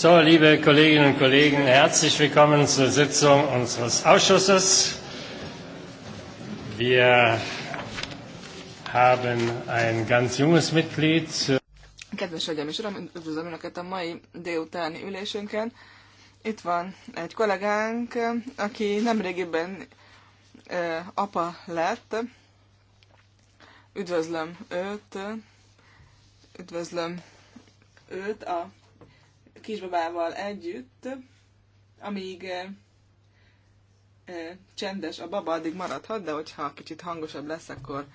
So, liebe Kolleginnen und Kollegen, herzlich willkommen zur Sitzung unseres Ausschusses. Wir haben ein ganz junges Mitglied. Kedves Hölgyeim és Uram, üdvözlöm Önöket a mai délutáni ülésünkön. Itt van egy kollégánk, aki nemrégiben apa lett. Üdvözlöm őt, üdvözlöm őt a kisbabával együtt, amíg eh, eh, csendes a baba, addig maradhat, de hogyha kicsit hangosabb lesz, akkor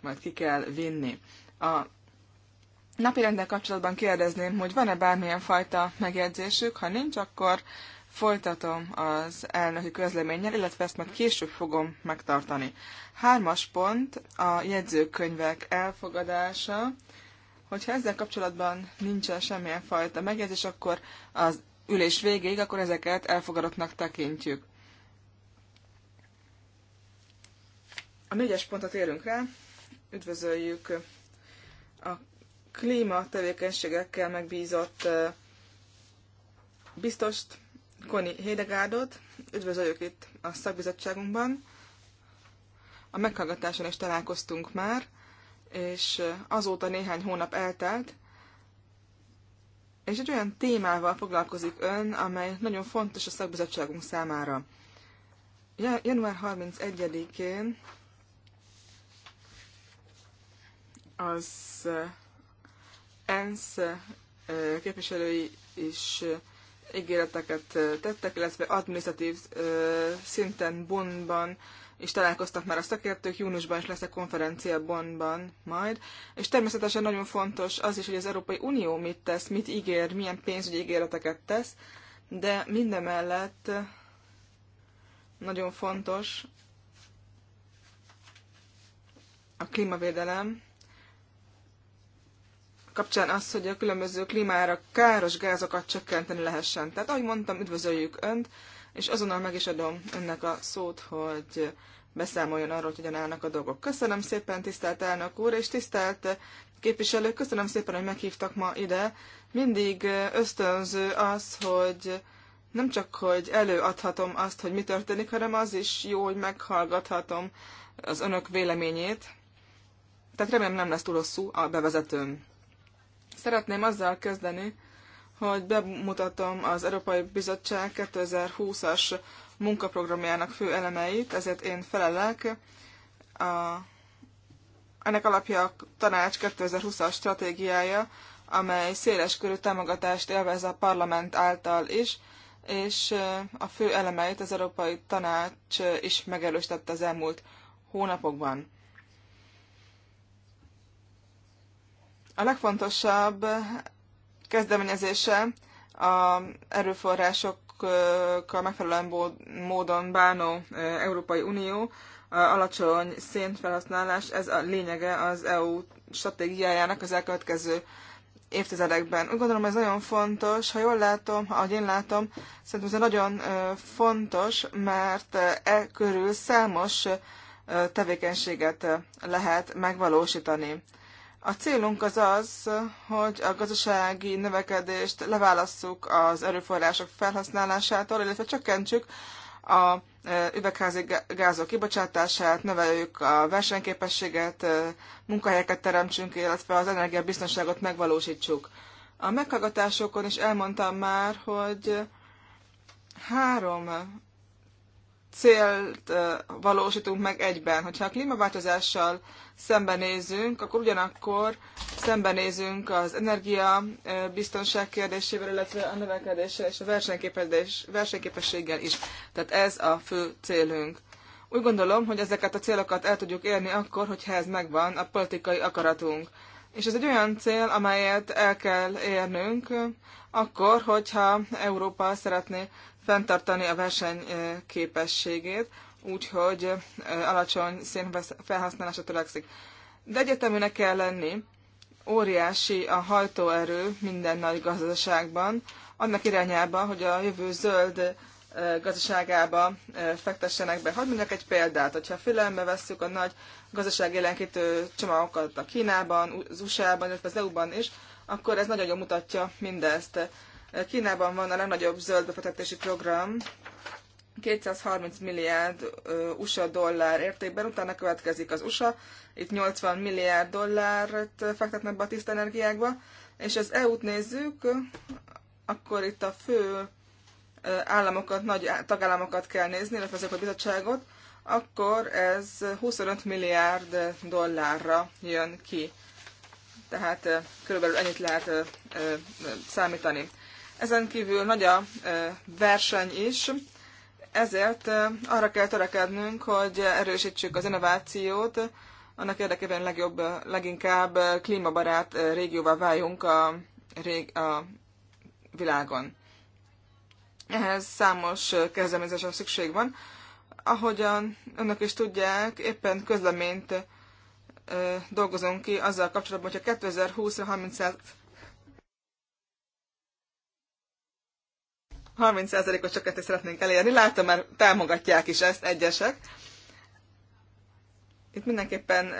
majd ki kell vinni. A rendel kapcsolatban kérdezném, hogy van-e bármilyen fajta megjegyzésük, ha nincs, akkor folytatom az elnöki közleménnyel, illetve ezt majd később fogom megtartani. Hármas pont a jegyzőkönyvek elfogadása. Hogyha ezzel kapcsolatban nincsen semmilyen fajta megjegyzés, akkor az ülés végéig, akkor ezeket elfogadottnak tekintjük. A négyes pontot érünk rá, üdvözöljük a klíma tevékenységekkel megbízott biztost, Koni Hédegárdot, üdvözöljük itt a szakbizottságunkban. A meghallgatáson is találkoztunk már, és azóta néhány hónap eltelt, és egy olyan témával foglalkozik ön, amely nagyon fontos a szakbizottságunk számára. Január 31-én az ENSZ képviselői is ígéreteket tettek, illetve administratív szinten Bonnban és találkoztak már a szakértők, júniusban is lesz a konferencia Bonnban majd, és természetesen nagyon fontos az is, hogy az Európai Unió mit tesz, mit ígér, milyen pénzügyi ígéreteket tesz, de mindemellett nagyon fontos a klímavédelem, kapcsán az, hogy a különböző klímára káros gázokat csökkenteni lehessen. Tehát, ahogy mondtam, üdvözöljük Önt, és azonnal meg is adom önnek a szót, hogy beszámoljon arról, hogy hogyan állnak a dolgok. Köszönöm szépen, tisztelt elnök úr, és tisztelt képviselők, köszönöm szépen, hogy meghívtak ma ide. Mindig ösztönző az, hogy nem csak, hogy előadhatom azt, hogy mi történik, hanem az is jó, hogy meghallgathatom az önök véleményét. Tehát remélem nem lesz túl hosszú a bevezetőm. Szeretném azzal kezdeni, hogy bemutatom az Európai Bizottság 2020-as munkaprogramjának fő elemeit, ezért én felelek. A, ennek alapja a tanács 2020-as stratégiája, amely körű támogatást élvez a parlament által is, és a fő elemeit az Európai Tanács is megerősítette az elmúlt hónapokban. A legfontosabb kezdeményezése a erőforrásokkal megfelelően módon bánó Európai Unió, a alacsony szénfelhasználás, ez a lényege az EU stratégiájának az elkövetkező évtizedekben. Úgy gondolom, ez nagyon fontos, ha jól látom, ha ahogy én látom, szerintem ez nagyon fontos, mert e körül számos tevékenységet lehet megvalósítani. A célunk az az, hogy a gazdasági növekedést leválasszuk az erőforrások felhasználásától, illetve csökkentsük a e, üvegházi gázok kibocsátását, növeljük a versenyképességet, e, munkahelyeket teremtsünk, illetve az energiabiztonságot megvalósítsuk. A meghallgatásokon is elmondtam már, hogy három célt valósítunk meg egyben. Hogyha a klímaváltozással szembenézünk, akkor ugyanakkor szembenézünk az energia biztonság kérdésével, illetve a növekedéssel és a versenyképességgel is. Tehát ez a fő célunk. Úgy gondolom, hogy ezeket a célokat el tudjuk érni akkor, hogyha ez megvan a politikai akaratunk. És ez egy olyan cél, amelyet el kell érnünk akkor, hogyha Európa szeretné fenntartani a versenyképességét, úgyhogy alacsony szénfelhasználásra törekszik. De egyeteműnek kell lenni, óriási a hajtóerő minden nagy gazdaságban, annak irányába, hogy a jövő zöld gazdaságába fektessenek be. Hadd mondjak egy példát, hogyha figyelembe vesszük a nagy gazdaságélenkítő csomagokat a Kínában, az USA-ban, illetve az EU-ban is, akkor ez nagyon jól mutatja mindezt. Kínában van a legnagyobb zöld befektetési program, 230 milliárd USA dollár értékben, utána következik az USA, itt 80 milliárd dollárt fektetnek be a tiszta energiákba, és az EU-t nézzük, akkor itt a fő államokat, nagy tagállamokat kell nézni, illetve ezek a bizottságot, akkor ez 25 milliárd dollárra jön ki. Tehát körülbelül ennyit lehet számítani. Ezen kívül nagy a verseny is, ezért arra kell törekednünk, hogy erősítsük az innovációt, annak érdekében legjobb, leginkább klímabarát régióvá váljunk a, a világon. Ehhez számos kezdeményezésre szükség van. Ahogyan önök is tudják, éppen közleményt dolgozunk ki azzal kapcsolatban, hogyha 2020-ra 30%-os csökkentést szeretnénk elérni. Látom, már támogatják is ezt egyesek. Itt mindenképpen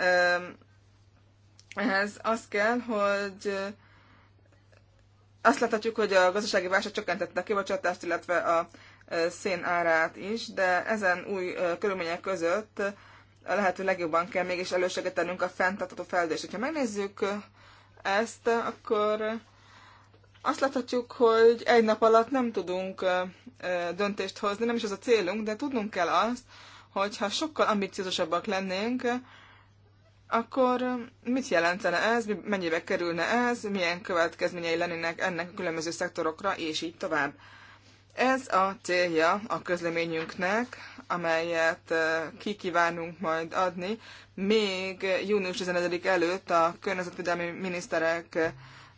ehhez az kell, hogy azt láthatjuk, hogy a gazdasági válság csökkentette a kibocsátást, illetve a szén árát is, de ezen új körülmények között a lehető legjobban kell mégis elősegítenünk a fenntartható fejlődést. Ha megnézzük ezt, akkor azt láthatjuk, hogy egy nap alatt nem tudunk döntést hozni, nem is az a célunk, de tudnunk kell azt, hogy ha sokkal ambiciózusabbak lennénk, akkor mit jelentene ez, mennyibe kerülne ez, milyen következményei lennének ennek a különböző szektorokra, és így tovább. Ez a célja a közleményünknek, amelyet ki kívánunk majd adni, még június 11 előtt a környezetvédelmi miniszterek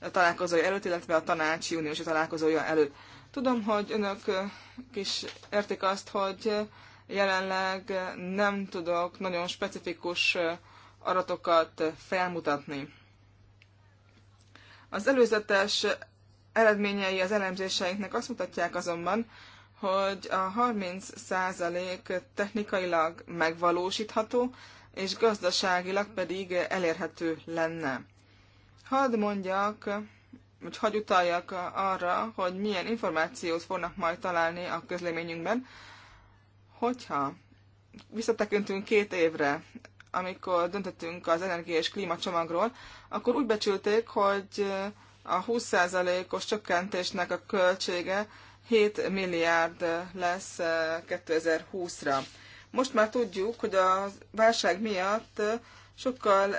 találkozója előtt, illetve a tanács júniusi találkozója előtt. Tudom, hogy önök is értik azt, hogy jelenleg nem tudok nagyon specifikus aratokat felmutatni. Az előzetes eredményei az elemzéseinknek azt mutatják azonban, hogy a 30% technikailag megvalósítható, és gazdaságilag pedig elérhető lenne. Hadd mondjak, hogy hagy utaljak arra, hogy milyen információt fognak majd találni a közleményünkben, hogyha visszatekintünk két évre, amikor döntöttünk az energia és klímacsomagról, akkor úgy becsülték, hogy a 20%-os csökkentésnek a költsége 7 milliárd lesz 2020-ra. Eh, Most már tudjuk, hogy a válság miatt sokkal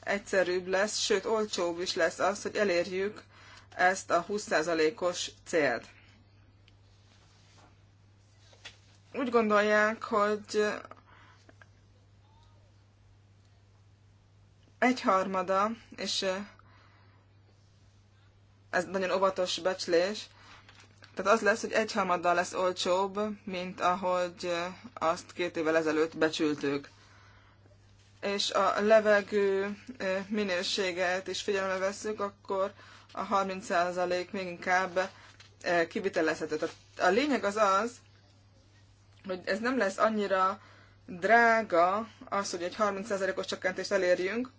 egyszerűbb lesz, sőt olcsóbb is lesz az, hogy elérjük ezt a 20%-os célt. Úgy gondolják, hogy egyharmada, és ez nagyon óvatos becslés, tehát az lesz, hogy egyharmada lesz olcsóbb, mint ahogy azt két évvel ezelőtt becsültük és a levegő minőséget is figyelembe veszük, akkor a 30% még inkább kivitelezhető. a lényeg az az, hogy ez nem lesz annyira drága az, hogy egy 30%-os csökkentést elérjünk.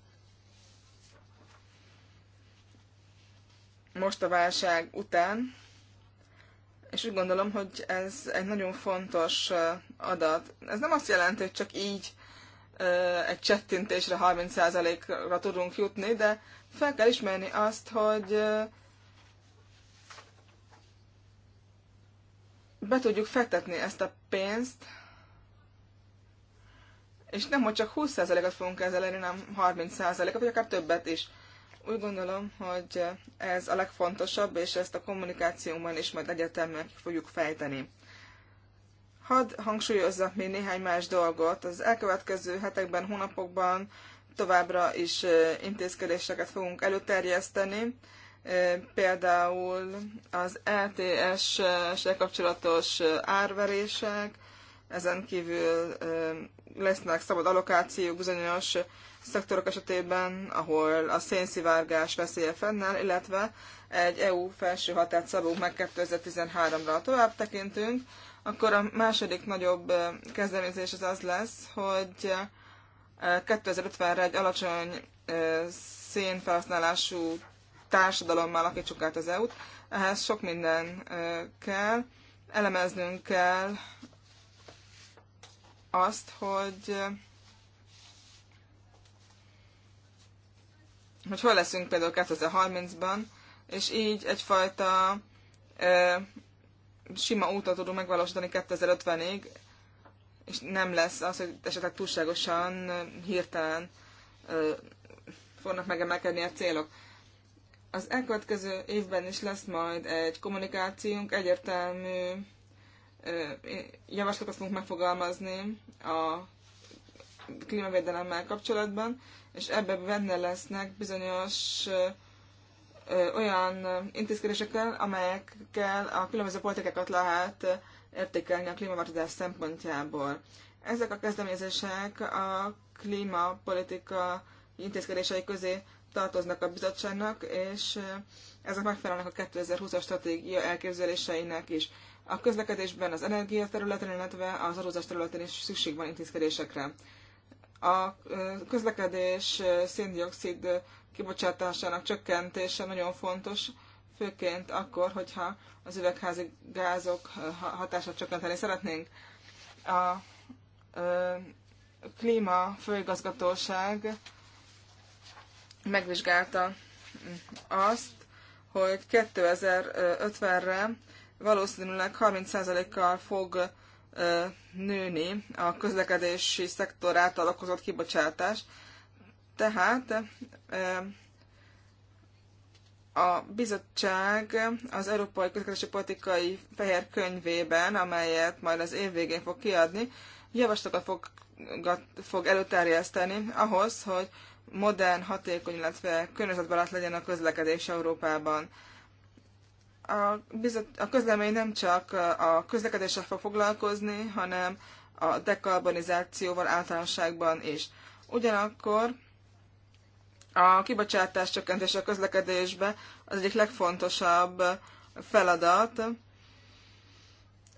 Most a válság után. És úgy gondolom, hogy ez egy nagyon fontos adat. Ez nem azt jelenti, hogy csak így egy csettintésre 30%-ra tudunk jutni, de fel kell ismerni azt, hogy be tudjuk fektetni ezt a pénzt, és nem, hogy csak 20%-at fogunk ezzel elérni, hanem 30%-at, vagy akár többet is. Úgy gondolom, hogy ez a legfontosabb, és ezt a kommunikációban is majd egyetemnek fogjuk fejteni. Hadd hangsúlyozzak még néhány más dolgot. Az elkövetkező hetekben, hónapokban továbbra is intézkedéseket fogunk előterjeszteni, például az LTS-sel e kapcsolatos árverések, ezen kívül lesznek szabad allokációk bizonyos szektorok esetében, ahol a szénszivárgás veszélye fennáll, illetve egy EU felső határt szabunk meg 2013-ra. Tovább tekintünk, akkor a második nagyobb kezdeményezés az az lesz, hogy 2050-re egy alacsony szénfelhasználású társadalommal alakítsuk át az EU-t. Ehhez sok minden kell. Elemeznünk kell azt, hogy hogy hol leszünk például 2030-ban, és így egyfajta sima úton tudunk megvalósítani 2050-ig, és nem lesz az, hogy esetleg túlságosan hirtelen fognak megemelkedni a célok. Az elkövetkező évben is lesz majd egy kommunikációnk, egyértelmű javaslatokat fogunk megfogalmazni a klímavédelemmel kapcsolatban, és ebben benne lesznek bizonyos olyan intézkedésekkel, amelyekkel a különböző politikákat lehet értékelni a klímaváltozás szempontjából. Ezek a kezdeményezések a klímapolitika intézkedései közé tartoznak a bizottságnak, és ezek megfelelnek a 2020-as stratégia elképzeléseinek is. A közlekedésben, az energia területen, illetve az adózás területén is szükség van intézkedésekre. A közlekedés széndiokszid kibocsátásának csökkentése nagyon fontos, főként akkor, hogyha az üvegházi gázok hatását csökkenteni szeretnénk. A ö, klíma főigazgatóság megvizsgálta azt, hogy 2050-re valószínűleg 30%-kal fog nőni a közlekedési szektor által okozott kibocsátás. Tehát a bizottság az Európai Közlekedési Politikai Fehér Könyvében, amelyet majd az év végén fog kiadni, javaslatokat fog, fog előterjeszteni ahhoz, hogy modern, hatékony, illetve környezetbarát legyen a közlekedés Európában. A, bizot, a közlemény nem csak a közlekedéssel fog foglalkozni, hanem a dekarbonizációval általánosságban is. Ugyanakkor a kibocsátás csökkentése a közlekedésbe az egyik legfontosabb feladat,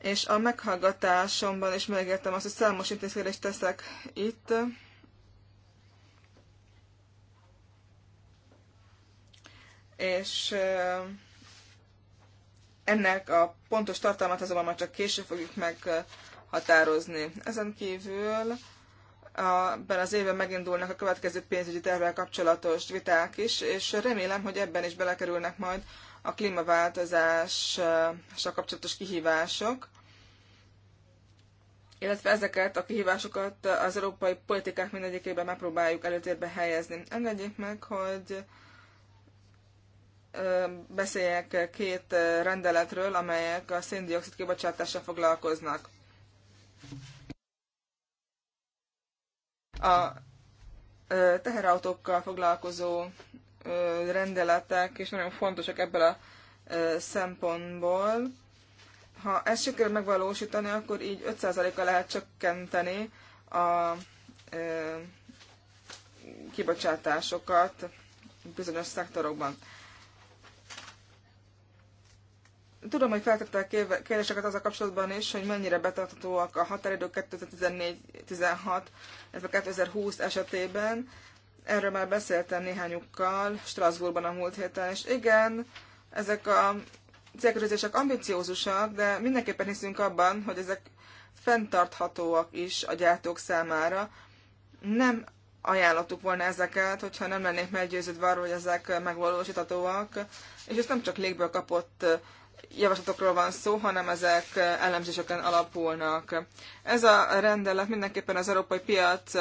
és a meghallgatásomban is megértem azt, hogy számos intézkedést teszek itt. És ennek a pontos tartalmát azonban már csak később fogjuk meghatározni. Ezen kívül ebben az évben megindulnak a következő pénzügyi tervvel kapcsolatos viták is, és remélem, hogy ebben is belekerülnek majd a klímaváltozással kapcsolatos kihívások, illetve ezeket a kihívásokat az európai politikák mindegyikében megpróbáljuk előtérbe helyezni. Engedjék meg, hogy beszéljek két rendeletről, amelyek a széndiokszid kibocsátással foglalkoznak. A teherautókkal foglalkozó rendeletek és nagyon fontosak ebből a szempontból. Ha ezt sikerül megvalósítani, akkor így 5%-a lehet csökkenteni a kibocsátásokat bizonyos szektorokban. Tudom, hogy feltettek kérdéseket az a kapcsolatban is, hogy mennyire betartatóak a határidők 2014-16, illetve 2020 esetében. Erről már beszéltem néhányukkal Strasbourgban a múlt héten, és igen, ezek a célkörözések ambiciózusak, de mindenképpen hiszünk abban, hogy ezek fenntarthatóak is a gyártók számára. Nem ajánlottuk volna ezeket, hogyha nem lennék meggyőződve arról, hogy ezek megvalósíthatóak, és ezt nem csak légből kapott javaslatokról van szó, hanem ezek elemzéseken alapulnak. Ez a rendelet mindenképpen az európai piac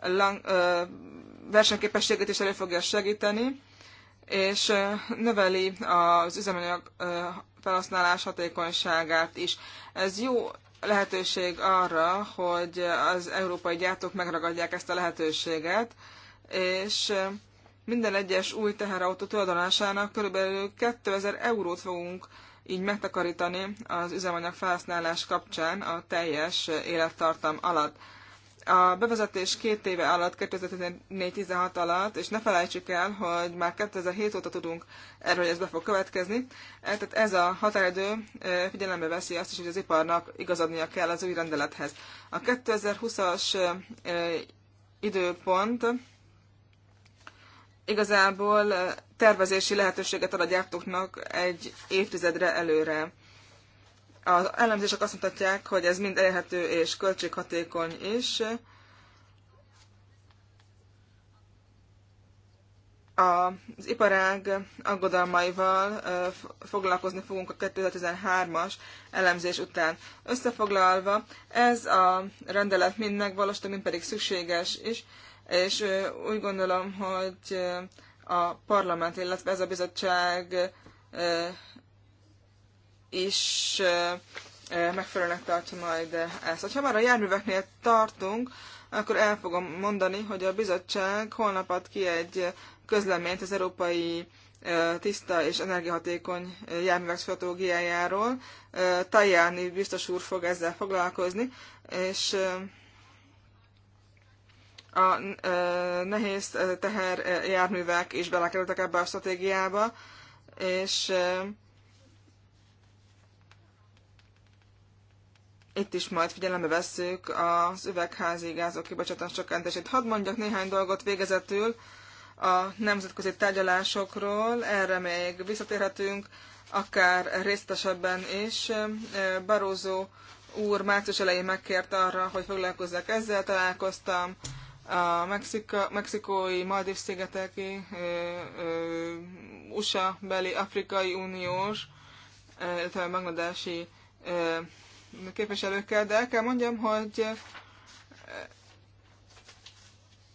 lang, ö, versenyképességét is elő fogja segíteni, és növeli az üzemanyag felhasználás hatékonyságát is. Ez jó lehetőség arra, hogy az európai gyártók megragadják ezt a lehetőséget, és minden egyes új teherautó tulajdonásának körülbelül 2000 eurót fogunk így megtakarítani az üzemanyag felhasználás kapcsán a teljes élettartam alatt. A bevezetés két éve alatt, 2014-16 alatt, és ne felejtsük el, hogy már 2007 óta tudunk erről, hogy ez be fog következni, e, tehát ez a határidő e, figyelembe veszi azt is, hogy az iparnak igazadnia kell az új rendelethez. A 2020-as e, időpont igazából tervezési lehetőséget ad a gyártóknak egy évtizedre előre. Az elemzések azt mutatják, hogy ez mind elérhető és költséghatékony is. Az iparág aggodalmaival foglalkozni fogunk a 2013-as elemzés után. Összefoglalva, ez a rendelet mind megvalósta, mind pedig szükséges is, és úgy gondolom, hogy a parlament, illetve ez a bizottság is megfelelőnek tartja majd ezt. Ha már a járműveknél tartunk, akkor el fogom mondani, hogy a bizottság holnap ad ki egy közleményt az Európai Tiszta és Energiahatékony Járművek Stratégiájáról. Tajáni biztos úr fog ezzel foglalkozni, és a nehéz teher járművek is belekerültek ebbe a stratégiába, és itt is majd figyelembe vesszük az üvegházi gázok kibocsátás csökkentését. Hadd mondjak néhány dolgot végezetül a nemzetközi tárgyalásokról, erre még visszatérhetünk, akár részletesebben is. Barózó úr március elején megkért arra, hogy foglalkozzak ezzel, találkoztam a Mexika, mexikói Maldiv szigeteki USA beli Afrikai Uniós, illetve bangladesi képviselőkkel, de el kell mondjam, hogy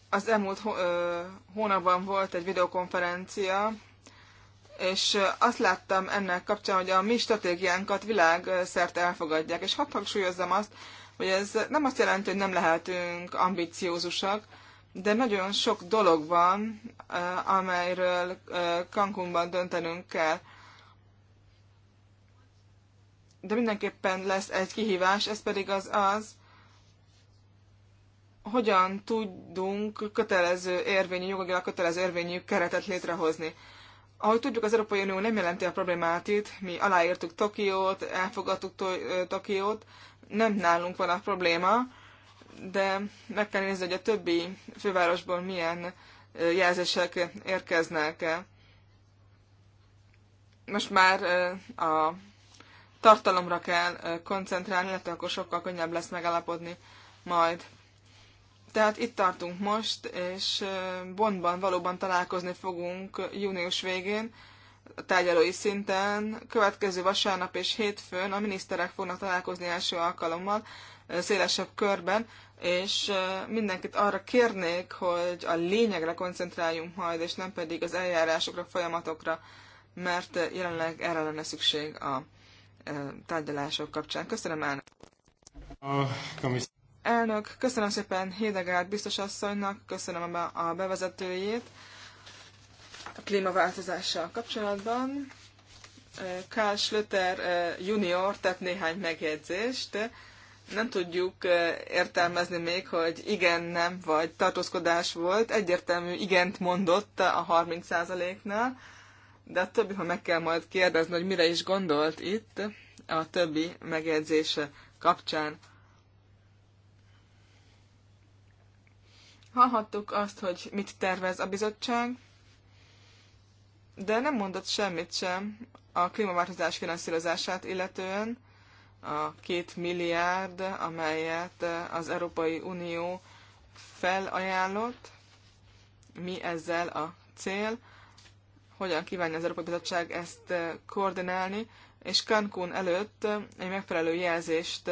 az elmúlt hónapban volt egy videokonferencia, és azt láttam ennek kapcsán, hogy a mi stratégiánkat világszerte elfogadják. És hadd hangsúlyozzam azt, hogy ez nem azt jelenti, hogy nem lehetünk ambiciózusak, de nagyon sok dolog van, eh, amelyről eh, Cancunban döntenünk kell. De mindenképpen lesz egy kihívás, ez pedig az az, hogyan tudunk kötelező érvényű, jogagilag kötelező érvényű keretet létrehozni. Ahogy tudjuk, az Európai Unió nem jelenti a problémát itt, mi aláírtuk Tokiót, elfogadtuk eh, Tokiót, nem nálunk van a probléma, de meg kell nézni, hogy a többi fővárosból milyen jelzések érkeznek. Most már a tartalomra kell koncentrálni, illetve akkor sokkal könnyebb lesz megállapodni majd. Tehát itt tartunk most, és Bondban valóban találkozni fogunk június végén, tárgyalói szinten. Következő vasárnap és hétfőn a miniszterek fognak találkozni első alkalommal, szélesebb körben, és mindenkit arra kérnék, hogy a lényegre koncentráljunk majd, és nem pedig az eljárásokra, folyamatokra, mert jelenleg erre lenne szükség a tárgyalások kapcsán. Köszönöm elnök! Elnök, köszönöm szépen Hédegárd biztos asszonynak, köszönöm a bevezetőjét a klímaváltozással kapcsolatban. Karl Schlöter junior tett néhány megjegyzést. Nem tudjuk értelmezni még, hogy igen, nem, vagy tartózkodás volt. Egyértelmű igent mondott a 30%-nál, de a többi, ha meg kell majd kérdezni, hogy mire is gondolt itt a többi megjegyzése kapcsán. Hallhattuk azt, hogy mit tervez a bizottság de nem mondott semmit sem a klímaváltozás finanszírozását illetően, a két milliárd, amelyet az Európai Unió felajánlott, mi ezzel a cél, hogyan kívánja az Európai Bizottság ezt koordinálni, és Cancún előtt egy megfelelő jelzést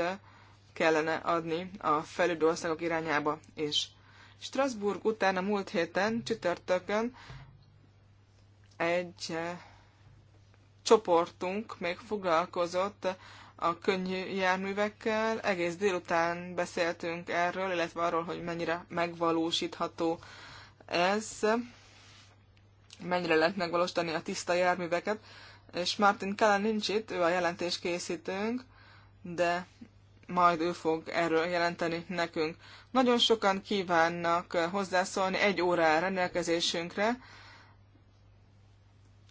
kellene adni a felüldő országok irányába is. Strasbourg után a múlt héten, csütörtökön egy csoportunk még foglalkozott a könnyű járművekkel. Egész délután beszéltünk erről, illetve arról, hogy mennyire megvalósítható ez, mennyire lehet megvalósítani a tiszta járműveket. És Martin Kellen nincs itt, ő a jelentés készítőnk, de majd ő fog erről jelenteni nekünk. Nagyon sokan kívánnak hozzászólni, egy órára rendelkezésünkre,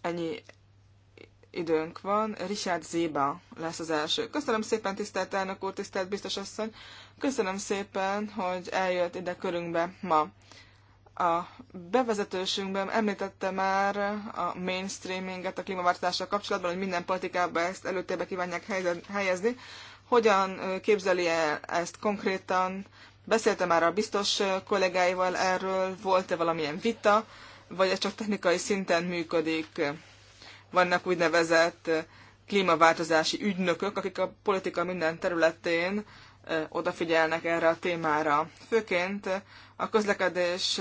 ennyi időnk van. Richard Zéba lesz az első. Köszönöm szépen, tisztelt elnök úr, tisztelt biztos asszony. Köszönöm szépen, hogy eljött ide körünkbe ma. A bevezetősünkben említette már a mainstreaminget a klímaváltozással kapcsolatban, hogy minden politikában ezt előtérbe kívánják helyezni. Hogyan képzeli -e ezt konkrétan? Beszélte már a biztos kollégáival erről, volt-e valamilyen vita? vagy ez csak technikai szinten működik? Vannak úgynevezett klímaváltozási ügynökök, akik a politika minden területén odafigyelnek erre a témára. Főként a közlekedés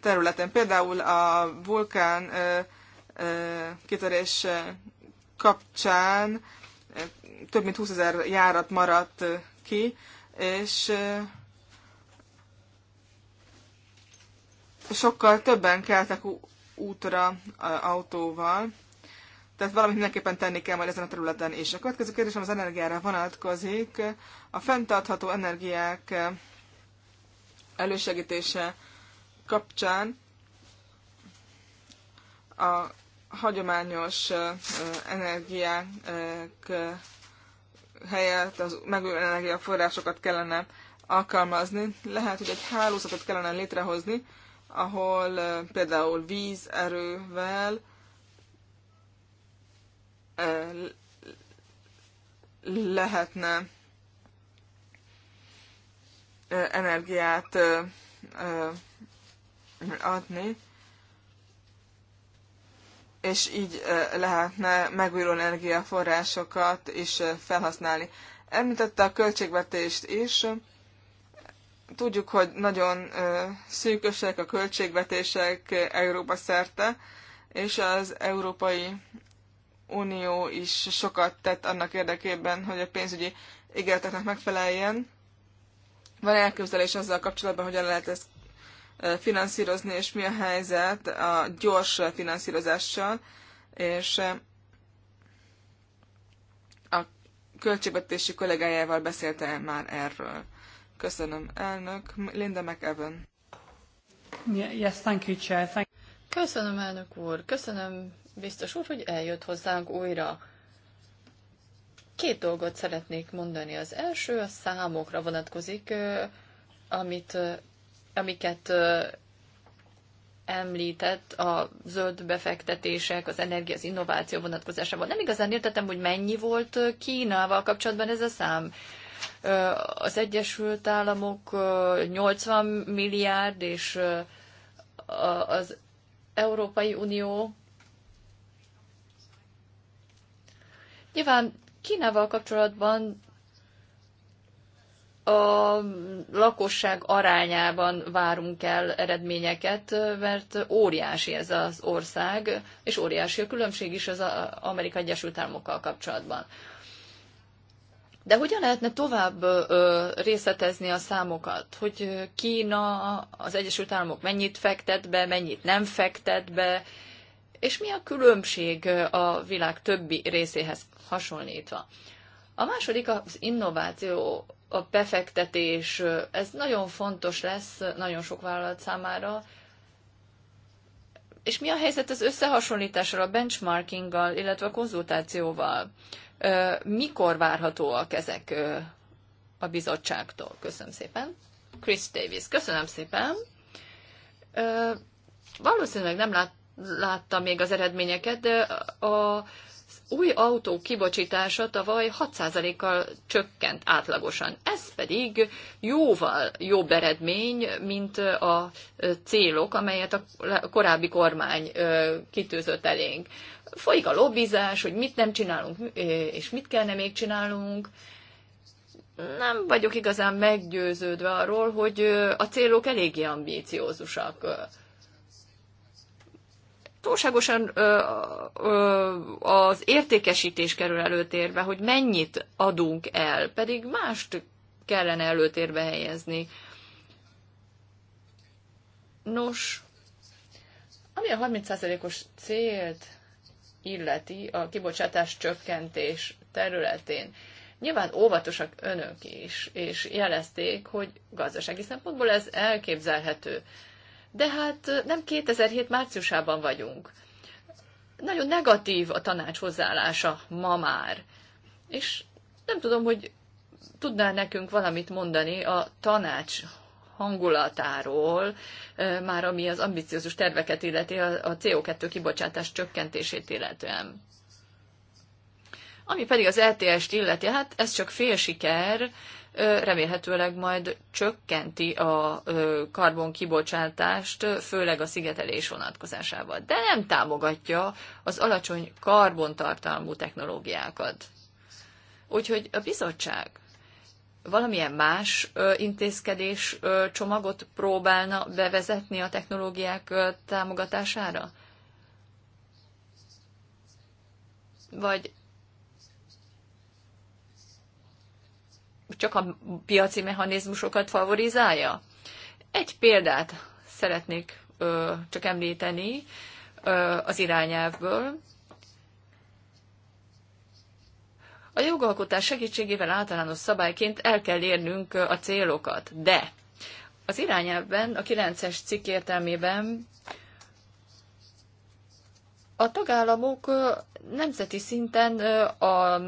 területen, például a vulkán kitörés kapcsán több mint 20 ezer járat maradt ki, és sokkal többen keltek útra autóval, tehát valamit mindenképpen tenni kell majd ezen a területen is. A következő kérdésem az energiára vonatkozik. A fenntartható energiák elősegítése kapcsán a hagyományos energiák helyett az megújuló energiaforrásokat kellene alkalmazni. Lehet, hogy egy hálózatot kellene létrehozni, ahol például vízerővel lehetne energiát adni, és így lehetne megújuló energiaforrásokat is felhasználni. Említette a költségvetést is, Tudjuk, hogy nagyon szűkösek a költségvetések Európa szerte, és az Európai Unió is sokat tett annak érdekében, hogy a pénzügyi ígéreteknek megfeleljen. Van elképzelés azzal kapcsolatban, hogyan lehet ezt finanszírozni, és mi a helyzet a gyors finanszírozással, és a költségvetési kollégájával beszélte már erről. Köszönöm, elnök. Linda McEwen. Yes, thank you, Chair. Thank Köszönöm, elnök úr. Köszönöm, biztos úr, hogy eljött hozzánk újra. Két dolgot szeretnék mondani. Az első a számokra vonatkozik, amit, amiket említett a zöld befektetések, az energia, az innováció vonatkozásában. Nem igazán értettem, hogy mennyi volt Kínával kapcsolatban ez a szám az Egyesült Államok 80 milliárd, és az Európai Unió. Nyilván Kínával kapcsolatban a lakosság arányában várunk el eredményeket, mert óriási ez az ország, és óriási a különbség is az Amerikai Egyesült Államokkal kapcsolatban. De hogyan lehetne tovább részletezni a számokat, hogy Kína, az Egyesült Államok mennyit fektet be, mennyit nem fektet be, és mi a különbség a világ többi részéhez hasonlítva? A második az innováció, a befektetés. Ez nagyon fontos lesz nagyon sok vállalat számára. És mi a helyzet az összehasonlítással, a benchmarkinggal, illetve a konzultációval? mikor várhatóak ezek a bizottságtól? Köszönöm szépen. Chris Davis, köszönöm szépen. Valószínűleg nem lát, látta még az eredményeket, de a új autó kibocsitása tavaly 6%-kal csökkent átlagosan. Ez pedig jóval jobb eredmény, mint a célok, amelyet a korábbi kormány kitűzött elénk. Folyik a lobbizás, hogy mit nem csinálunk, és mit kellene még csinálnunk. Nem vagyok igazán meggyőződve arról, hogy a célok eléggé ambíciózusak túlságosan ö, ö, az értékesítés kerül előtérbe, hogy mennyit adunk el, pedig mást kellene előtérbe helyezni. Nos, ami a 30%-os célt illeti a kibocsátás csökkentés területén, nyilván óvatosak önök is, és jelezték, hogy gazdasági szempontból ez elképzelhető de hát nem 2007 márciusában vagyunk. Nagyon negatív a tanács hozzáállása ma már. És nem tudom, hogy tudnál nekünk valamit mondani a tanács hangulatáról, már ami az ambiciózus terveket illeti, a CO2 kibocsátás csökkentését illetően. Ami pedig az LTS-t e illeti, hát ez csak fél siker, remélhetőleg majd csökkenti a karbon kibocsátást, főleg a szigetelés vonatkozásában. De nem támogatja az alacsony karbontartalmú technológiákat. Úgyhogy a bizottság valamilyen más intézkedés csomagot próbálna bevezetni a technológiák támogatására? Vagy csak a piaci mechanizmusokat favorizálja? Egy példát szeretnék ö, csak említeni ö, az irányelvből. A jogalkotás segítségével általános szabályként el kell érnünk a célokat, de az irányelvben, a 9-es cikk értelmében a tagállamok nemzeti szinten a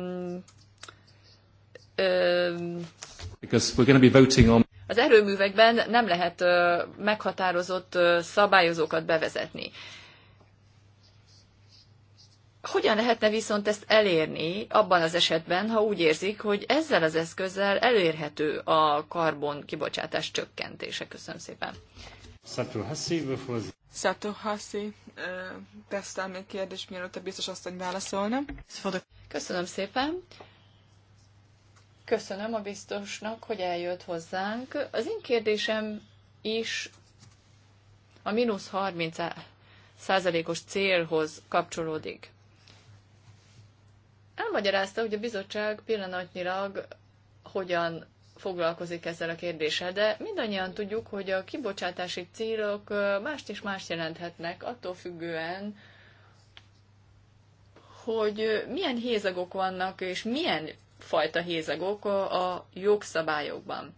az erőművekben nem lehet meghatározott szabályozókat bevezetni. Hogyan lehetne viszont ezt elérni abban az esetben, ha úgy érzik, hogy ezzel az eszközzel elérhető a karbon kibocsátás csökkentése? Köszönöm szépen. Szatuhaszi tesztel még kérdés, mielőtt a biztos azt, hogy válaszolna. Köszönöm szépen. Köszönöm a biztosnak, hogy eljött hozzánk. Az én kérdésem is a mínusz 30 százalékos célhoz kapcsolódik. Elmagyarázta, hogy a bizottság pillanatnyilag hogyan foglalkozik ezzel a kérdéssel, de mindannyian tudjuk, hogy a kibocsátási célok mást és mást jelenthetnek, attól függően, hogy milyen hézagok vannak, és milyen fajta hézag oka a jogszabályokban.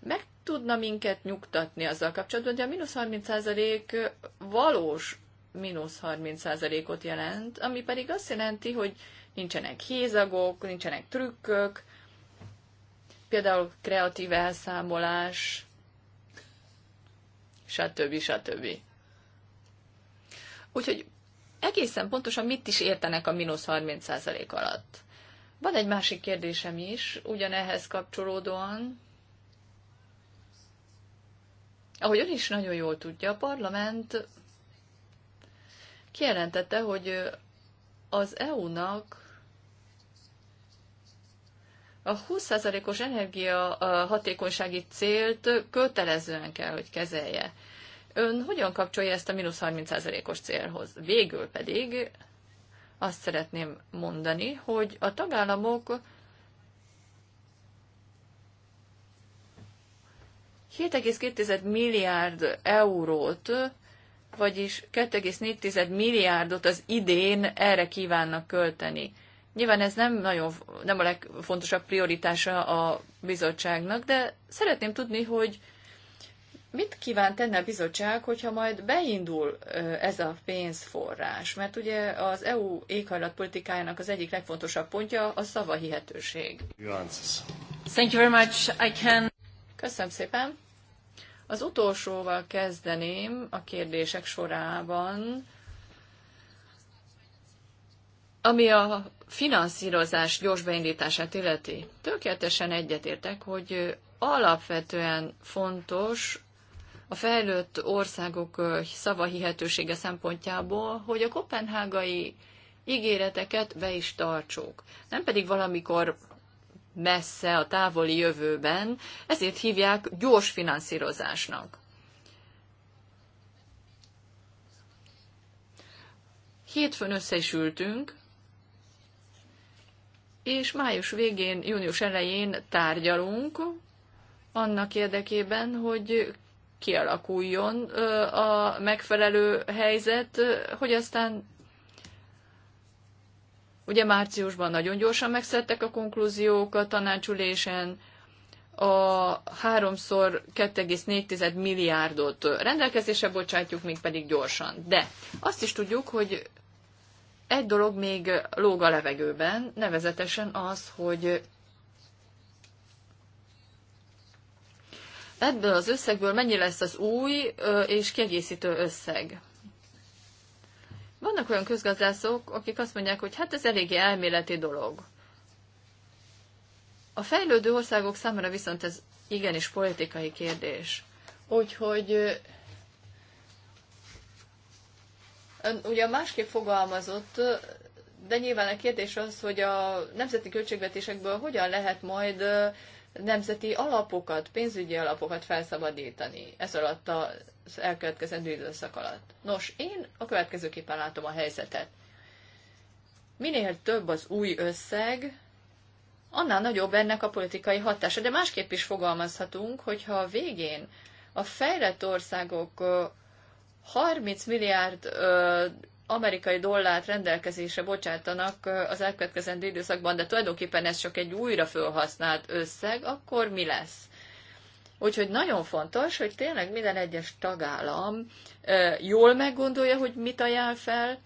Meg tudna minket nyugtatni azzal kapcsolatban, hogy a mínusz 30% valós mínusz 30%-ot jelent, ami pedig azt jelenti, hogy nincsenek hézagok, nincsenek trükkök, például kreatív elszámolás, stb. stb. Úgyhogy egészen pontosan mit is értenek a mínusz 30% alatt? Van egy másik kérdésem is, ugyanehhez kapcsolódóan. Ahogy ön is nagyon jól tudja, a parlament kijelentette, hogy az EU-nak a 20%-os energia hatékonysági célt kötelezően kell, hogy kezelje. Ön hogyan kapcsolja ezt a mínusz 30%-os célhoz? Végül pedig azt szeretném mondani, hogy a tagállamok 7,2 milliárd eurót, vagyis 2,4 milliárdot az idén erre kívánnak költeni. Nyilván ez nem nagyon nem a legfontosabb prioritása a bizottságnak, de szeretném tudni, hogy mit kíván tenni a bizottság, hogyha majd beindul ez a pénzforrás? Mert ugye az EU éghajlatpolitikájának az egyik legfontosabb pontja a szava hihetőség. Thank you very much. I can... Köszönöm szépen. Az utolsóval kezdeném a kérdések sorában, ami a finanszírozás gyors beindítását illeti. Tökéletesen egyetértek, hogy alapvetően fontos a fejlőtt országok szavahihetősége szempontjából, hogy a kopenhágai ígéreteket be is tartsuk. Nem pedig valamikor messze a távoli jövőben, ezért hívják gyors finanszírozásnak. Hétfőn össze is ültünk, és május végén, június elején tárgyalunk annak érdekében, hogy kialakuljon a megfelelő helyzet, hogy aztán ugye márciusban nagyon gyorsan megszedtek a konklúziók a tanácsülésen, a háromszor 2,4 milliárdot rendelkezésre bocsátjuk, még pedig gyorsan. De azt is tudjuk, hogy egy dolog még lóg a levegőben, nevezetesen az, hogy ebből az összegből mennyi lesz az új és kiegészítő összeg. Vannak olyan közgazdászok, akik azt mondják, hogy hát ez eléggé elméleti dolog. A fejlődő országok számára viszont ez igenis politikai kérdés. Úgyhogy ugye másképp fogalmazott, de nyilván a kérdés az, hogy a nemzeti költségvetésekből hogyan lehet majd nemzeti alapokat, pénzügyi alapokat felszabadítani ez alatt az elkövetkezendő időszak alatt. Nos, én a következőképpen látom a helyzetet. Minél több az új összeg, annál nagyobb ennek a politikai hatása. De másképp is fogalmazhatunk, hogyha a végén a fejlett országok 30 milliárd amerikai dollárt rendelkezésre bocsátanak az elkövetkezendő időszakban, de tulajdonképpen ez csak egy újra felhasznált összeg, akkor mi lesz? Úgyhogy nagyon fontos, hogy tényleg minden egyes tagállam jól meggondolja, hogy mit ajánl fel.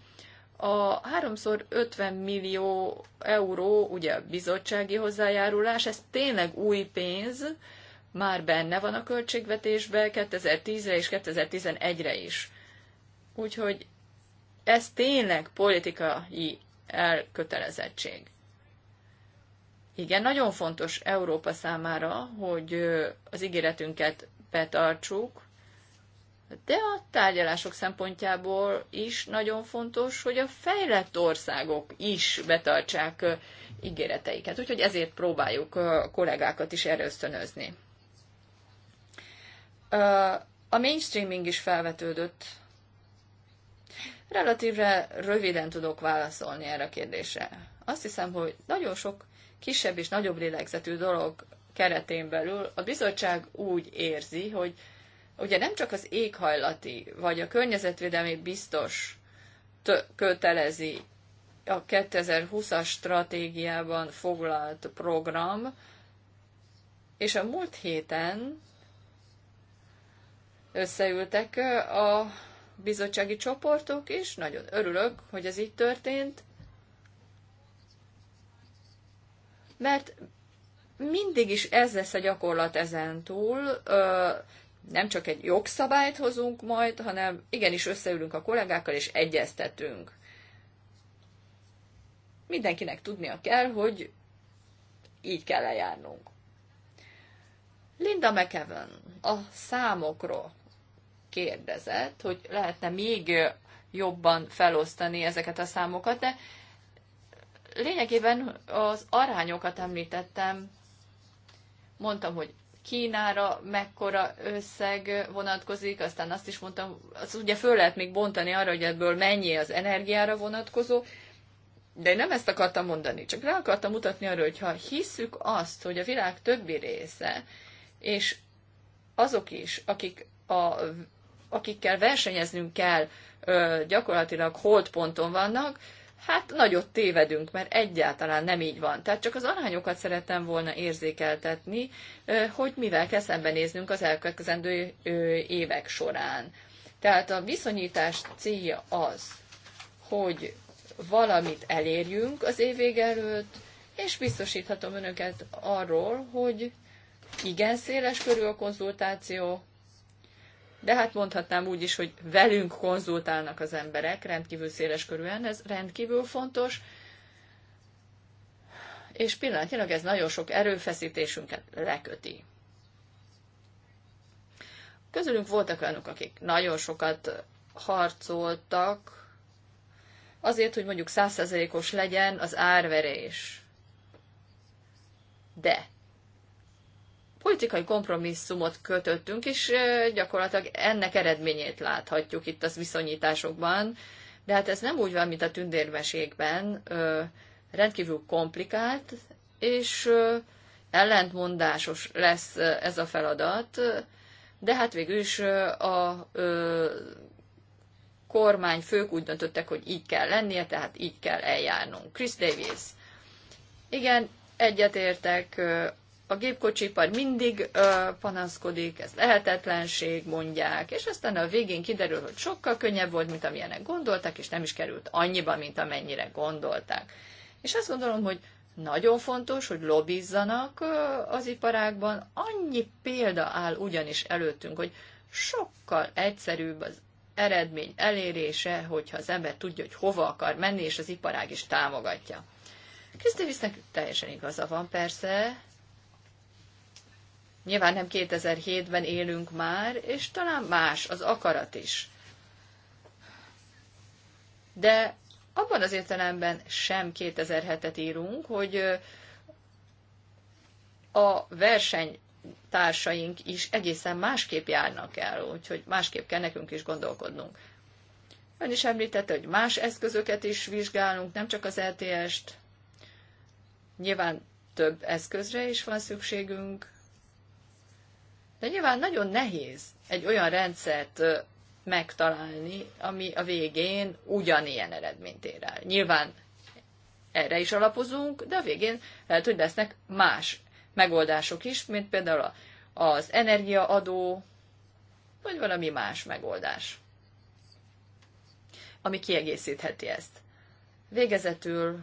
A 3x50 millió euró, ugye a bizottsági hozzájárulás, ez tényleg új pénz, már benne van a költségvetésbe 2010-re és 2011-re is. Úgyhogy ez tényleg politikai elkötelezettség. Igen, nagyon fontos Európa számára, hogy az ígéretünket betartsuk, de a tárgyalások szempontjából is nagyon fontos, hogy a fejlett országok is betartsák ígéreteiket. Úgyhogy ezért próbáljuk a kollégákat is erre ösztönözni. A mainstreaming is felvetődött Relatíve röviden tudok válaszolni erre a kérdésre. Azt hiszem, hogy nagyon sok kisebb és nagyobb lélegzetű dolog keretén belül a bizottság úgy érzi, hogy ugye nem csak az éghajlati vagy a környezetvédelmi biztos kötelezi a 2020-as stratégiában foglalt program, és a múlt héten összeültek a bizottsági csoportok is. Nagyon örülök, hogy ez így történt. Mert mindig is ez lesz a gyakorlat ezen túl. Nem csak egy jogszabályt hozunk majd, hanem igenis összeülünk a kollégákkal és egyeztetünk. Mindenkinek tudnia kell, hogy így kell eljárnunk. Linda McEwen a számokról kérdezett, hogy lehetne még jobban felosztani ezeket a számokat, de lényegében az arányokat említettem, mondtam, hogy Kínára mekkora összeg vonatkozik, aztán azt is mondtam, az ugye föl lehet még bontani arra, hogy ebből mennyi az energiára vonatkozó, de én nem ezt akartam mondani, csak rá akartam mutatni arra, hogy ha hisszük azt, hogy a világ többi része, és azok is, akik a akikkel versenyeznünk kell, gyakorlatilag holdponton vannak, hát nagyot tévedünk, mert egyáltalán nem így van. Tehát csak az arányokat szerettem volna érzékeltetni, hogy mivel kell szembenéznünk az elkövetkezendő évek során. Tehát a viszonyítás célja az, hogy valamit elérjünk az év előtt, és biztosíthatom önöket arról, hogy igen széles körül a konzultáció, de hát mondhatnám úgy is, hogy velünk konzultálnak az emberek rendkívül széles körülön, ez rendkívül fontos, és pillanatnyilag ez nagyon sok erőfeszítésünket leköti. Közülünk voltak olyanok, akik nagyon sokat harcoltak azért, hogy mondjuk százszerzelékos legyen az árverés. De politikai kompromisszumot kötöttünk, és gyakorlatilag ennek eredményét láthatjuk itt az viszonyításokban, de hát ez nem úgy van, mint a tündérmesékben, rendkívül komplikált, és ellentmondásos lesz ez a feladat, de hát végül is a kormány fők úgy döntöttek, hogy így kell lennie, tehát így kell eljárnunk. Chris Davis. Igen, egyetértek a gépkocsipar mindig ö, panaszkodik, ez lehetetlenség, mondják, és aztán a végén kiderül, hogy sokkal könnyebb volt, mint amilyenek gondoltak, és nem is került annyiba, mint amennyire gondolták. És azt gondolom, hogy nagyon fontos, hogy lobbizzanak az iparákban. Annyi példa áll ugyanis előttünk, hogy sokkal egyszerűbb az eredmény elérése, hogyha az ember tudja, hogy hova akar menni, és az iparág is támogatja. Krisztivisznek teljesen igaza van persze, Nyilván nem 2007-ben élünk már, és talán más az akarat is. De abban az értelemben sem 2007-et írunk, hogy a versenytársaink is egészen másképp járnak el, úgyhogy másképp kell nekünk is gondolkodnunk. Ön is említette, hogy más eszközöket is vizsgálunk, nem csak az LTS-t. E Nyilván több eszközre is van szükségünk, de nyilván nagyon nehéz egy olyan rendszert megtalálni, ami a végén ugyanilyen eredményt ér el. Nyilván erre is alapozunk, de a végén lehet, hogy lesznek más megoldások is, mint például az energiaadó, vagy valami más megoldás, ami kiegészítheti ezt. Végezetül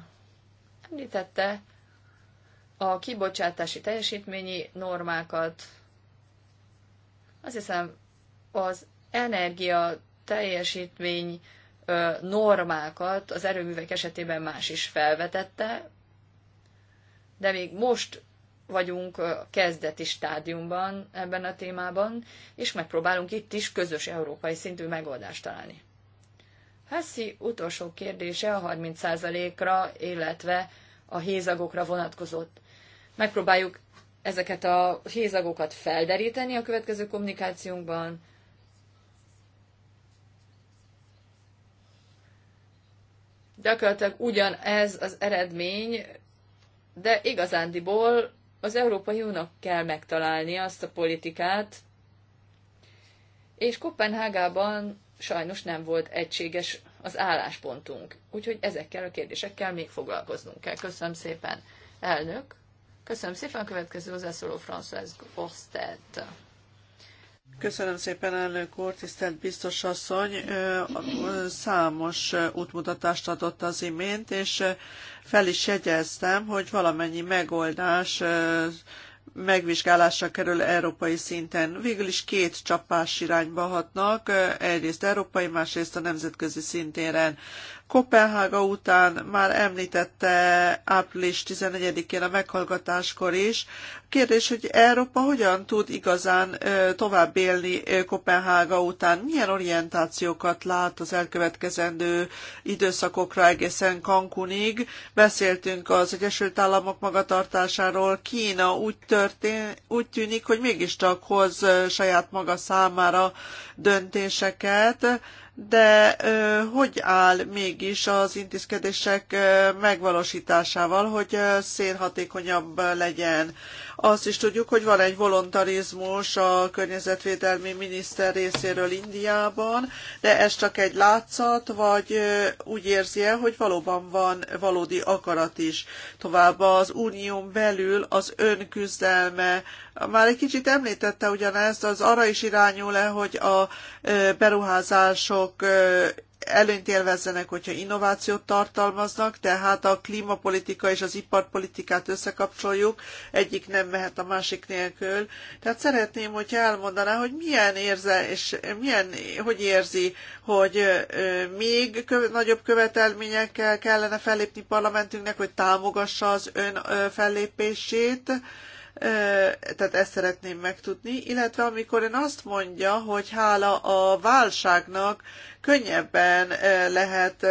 említette a kibocsátási teljesítményi normákat, azt hiszem, az energia teljesítmény normákat az erőművek esetében más is felvetette, de még most vagyunk a kezdeti stádiumban ebben a témában, és megpróbálunk itt is közös európai szintű megoldást találni. Hessi utolsó kérdése a 30%-ra, illetve a hézagokra vonatkozott. Megpróbáljuk ezeket a hézagokat felderíteni a következő kommunikációnkban, gyakorlatilag ugyanez az eredmény, de igazándiból az Európai Uniónak kell megtalálni azt a politikát, és Kopenhágában sajnos nem volt egységes az álláspontunk. Úgyhogy ezekkel a kérdésekkel még foglalkoznunk kell. Köszönöm szépen, elnök! Köszönöm szépen, a következő hozzászóló François Gostet. Köszönöm szépen, elnök úr, tisztelt biztos asszony. Számos útmutatást adott az imént, és fel is jegyeztem, hogy valamennyi megoldás megvizsgálásra kerül európai szinten. Végül is két csapás irányba hatnak, egyrészt európai, másrészt a nemzetközi szintéren. Kopenhága után már említette április 14-én a meghallgatáskor is. A kérdés, hogy Európa hogyan tud igazán tovább élni Kopenhága után? Milyen orientációkat lát az elkövetkezendő időszakokra egészen Cancunig? Beszéltünk az Egyesült Államok magatartásáról. Kína úgy, történ, úgy tűnik, hogy mégiscsak hoz saját maga számára döntéseket de hogy áll mégis az intézkedések megvalósításával, hogy szélhatékonyabb legyen? Azt is tudjuk, hogy van egy voluntarizmus a környezetvédelmi miniszter részéről Indiában, de ez csak egy látszat, vagy úgy érzi -e, hogy valóban van valódi akarat is. Továbbá az unión belül az önküzdelme már egy kicsit említette ugyanezt, az arra is irányul le, hogy a beruházások előnyt élvezzenek, hogyha innovációt tartalmaznak, tehát a klímapolitika és az iparpolitikát összekapcsoljuk, egyik nem mehet a másik nélkül. Tehát szeretném, hogyha elmondaná, hogy milyen érze, és milyen, hogy érzi, hogy még nagyobb követelményekkel kellene fellépni parlamentünknek, hogy támogassa az ön fellépését, tehát ezt szeretném megtudni, illetve amikor ön azt mondja, hogy hála a válságnak könnyebben lehet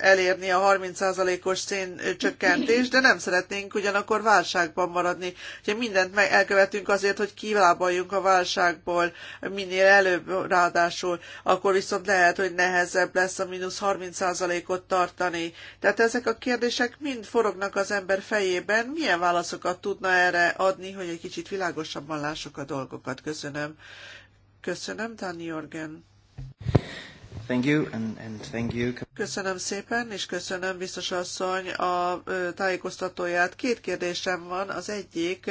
elérni a 30%-os széncsökkentést, de nem szeretnénk ugyanakkor válságban maradni. Ugye mindent meg elkövetünk azért, hogy kilábaljunk a válságból minél előbb ráadásul, akkor viszont lehet, hogy nehezebb lesz a mínusz 30%-ot tartani. Tehát ezek a kérdések mind forognak az ember fejében. Milyen válaszokat tudna erre adni, hogy egy kicsit világosabban lássuk a dolgokat? Köszönöm. Köszönöm, Dani Jorgen. Thank you and, and thank you. Köszönöm szépen, és köszönöm biztos asszony a tájékoztatóját. Két kérdésem van. Az egyik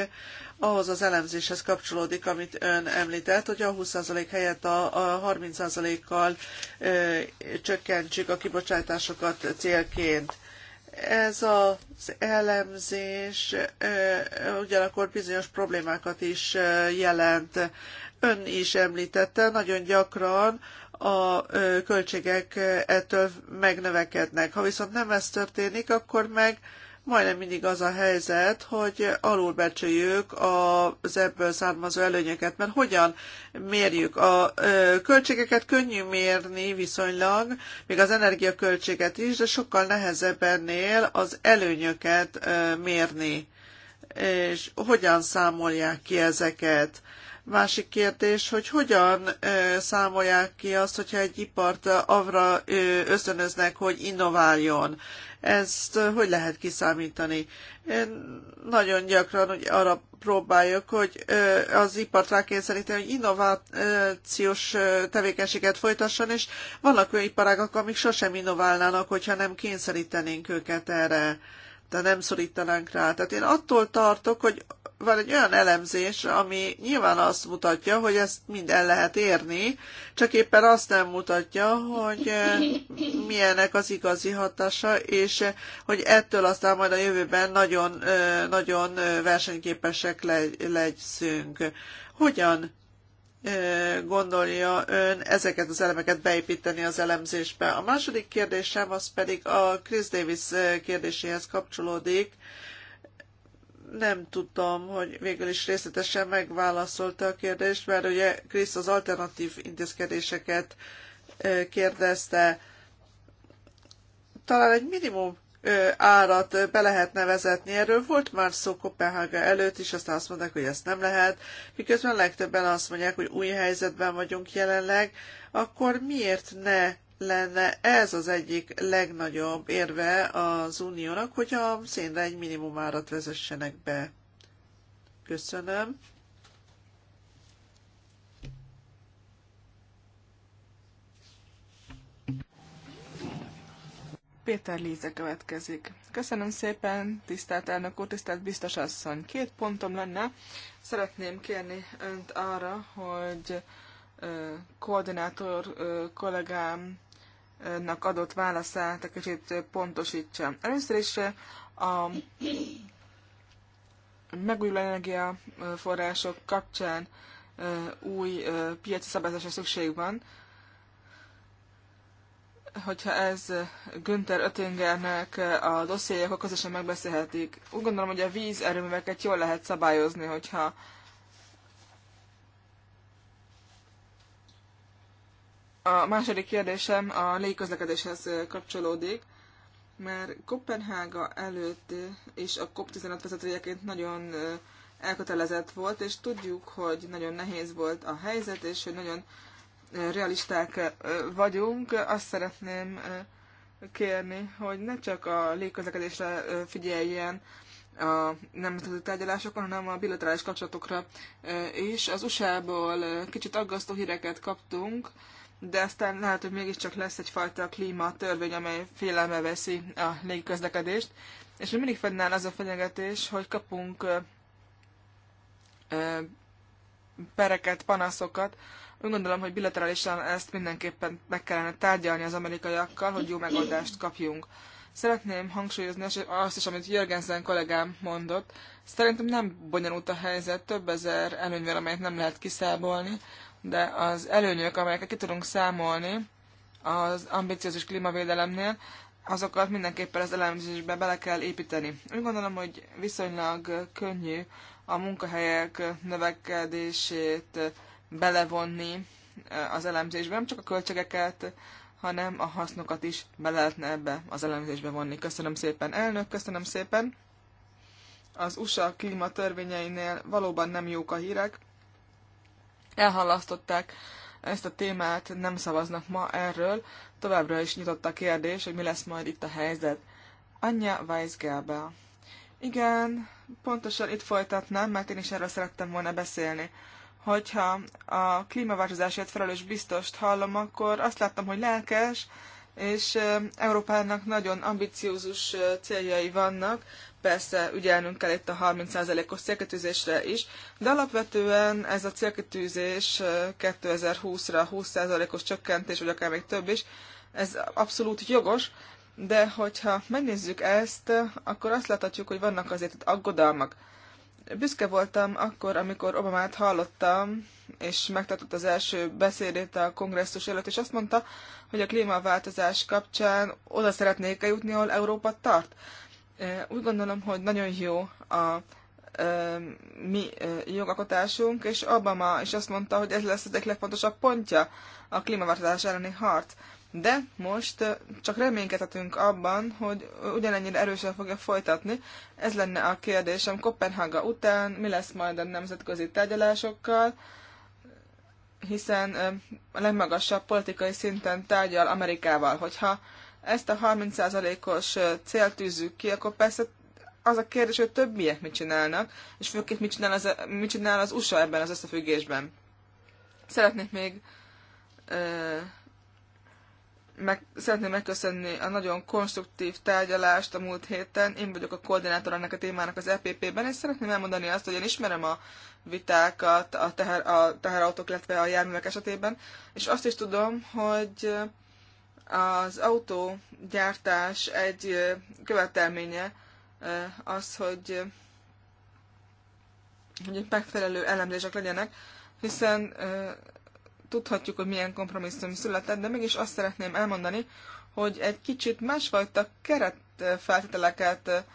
ahhoz az elemzéshez kapcsolódik, amit ön említett, hogy a 20% helyett a, a 30%-kal csökkentsük a kibocsátásokat célként ez az elemzés ugyanakkor bizonyos problémákat is jelent. Ön is említette, nagyon gyakran a költségek ettől megnövekednek. Ha viszont nem ez történik, akkor meg majdnem mindig az a helyzet, hogy alulbecsüljük az ebből származó előnyöket, mert hogyan mérjük? A költségeket könnyű mérni viszonylag, még az energiaköltséget is, de sokkal nehezebb ennél az előnyöket mérni. És hogyan számolják ki ezeket? Másik kérdés, hogy hogyan számolják ki azt, hogyha egy ipart avra ösztönöznek, hogy innováljon. Ezt hogy lehet kiszámítani? Én nagyon gyakran arra próbáljuk, hogy az ipart rákényszeríteni, hogy innovációs tevékenységet folytasson, és vannak olyan iparágak, amik sosem innoválnának, hogyha nem kényszerítenénk őket erre, de nem szorítanánk rá. Tehát én attól tartok, hogy van egy olyan elemzés, ami nyilván azt mutatja, hogy ezt mind el lehet érni, csak éppen azt nem mutatja, hogy eh, milyenek az igazi hatása, és eh, hogy ettől aztán majd a jövőben nagyon, eh, nagyon versenyképesek legyszünk. Hogyan gondolja ön ezeket az elemeket beépíteni az elemzésbe. A második kérdésem az pedig a Chris Davis kérdéséhez kapcsolódik, nem tudtam, hogy végül is részletesen megválaszolta a kérdést, mert ugye Krisz az alternatív intézkedéseket kérdezte. Talán egy minimum árat be lehetne vezetni. Erről volt már szó Kopenhága előtt is, aztán azt mondták, hogy ezt nem lehet. Miközben legtöbben azt mondják, hogy új helyzetben vagyunk jelenleg, akkor miért ne lenne ez az egyik legnagyobb érve az uniónak, hogyha a szénre egy árat vezessenek be. Köszönöm. Péter Líze következik. Köszönöm szépen, tisztelt elnök úr, tisztelt biztos asszony. Két pontom lenne. Szeretném kérni önt arra, hogy koordinátor kollégám nak adott válaszát egy kicsit pontosítsa. Először is eh, a megújuló források kapcsán eh, új eh, piaci szabályozásra szükség van. Hogyha ez Günther Oettingernek a dossziéja, akkor közösen megbeszélhetik. Úgy gondolom, hogy a vízerőműveket jól lehet szabályozni, hogyha A második kérdésem a légiközlekedéshez kapcsolódik, mert Kopenhága előtt és a COP15 vezetőjeként nagyon elkötelezett volt, és tudjuk, hogy nagyon nehéz volt a helyzet, és hogy nagyon realisták vagyunk. Azt szeretném kérni, hogy ne csak a légközlekedésre figyeljen a nemzetközi tárgyalásokon, hanem a bilaterális kapcsolatokra is. Az USA-ból kicsit aggasztó híreket kaptunk, de aztán lehet, hogy mégiscsak lesz egyfajta klíma törvény, amely félelme veszi a légiközlekedést, és mi mindig fennáll az a fenyegetés, hogy kapunk ö, ö, pereket, panaszokat. Úgy gondolom, hogy bilaterálisan ezt mindenképpen meg kellene tárgyalni az amerikaiakkal, hogy jó megoldást kapjunk. Szeretném hangsúlyozni azt is, amit Jörgensen kollégám mondott. Szerintem nem bonyolult a helyzet, több ezer előnyvel, amelyet nem lehet kiszábolni de az előnyök, amelyeket ki tudunk számolni az ambiciózus klímavédelemnél, azokat mindenképpen az elemzésbe bele kell építeni. Úgy gondolom, hogy viszonylag könnyű a munkahelyek növekedését belevonni az elemzésbe, nem csak a költségeket, hanem a hasznokat is be lehetne ebbe az elemzésbe vonni. Köszönöm szépen, elnök, köszönöm szépen. Az USA klímatörvényeinél valóban nem jók a hírek, elhalasztották ezt a témát, nem szavaznak ma erről, továbbra is nyitott a kérdés, hogy mi lesz majd itt a helyzet. Anya Weisgelbe. Igen, pontosan itt folytatnám, mert én is erről szerettem volna beszélni. Hogyha a klímaváltozásért felelős biztost hallom, akkor azt láttam, hogy lelkes, és Európának nagyon ambiciózus céljai vannak, Persze ügyelnünk kell itt a 30%-os célkitűzésre is, de alapvetően ez a célkitűzés 2020-ra 20%-os csökkentés, vagy akár még több is, ez abszolút jogos, de hogyha megnézzük ezt, akkor azt láthatjuk, hogy vannak azért aggodalmak. Büszke voltam akkor, amikor Obamát hallottam, és megtartott az első beszédét a kongresszus előtt, és azt mondta, hogy a klímaváltozás kapcsán oda szeretnék eljutni, ahol Európa tart. Úgy gondolom, hogy nagyon jó a mi jogakotásunk, és Obama is azt mondta, hogy ez lesz egyik legfontosabb pontja a klímaváltozás elleni harc. De most csak reménykedhetünk abban, hogy ugyanennyire erősen fogja folytatni. Ez lenne a kérdésem. Kopenhaga után mi lesz majd a nemzetközi tárgyalásokkal, hiszen a legmagasabb politikai szinten tárgyal Amerikával, hogyha ezt a 30%-os célt tűzzük ki, akkor persze az a kérdés, hogy többiek mit csinálnak, és főként mit csinál az, mit csinál az USA ebben az összefüggésben. Szeretnék még ö, meg, szeretném megköszönni a nagyon konstruktív tárgyalást a múlt héten. Én vagyok a koordinátor ennek a témának az EPP-ben, és szeretném elmondani azt, hogy én ismerem a vitákat a, teher, a teherautók, illetve a járművek esetében, és azt is tudom, hogy az autógyártás egy követelménye az, hogy, hogy megfelelő elemzések legyenek, hiszen tudhatjuk, hogy milyen kompromisszum született, de mégis azt szeretném elmondani, hogy egy kicsit másfajta keretfeltételeket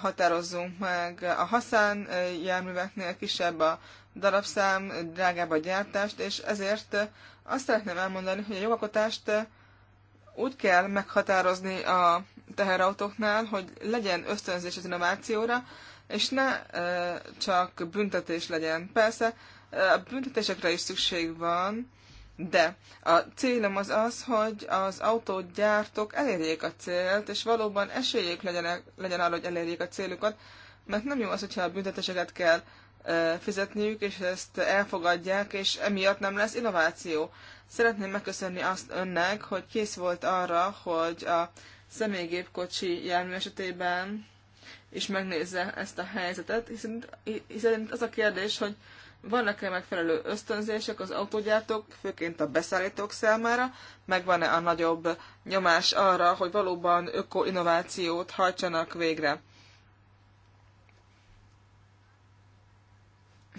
határozzunk meg. A haszán járműveknél kisebb a darabszám, drágább a gyártást, és ezért azt szeretném elmondani, hogy a jogalkotást úgy kell meghatározni a teherautóknál, hogy legyen ösztönzés az innovációra, és ne csak büntetés legyen. Persze a büntetésekre is szükség van, de a célom az az, hogy az autógyártók elérjék a célt, és valóban esélyük legyen, legyen arra, hogy elérjék a célukat, mert nem jó az, hogyha a büntetéseket kell fizetniük, és ezt elfogadják, és emiatt nem lesz innováció. Szeretném megköszönni azt önnek, hogy kész volt arra, hogy a személygépkocsi jármű esetében is megnézze ezt a helyzetet, hiszen, hiszen az a kérdés, hogy vannak-e megfelelő ösztönzések az autógyártók, főként a beszállítók számára, megvan-e a nagyobb nyomás arra, hogy valóban öko-innovációt hajtsanak végre.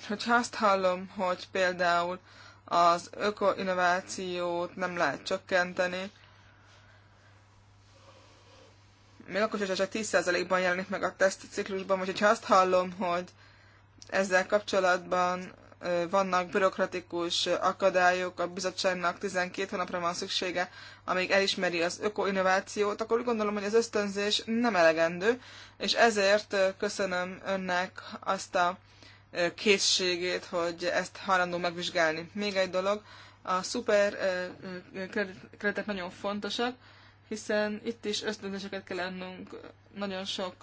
Hogyha azt hallom, hogy például az ökoinnovációt nem lehet csökkenteni, még akkor is csak 10%-ban jelenik meg a tesztciklusban, vagy ha azt hallom, hogy ezzel kapcsolatban vannak bürokratikus akadályok, a bizottságnak 12 hónapra van szüksége, amíg elismeri az ökoinnovációt, akkor úgy gondolom, hogy az ösztönzés nem elegendő, és ezért köszönöm önnek azt a készségét, hogy ezt hajlandó megvizsgálni. Még egy dolog, a szuper kreditek nagyon fontosak, hiszen itt is ösztönzéseket kell lennünk, nagyon sok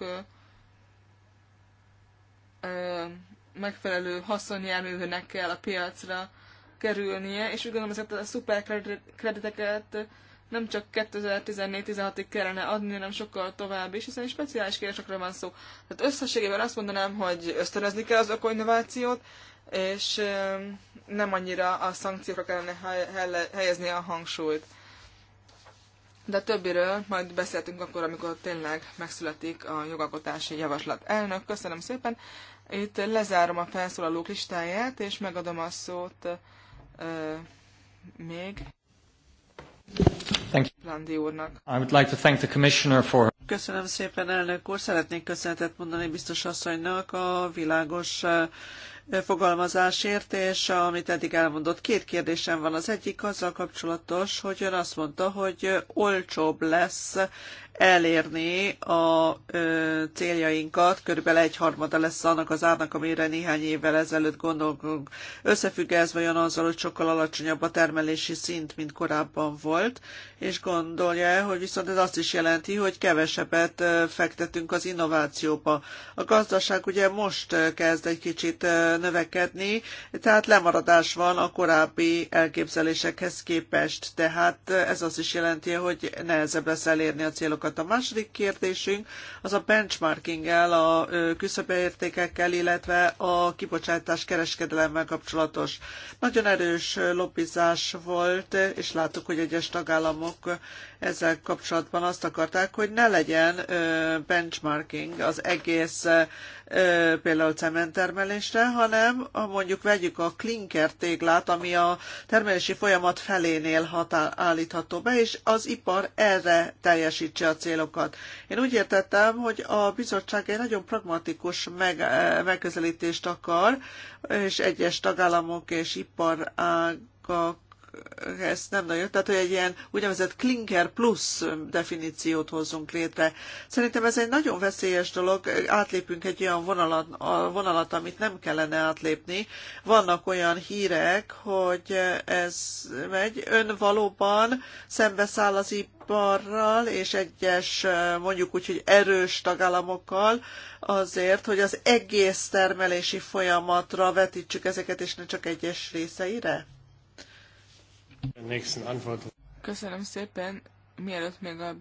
megfelelő haszonjárművőnek kell a piacra kerülnie, és úgy gondolom ezeket a krediteket nem csak 2014-16-ig kellene adni, hanem sokkal tovább is, hiszen speciális kérdésekről van szó. Tehát összességében azt mondanám, hogy ösztönözni kell az innovációt, és nem annyira a szankciókra kellene helyezni a hangsúlyt. De a többiről majd beszéltünk akkor, amikor tényleg megszületik a jogalkotási javaslat. Elnök, köszönöm szépen. Itt lezárom a felszólalók listáját, és megadom a szót euh, még. Thank you. I would like to thank the commissioner for Köszönöm szépen, elnök úr. Szeretnék köszönetet mondani biztos asszonynak a világos fogalmazásért, és amit eddig elmondott. Két kérdésem van. Az egyik azzal kapcsolatos, hogy ön azt mondta, hogy olcsóbb lesz elérni a ö, céljainkat, körülbelül egy harmada lesz annak az árnak, amire néhány évvel ezelőtt gondolunk. Összefügg ez vajon azzal, hogy sokkal alacsonyabb a termelési szint, mint korábban volt, és gondolja, hogy viszont ez azt is jelenti, hogy kevesebb kevesebbet fektetünk az innovációba. A gazdaság ugye most kezd egy kicsit növekedni, tehát lemaradás van a korábbi elképzelésekhez képest, tehát ez azt is jelenti, hogy nehezebb lesz elérni a célokat. A második kérdésünk az a benchmarkinggel, a küszöbeértékekkel, illetve a kibocsátás kereskedelemmel kapcsolatos. Nagyon erős lobbizás volt, és láttuk, hogy egyes tagállamok ezzel kapcsolatban azt akarták, hogy ne legyen legyen benchmarking az egész például cementtermelésre, hanem mondjuk vegyük a klinker téglát, ami a termelési folyamat felénél hatá- állítható be, és az ipar erre teljesítse a célokat. Én úgy értettem, hogy a bizottság egy nagyon pragmatikus meg- megközelítést akar, és egyes tagállamok és iparágak ez nem nagyon, tehát hogy egy ilyen úgynevezett klinker plusz definíciót hozzunk létre. Szerintem ez egy nagyon veszélyes dolog, átlépünk egy olyan vonalat, a vonalat amit nem kellene átlépni. Vannak olyan hírek, hogy ez megy, ön valóban szembeszáll az iparral és egyes mondjuk úgy, hogy erős tagállamokkal azért, hogy az egész termelési folyamatra vetítsük ezeket, és ne csak egyes részeire? Köszönöm szépen. Mielőtt még a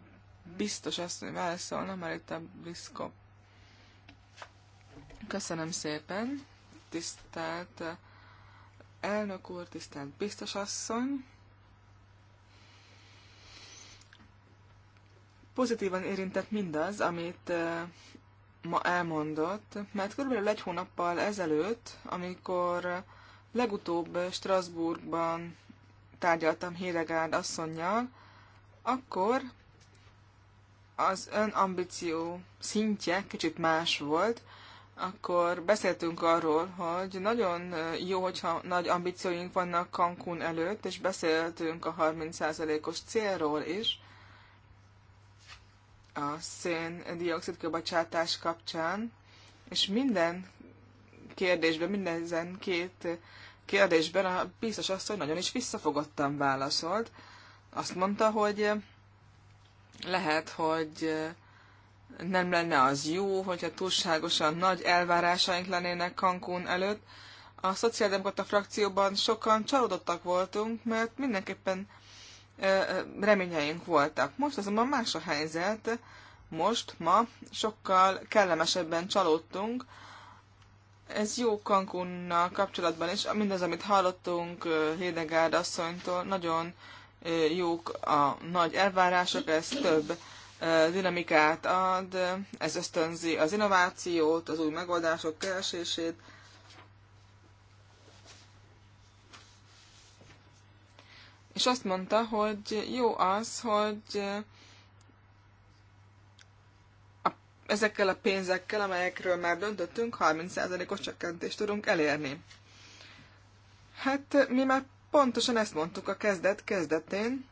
biztos azt válaszolna, már itt a Bliszko. Köszönöm szépen. Tisztelt eh, elnök úr, tisztelt biztos asszony. Pozitívan érintett mindaz, amit eh, ma elmondott, mert körülbelül egy hónappal ezelőtt, amikor legutóbb Strasbourgban tárgyaltam Hidegárd asszonynal, akkor az ön ambíció szintje kicsit más volt, akkor beszéltünk arról, hogy nagyon jó, hogyha nagy ambícióink vannak Cancún előtt, és beszéltünk a 30%-os célról is a szén-dioxid kibocsátás kapcsán, és minden kérdésben, mindezen két kérdésben a biztos hogy nagyon is visszafogottan válaszolt. Azt mondta, hogy lehet, hogy nem lenne az jó, hogyha túlságosan nagy elvárásaink lennének Cancún előtt. A szociáldemokrata frakcióban sokan csalódottak voltunk, mert mindenképpen reményeink voltak. Most azonban más a helyzet, most, ma sokkal kellemesebben csalódtunk, ez jó Cancunnal kapcsolatban is, mindaz, amit hallottunk Hédegárd asszonytól, nagyon jók a nagy elvárások, ez több dinamikát ad, ez ösztönzi az innovációt, az új megoldások keresését. És azt mondta, hogy jó az, hogy ezekkel a pénzekkel, amelyekről már döntöttünk, 30%-os csökkentést tudunk elérni. Hát mi már pontosan ezt mondtuk a kezdet kezdetén.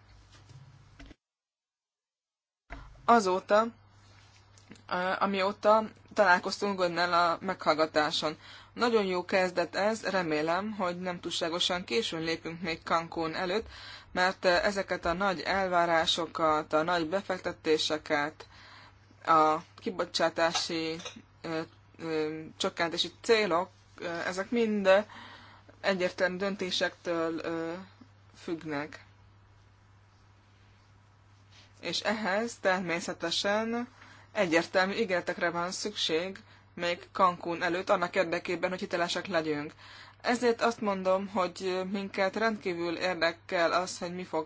Azóta, amióta találkoztunk önnel a meghallgatáson. Nagyon jó kezdet ez, remélem, hogy nem túlságosan későn lépünk még Cancún előtt, mert ezeket a nagy elvárásokat, a nagy befektetéseket, a kibocsátási ö, ö, csökkentési célok, ö, ezek mind egyértelmű döntésektől ö, függnek. És ehhez természetesen egyértelmű ígéretekre van szükség, még Cancún előtt, annak érdekében, hogy hitelesek legyünk. Ezért azt mondom, hogy minket rendkívül érdekel az, hogy mi fog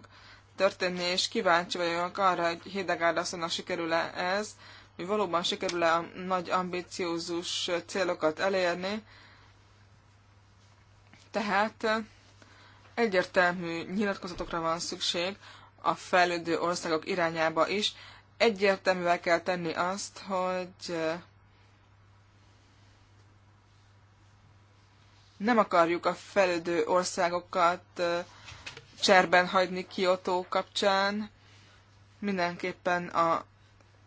történni, és kíváncsi vagyok arra, hogy Hidegárd asszonynak sikerül-e ez, hogy valóban sikerül-e a nagy ambiciózus célokat elérni. Tehát egyértelmű nyilatkozatokra van szükség a fejlődő országok irányába is. Egyértelművel kell tenni azt, hogy nem akarjuk a fejlődő országokat cserben hagyni kiotó kapcsán. Mindenképpen a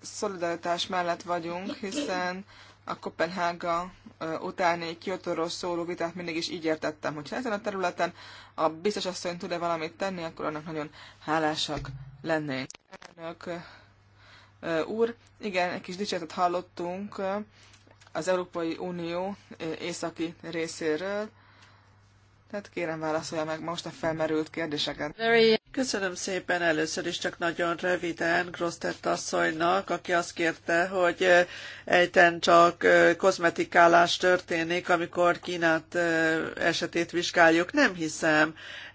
szolidaritás mellett vagyunk, hiszen a Kopenhága utáni Kiotóról szóló vitát mindig is így értettem, hogyha ezen a területen a biztos asszony tud-e valamit tenni, akkor annak nagyon hálásak lennénk. Elnök úr, igen, egy kis dicséretet hallottunk az Európai Unió északi részéről. Tehát kérem válaszolja meg most a felmerült kérdéseket. Köszönöm szépen először is csak nagyon röviden Grosztett asszonynak, aki azt kérte, hogy egyten csak kozmetikálás történik, amikor Kínát esetét vizsgáljuk. Nem hiszem.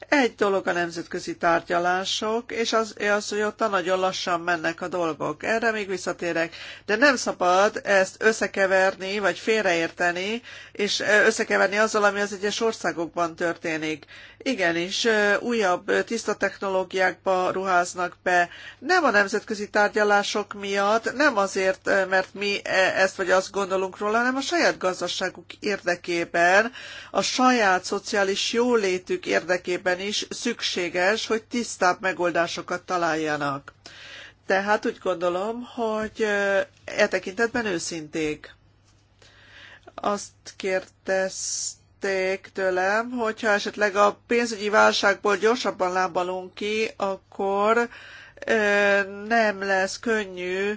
Egy dolog a nemzetközi tárgyalások, és az, az, hogy ott nagyon lassan mennek a dolgok. Erre még visszatérek. De nem szabad ezt összekeverni, vagy félreérteni, és összekeverni azzal, ami az egyes országokban történik. Igenis, újabb tiszta technológia, technológiákba ruháznak be. Nem a nemzetközi tárgyalások miatt, nem azért, eh, mert mi eh, ezt vagy azt gondolunk róla, hanem a saját gazdaságuk érdekében, a saját szociális jólétük érdekében is szükséges, hogy tisztább megoldásokat találjanak. Tehát úgy gondolom, hogy eh, e tekintetben őszinték. Azt kérdezte, kérték tőlem, hogyha esetleg a pénzügyi válságból gyorsabban lábalunk ki, akkor nem lesz könnyű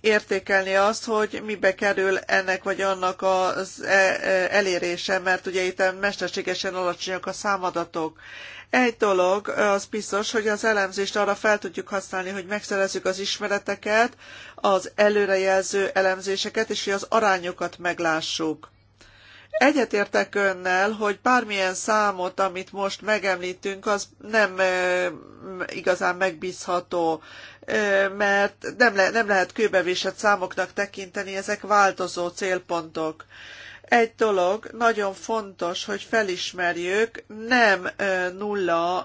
értékelni azt, hogy mibe kerül ennek vagy annak az e, e, elérése, mert ugye itt mesterségesen alacsonyak a számadatok. Egy dolog az biztos, hogy az elemzést arra fel tudjuk használni, hogy megszerezzük az ismereteket, az előrejelző elemzéseket, és hogy az arányokat meglássuk. Egyetértek önnel, hogy bármilyen számot, amit most megemlítünk, az nem igazán megbízható, mert nem, le, nem lehet kőbevésett számoknak tekinteni, ezek változó célpontok. Egy dolog nagyon fontos, hogy felismerjük, nem nulla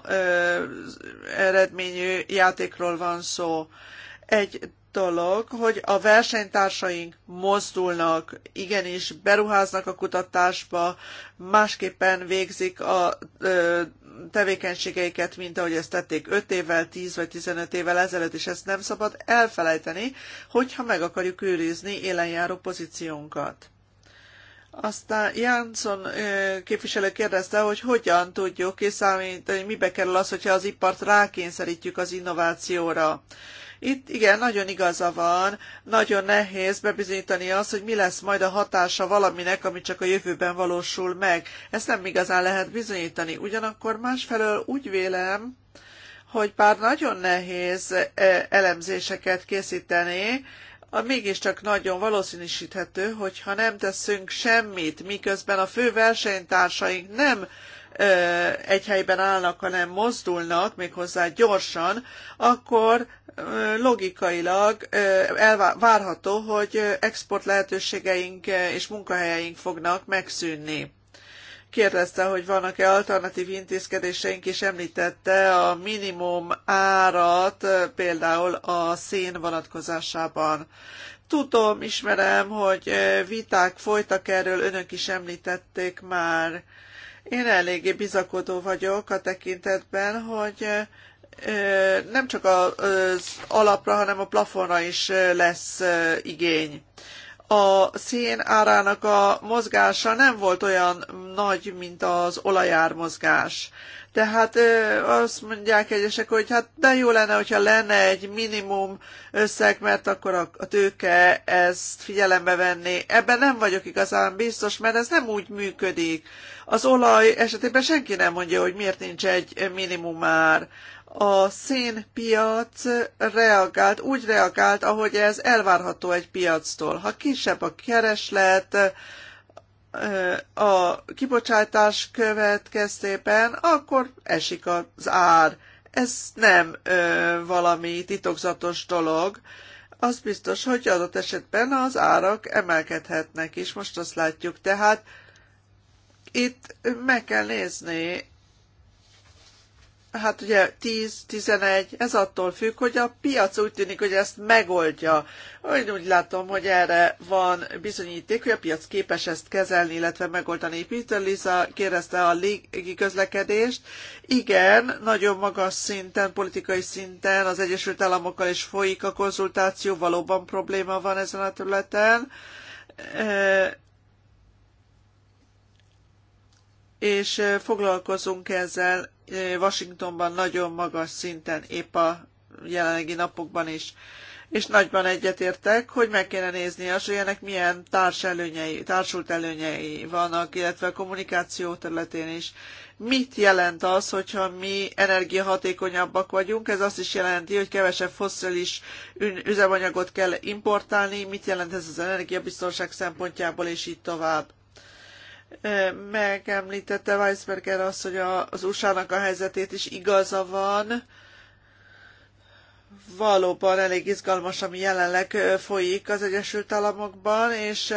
eredményű játékról van szó. Egy dolog, hogy a versenytársaink mozdulnak, igenis beruháznak a kutatásba, másképpen végzik a ö, tevékenységeiket, mint ahogy ezt tették 5 évvel, 10 vagy 15 évvel ezelőtt, és ezt nem szabad elfelejteni, hogyha meg akarjuk őrizni élenjáró pozíciónkat. Aztán Jansson képviselő kérdezte, hogy hogyan tudjuk kiszámítani, mibe kerül az, hogyha az ipart rákényszerítjük az innovációra. Itt igen, nagyon igaza van, nagyon nehéz bebizonyítani azt, hogy mi lesz majd a hatása valaminek, ami csak a jövőben valósul meg. Ezt nem igazán lehet bizonyítani. Ugyanakkor másfelől úgy vélem, hogy bár nagyon nehéz e, elemzéseket készíteni, a mégiscsak nagyon valószínűsíthető, hogy ha nem teszünk semmit, miközben a fő versenytársaink nem ö, e, egy helyben állnak, hanem mozdulnak, méghozzá gyorsan, akkor logikailag elvárható, hogy export lehetőségeink és munkahelyeink fognak megszűnni. Kérdezte, hogy vannak-e alternatív intézkedéseink, és említette a minimum árat például a szén vonatkozásában. Tudom, ismerem, hogy viták folytak erről, önök is említették már. Én eléggé bizakodó vagyok a tekintetben, hogy nem csak az alapra, hanem a plafonra is lesz igény. A szén árának a mozgása nem volt olyan nagy, mint az olajár mozgás. Tehát azt mondják egyesek, hogy hát de jó lenne, hogyha lenne egy minimum összeg, mert akkor a tőke ezt figyelembe venni. Ebben nem vagyok igazán biztos, mert ez nem úgy működik. Az olaj esetében senki nem mondja, hogy miért nincs egy minimum ár a szénpiac reagált, úgy reagált, ahogy ez elvárható egy piactól. Ha kisebb a kereslet, a kibocsátás következtében, akkor esik az ár. Ez nem valami titokzatos dolog. Az biztos, hogy adott esetben az árak emelkedhetnek is, most azt látjuk. Tehát itt meg kell nézni hát ugye 10-11, ez attól függ, hogy a piac úgy tűnik, hogy ezt megoldja. Én úgy látom, hogy erre van bizonyíték, hogy a piac képes ezt kezelni, illetve megoldani. Peter Lisa kérdezte a légi közlekedést. Igen, nagyon magas szinten, politikai szinten az Egyesült Államokkal is folyik a konzultáció, valóban probléma van ezen a területen és foglalkozunk ezzel Washingtonban nagyon magas szinten, épp a jelenlegi napokban is. És nagyban egyetértek, hogy meg kéne nézni az, hogy ennek milyen előnyei, társult előnyei vannak, illetve a kommunikáció területén is. Mit jelent az, hogyha mi energiahatékonyabbak vagyunk? Ez azt is jelenti, hogy kevesebb fosszilis üzemanyagot kell importálni. Mit jelent ez az energiabiztonság szempontjából, és így tovább? megemlítette Weisberger azt, hogy az USA-nak a helyzetét is igaza van. Valóban elég izgalmas, ami jelenleg folyik az Egyesült Államokban, és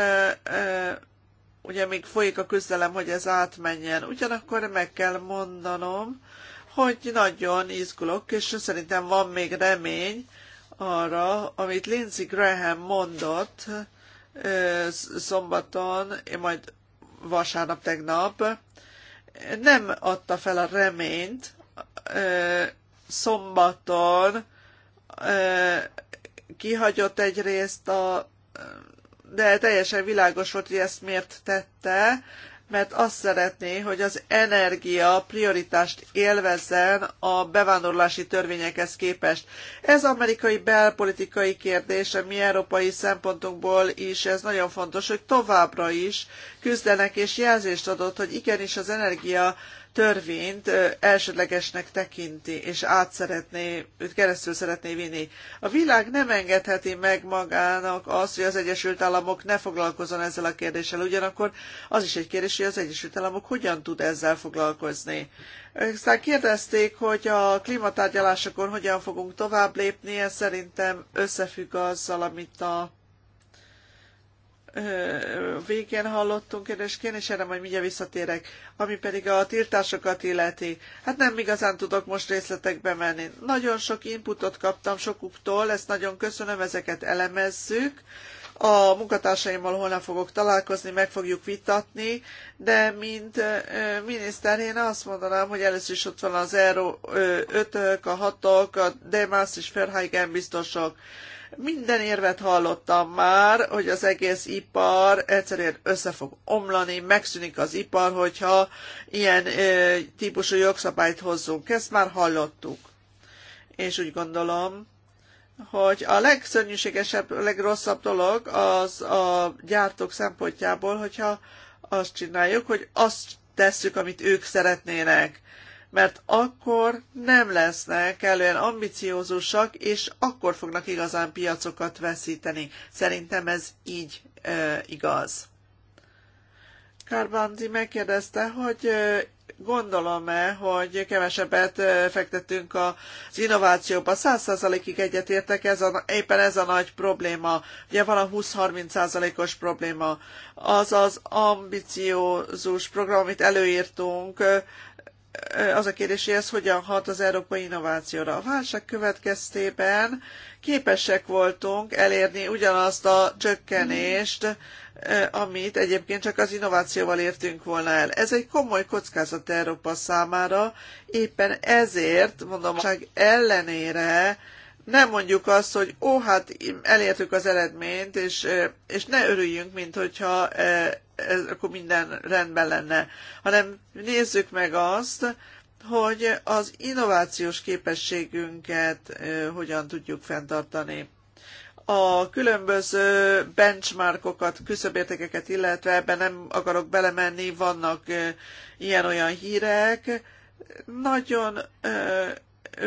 ugye még folyik a küzdelem, hogy ez átmenjen. Ugyanakkor meg kell mondanom, hogy nagyon izgulok, és szerintem van még remény arra, amit Lindsey Graham mondott szombaton, én majd vasárnap tegnap, nem adta fel a reményt szombaton, kihagyott egyrészt a de teljesen világos volt, hogy ezt miért tette, mert azt szeretné, hogy az energia prioritást élvezzen a bevándorlási törvényekhez képest. Ez amerikai belpolitikai kérdés, a mi európai szempontunkból is ez nagyon fontos, hogy továbbra is küzdenek és jelzést adott, hogy igenis az energia törvényt elsődlegesnek tekinti, és át szeretné, őt keresztül szeretné vinni. A világ nem engedheti meg magának azt, hogy az Egyesült Államok ne foglalkozzon ezzel a kérdéssel. Ugyanakkor az is egy kérdés, hogy az Egyesült Államok hogyan tud ezzel foglalkozni. Aztán kérdezték, hogy a klímatárgyalásokon hogyan fogunk tovább lépni, ez szerintem összefügg azzal, amit a végén hallottunk kérdésként, és erre majd mindjárt visszatérek, ami pedig a tiltásokat illeti. Hát nem igazán tudok most részletekbe menni. Nagyon sok inputot kaptam sokuktól, ezt nagyon köszönöm, ezeket elemezzük. A munkatársaimmal holnap fogok találkozni, meg fogjuk vitatni, de mint miniszter én azt mondanám, hogy először is ott van az Euró 5 a 6 a Demász és Ferhaigen biztosok minden érvet hallottam már, hogy az egész ipar egyszerűen össze fog omlani, megszűnik az ipar, hogyha ilyen ö, típusú jogszabályt hozzunk. Ezt már hallottuk. És úgy gondolom, hogy a legszörnyűségesebb, a legrosszabb dolog az a gyártók szempontjából, hogyha azt csináljuk, hogy azt tesszük, amit ők szeretnének mert akkor nem lesznek elően ambiciózusak, és akkor fognak igazán piacokat veszíteni. Szerintem ez így e, igaz. Karbandi megkérdezte, hogy gondolom-e, hogy kevesebbet fektetünk az innovációba. Száz százalékig egyetértek, ez a, éppen ez a nagy probléma. Ugye van a 20-30 százalékos probléma. Az az ambiciózus program, amit előírtunk, az a kérdés, hogy ez hogyan hat az európai innovációra. A válság következtében képesek voltunk elérni ugyanazt a csökkenést, eh, amit egyébként csak az innovációval értünk volna el. Ez egy komoly kockázat Európa számára, éppen ezért, mondom, a ellenére nem mondjuk azt, hogy ó, hát elértük az eredményt, és, eh, és ne örüljünk, mint hogyha eh, ez, akkor minden rendben lenne, hanem nézzük meg azt, hogy az innovációs képességünket hogyan tudjuk fenntartani. A különböző benchmarkokat, küszöbértékeket, illetve ebben nem akarok belemenni, vannak ilyen-olyan hírek, nagyon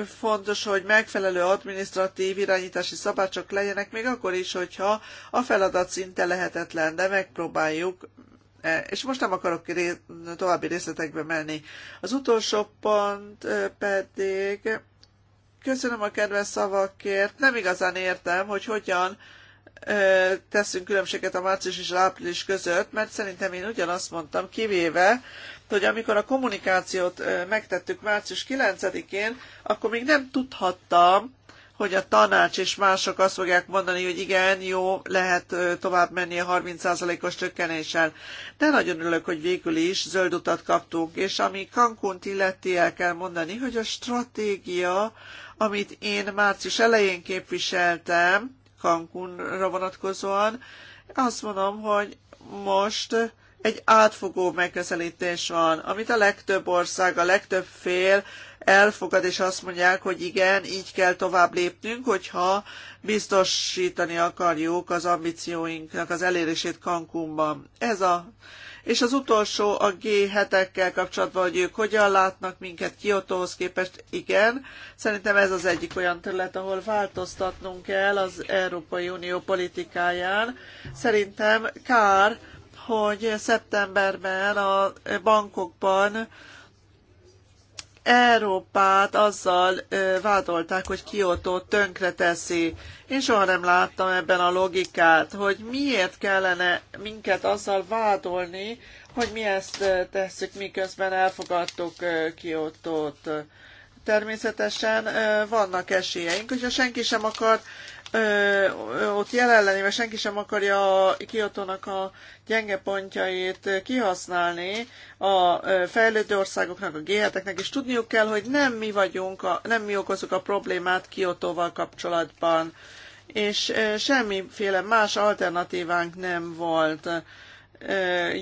fontos, hogy megfelelő adminisztratív irányítási szabácsok legyenek, még akkor is, hogyha a feladat szinte lehetetlen, de megpróbáljuk e, és most nem akarok további részletekbe menni. Az utolsó pont e, pedig köszönöm a kedves szavakért. Nem igazán értem, hogy hogyan teszünk különbséget a március és április között, mert szerintem én ugyanazt mondtam, kivéve, hogy amikor a kommunikációt megtettük március 9-én, akkor még nem tudhattam, hogy a tanács és mások azt fogják mondani, hogy igen, jó, lehet tovább menni a 30%-os csökkenéssel. De nagyon örülök, hogy végül is zöld utat kaptunk, és ami Cancunt illeti, el kell mondani, hogy a stratégia, amit én március elején képviseltem, Cancunra vonatkozóan. Azt mondom, hogy most egy átfogó megközelítés van, amit a legtöbb ország, a legtöbb fél elfogad, és azt mondják, hogy igen, így kell tovább lépnünk, hogyha biztosítani akarjuk az ambícióinknak az elérését Cancunban. Ez a és az utolsó a G7-ekkel kapcsolatban, hogy ők hogyan látnak minket Kiotóhoz képest, igen. Szerintem ez az egyik olyan terület, ahol változtatnunk kell az Európai Unió politikáján. Szerintem kár, hogy szeptemberben a bankokban Európát azzal ö, vádolták, hogy Kyoto tönkre teszi. Én soha nem láttam ebben a logikát, hogy miért kellene minket azzal vádolni, hogy mi ezt tesszük, miközben elfogadtuk kiotót. Természetesen vannak esélyeink, hogyha senki sem akar ö, ott jelen lenni, mert senki sem akarja a Kiotónak a gyenge pontjait kihasználni a fejlődő országoknak, a g és tudniuk kell, hogy nem mi vagyunk, a, nem mi okozunk a problémát Kiotóval kapcsolatban, és semmiféle más alternatívánk nem volt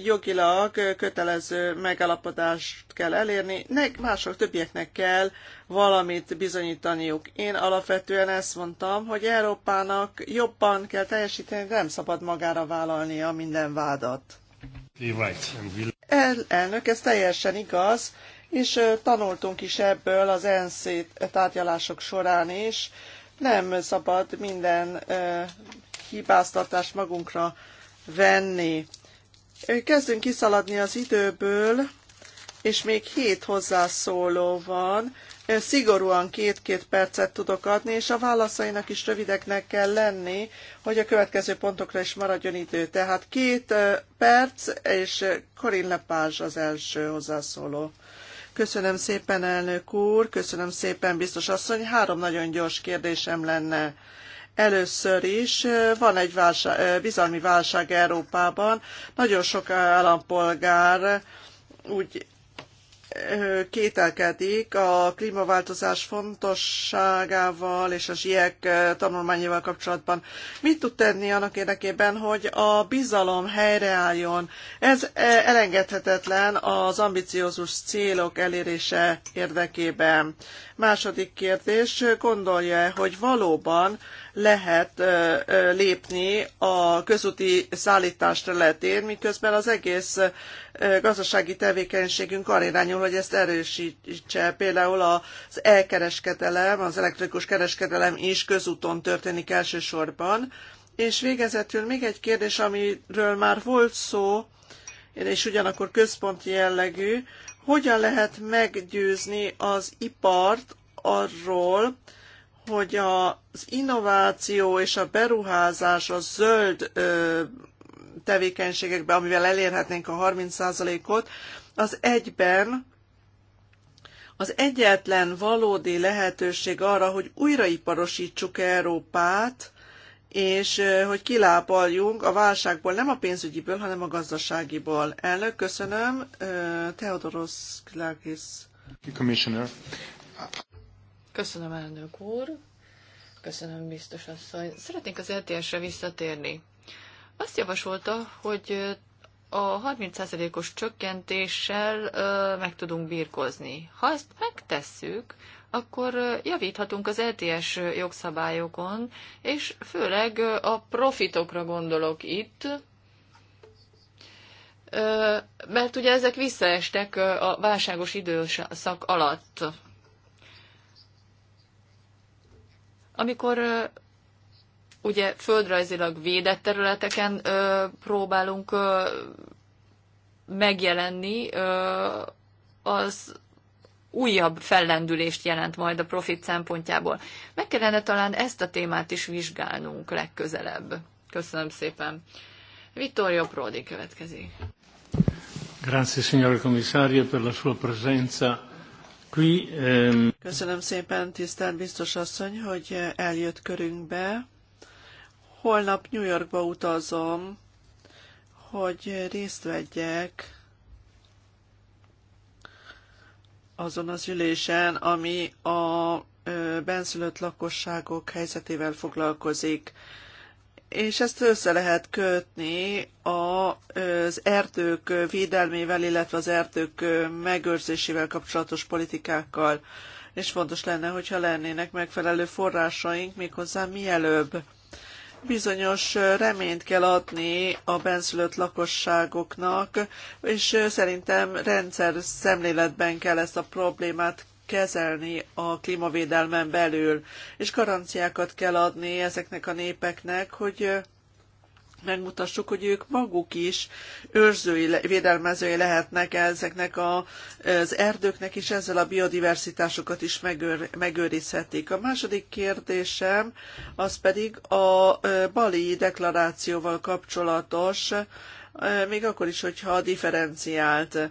jogilag kötelező megállapodást kell elérni, nek, mások többieknek kell valamit bizonyítaniuk. Én alapvetően ezt mondtam, hogy Európának jobban kell teljesíteni, nem szabad magára vállalnia minden vádat. El, elnök, ez teljesen igaz, és tanultunk is ebből az ENSZ tárgyalások során is. Nem szabad minden hibáztatást magunkra venni. Kezdünk kiszaladni az időből, és még hét hozzászóló van. Szigorúan két-két percet tudok adni, és a válaszainak is rövideknek kell lenni, hogy a következő pontokra is maradjon idő. Tehát két perc, és Korin Lepázs az első hozzászóló. Köszönöm szépen, elnök úr, köszönöm szépen, biztos asszony. Három nagyon gyors kérdésem lenne. Először is van egy válság, bizalmi válság Európában. Nagyon sok állampolgár úgy kételkedik a klímaváltozás fontosságával és az ilyek tanulmányával kapcsolatban. Mit tud tenni annak érdekében, hogy a bizalom helyreálljon? Ez elengedhetetlen az ambiciózus célok elérése érdekében. Második kérdés, gondolja -e, hogy valóban lehet lépni a közúti szállítás területén, miközben az egész gazdasági tevékenységünk arra irányul, hogy ezt erősítse. Például az elkereskedelem, az elektronikus kereskedelem is közúton történik elsősorban. És végezetül még egy kérdés, amiről már volt szó, és ugyanakkor központi jellegű, hogyan lehet meggyőzni az ipart arról, hogy az innováció és a beruházás a zöld tevékenységekbe, amivel elérhetnénk a 30%-ot, az egyben az egyetlen valódi lehetőség arra, hogy újraiparosítsuk Európát, és hogy kilábaljunk a válságból, nem a pénzügyiből, hanem a gazdaságiból. Elnök, köszönöm. Theodoros Klakis. Commissioner. Köszönöm, elnök úr. Köszönöm, biztos asszony. Szeretnénk az LTS-re e visszatérni. Azt javasolta, hogy a 30%-os csökkentéssel ö, meg tudunk birkozni. Ha ezt megtesszük, akkor javíthatunk az LTS e jogszabályokon, és főleg a profitokra gondolok itt, mert ugye ezek visszaestek a válságos időszak alatt. Amikor ugye földrajzilag védett területeken ö, próbálunk ö, megjelenni, ö, az újabb fellendülést jelent majd a profit szempontjából. Meg kellene talán ezt a témát is vizsgálnunk legközelebb. Köszönöm szépen. Vittorio Prodi következik. Grazie signor commissario per la sua presenza. Ehm, Köszönöm szépen, tisztelt biztos asszony, hogy eljött körünkbe. Holnap New Yorkba utazom, hogy részt vegyek azon az ülésen, ami a benszülött lakosságok helyzetével foglalkozik és ezt össze lehet kötni az erdők védelmével, illetve az erdők megőrzésével kapcsolatos politikákkal. És fontos lenne, hogyha lennének megfelelő forrásaink, méghozzá mielőbb. Bizonyos reményt kell adni a benszülött lakosságoknak, és szerintem rendszer szemléletben kell ezt a problémát kezelni a klímavédelmen belül, és garanciákat kell adni ezeknek a népeknek, hogy megmutassuk, hogy ők maguk is őrzői, védelmezői lehetnek ezeknek a, az erdőknek, és ezzel a biodiversitásokat is megőr, megőrizhetik. A második kérdésem az pedig a Bali deklarációval kapcsolatos, még akkor is, hogyha differenciált.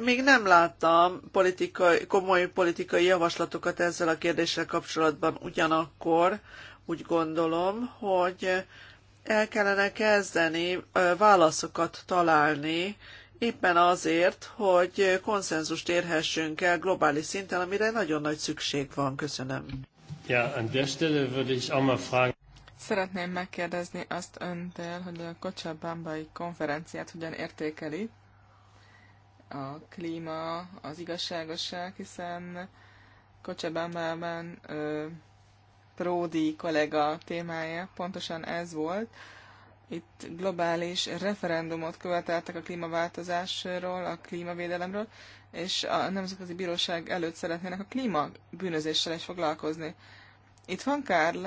Még nem láttam politikai, komoly politikai javaslatokat ezzel a kérdéssel kapcsolatban, ugyanakkor úgy gondolom, hogy el kellene kezdeni válaszokat találni, éppen azért, hogy konszenzust érhessünk el globális szinten, amire nagyon nagy szükség van. Köszönöm. Ja, an der Stelle würde ich auch mal fragen. Szeretném megkérdezni azt öntől, hogy a Kocsabambai konferenciát hogyan értékeli a klíma, az igazságosság, hiszen Kocsebámában Pródi kollega témája pontosan ez volt. Itt globális referendumot követeltek a klímaváltozásról, a klímavédelemről, és a Nemzetközi Bíróság előtt szeretnének a klímabűnözéssel is foglalkozni. Itt van Kárl,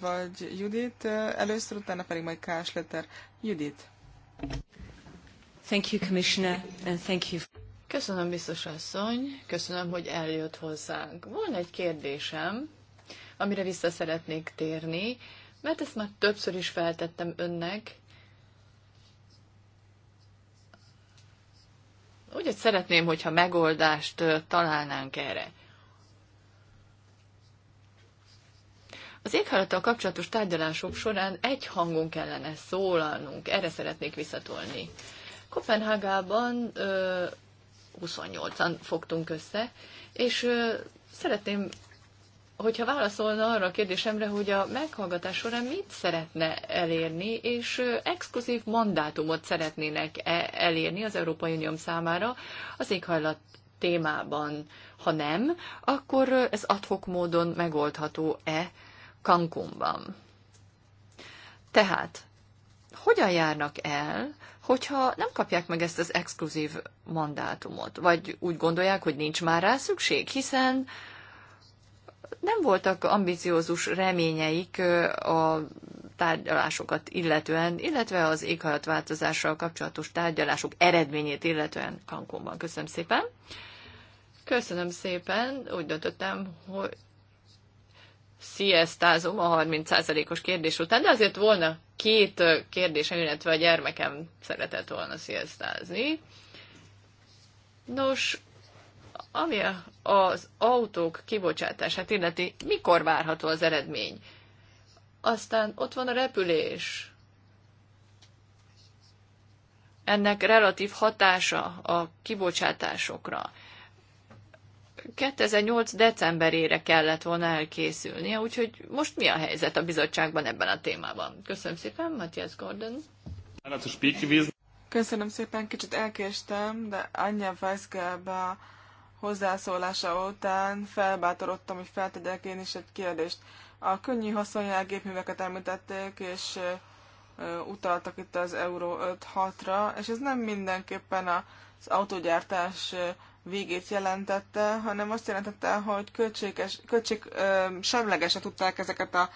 vagy Judit, először, utána pedig majd Kásleter. Judit. Thank you, Commissioner, and thank you. Köszönöm, biztos asszony, köszönöm, hogy eljött hozzánk. Van egy kérdésem, amire vissza szeretnék térni, mert ezt már többször is feltettem önnek. Úgyhogy szeretném, hogyha megoldást találnánk erre. Az éghajlattal kapcsolatos tárgyalások során egy hangon kellene szólalnunk, erre szeretnék visszatolni. Kopenhágában 28-an fogtunk össze, és szeretném, hogyha válaszolna arra a kérdésemre, hogy a meghallgatás során mit szeretne elérni, és exkluzív mandátumot szeretnének -e elérni az Európai Unió számára az éghajlat témában. Ha nem, akkor ez adhok módon megoldható-e Cancúnban. Tehát, hogyan járnak el hogyha nem kapják meg ezt az exkluzív mandátumot, vagy úgy gondolják, hogy nincs már rá szükség, hiszen nem voltak ambiciózus reményeik a tárgyalásokat illetően, illetve az éghajlatváltozással kapcsolatos tárgyalások eredményét illetően Cancúnban. Köszönöm szépen! Köszönöm szépen, úgy döntöttem, hogy sziasztázom a 30%-os kérdés után, de azért volna két kérdésem, illetve a gyermekem szeretett volna sziasztázni. Nos, ami az autók kibocsátását illeti, mikor várható az eredmény? Aztán ott van a repülés. Ennek relatív hatása a kibocsátásokra. 2008. decemberére kellett volna elkészülnie, úgyhogy most mi a helyzet a bizottságban ebben a témában? Köszönöm szépen, Matthias Gordon. Köszönöm szépen, kicsit elkéstem, de Anya Weisgerbe hozzászólása után felbátorodtam, hogy feltegyek én is egy kérdést. A könnyű gépműveket említették, és utaltak itt az Euro 5-6-ra, és ez nem mindenképpen az autogyártás végét jelentette, hanem azt jelentette, hogy költséges, költség semlegesen tudták ezeket a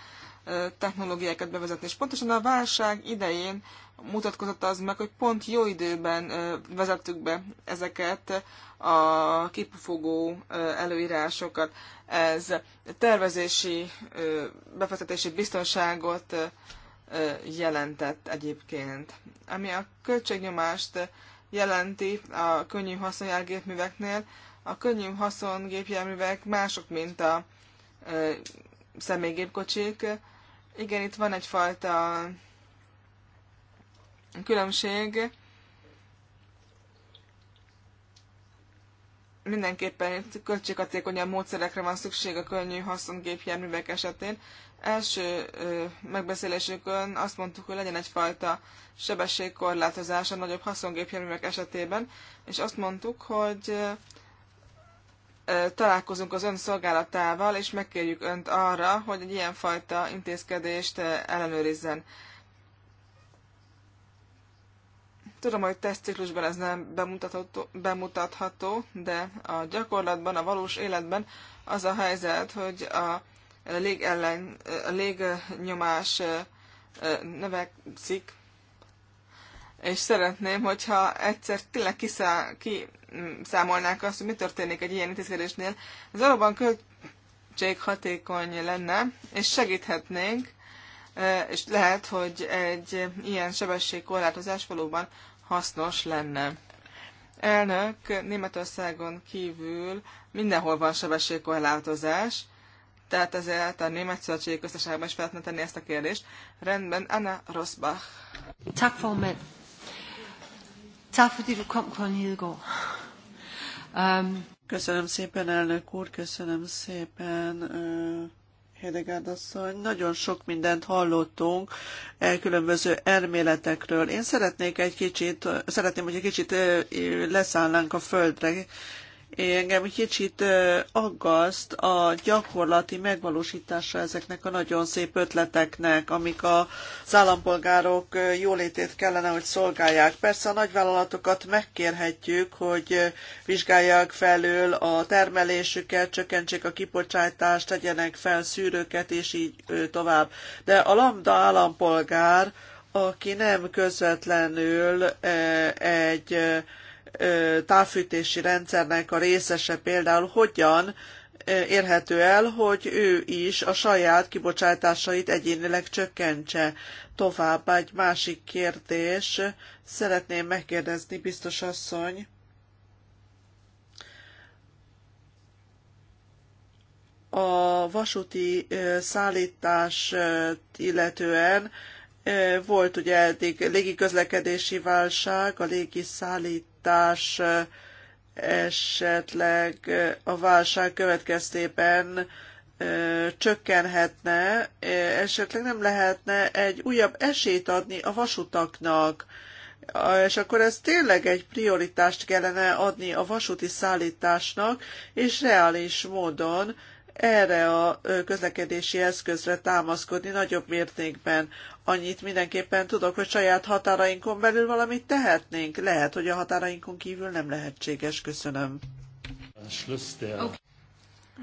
technológiákat bevezetni. És pontosan a válság idején mutatkozott az meg, hogy pont jó időben vezettük be ezeket a kipufogó előírásokat. Ez tervezési, befektetési biztonságot jelentett egyébként. Ami a költségnyomást jelenti a könnyű haszonjárgépműveknél. A könnyű haszongépjárművek mások, mint a ö, személygépkocsik. Igen, itt van egyfajta különbség. Mindenképpen itt költséghatékonyabb módszerekre van szükség a könnyű haszongépjárművek esetén, első megbeszélésükön azt mondtuk, hogy legyen egyfajta sebességkorlátozás a nagyobb haszongépjárművek esetében, és azt mondtuk, hogy találkozunk az ön szolgálatával, és megkérjük önt arra, hogy egy ilyenfajta intézkedést ellenőrizzen. Tudom, hogy tesztciklusban ez nem bemutatható, bemutatható, de a gyakorlatban, a valós életben az a helyzet, hogy a légellen, a légnyomás növekszik, és szeretném, hogyha egyszer tényleg kiszámolnák mm, azt, hogy mi történik egy ilyen intézkedésnél. Ez valóban költséghatékony lenne, és segíthetnénk, és lehet, hogy egy ilyen sebességkorlátozás valóban hasznos lenne. Elnök, Németországon kívül mindenhol van sebességkorlátozás, tehát ezért a Német Szövetségi Köztársaságban is fel lehetne tenni ezt a kérdést. Rendben, Anna Rosbach. Tak, formand. Tak, fordi du kom, Conny Um... Köszönöm szépen, elnök úr, köszönöm szépen. Uh... Hedegárd asszony, nagyon sok mindent hallottunk e különböző elméletekről. Én szeretnék egy kicsit, szeretném, hogy egy kicsit leszállnánk a földre, engem kicsit aggaszt a gyakorlati megvalósítása ezeknek a nagyon szép ötleteknek, amik az állampolgárok jólétét kellene, hogy szolgálják. Persze a nagyvállalatokat megkérhetjük, hogy vizsgálják felül a termelésüket, csökkentsék a kibocsátást, tegyenek fel szűrőket, és így tovább. De a lambda állampolgár, aki nem közvetlenül egy távfűtési rendszernek a részese például hogyan érhető el, hogy ő is a saját kibocsátásait egyénileg csökkentse. Tovább, egy másik kérdés. Szeretném megkérdezni, biztos asszony, a vasúti szállítás illetően volt ugye eddig légiközlekedési válság, a légi szállít támogatás esetleg a válság következtében csökkenhetne, esetleg nem lehetne egy újabb esélyt adni a vasutaknak, és akkor ez tényleg egy prioritást kellene adni a vasúti szállításnak, és reális módon erre a közlekedési eszközre támaszkodni nagyobb mértékben. Annyit mindenképpen tudok, hogy saját határainkon belül valamit tehetnénk. Lehet, hogy a határainkon kívül nem lehetséges. Köszönöm. Okay.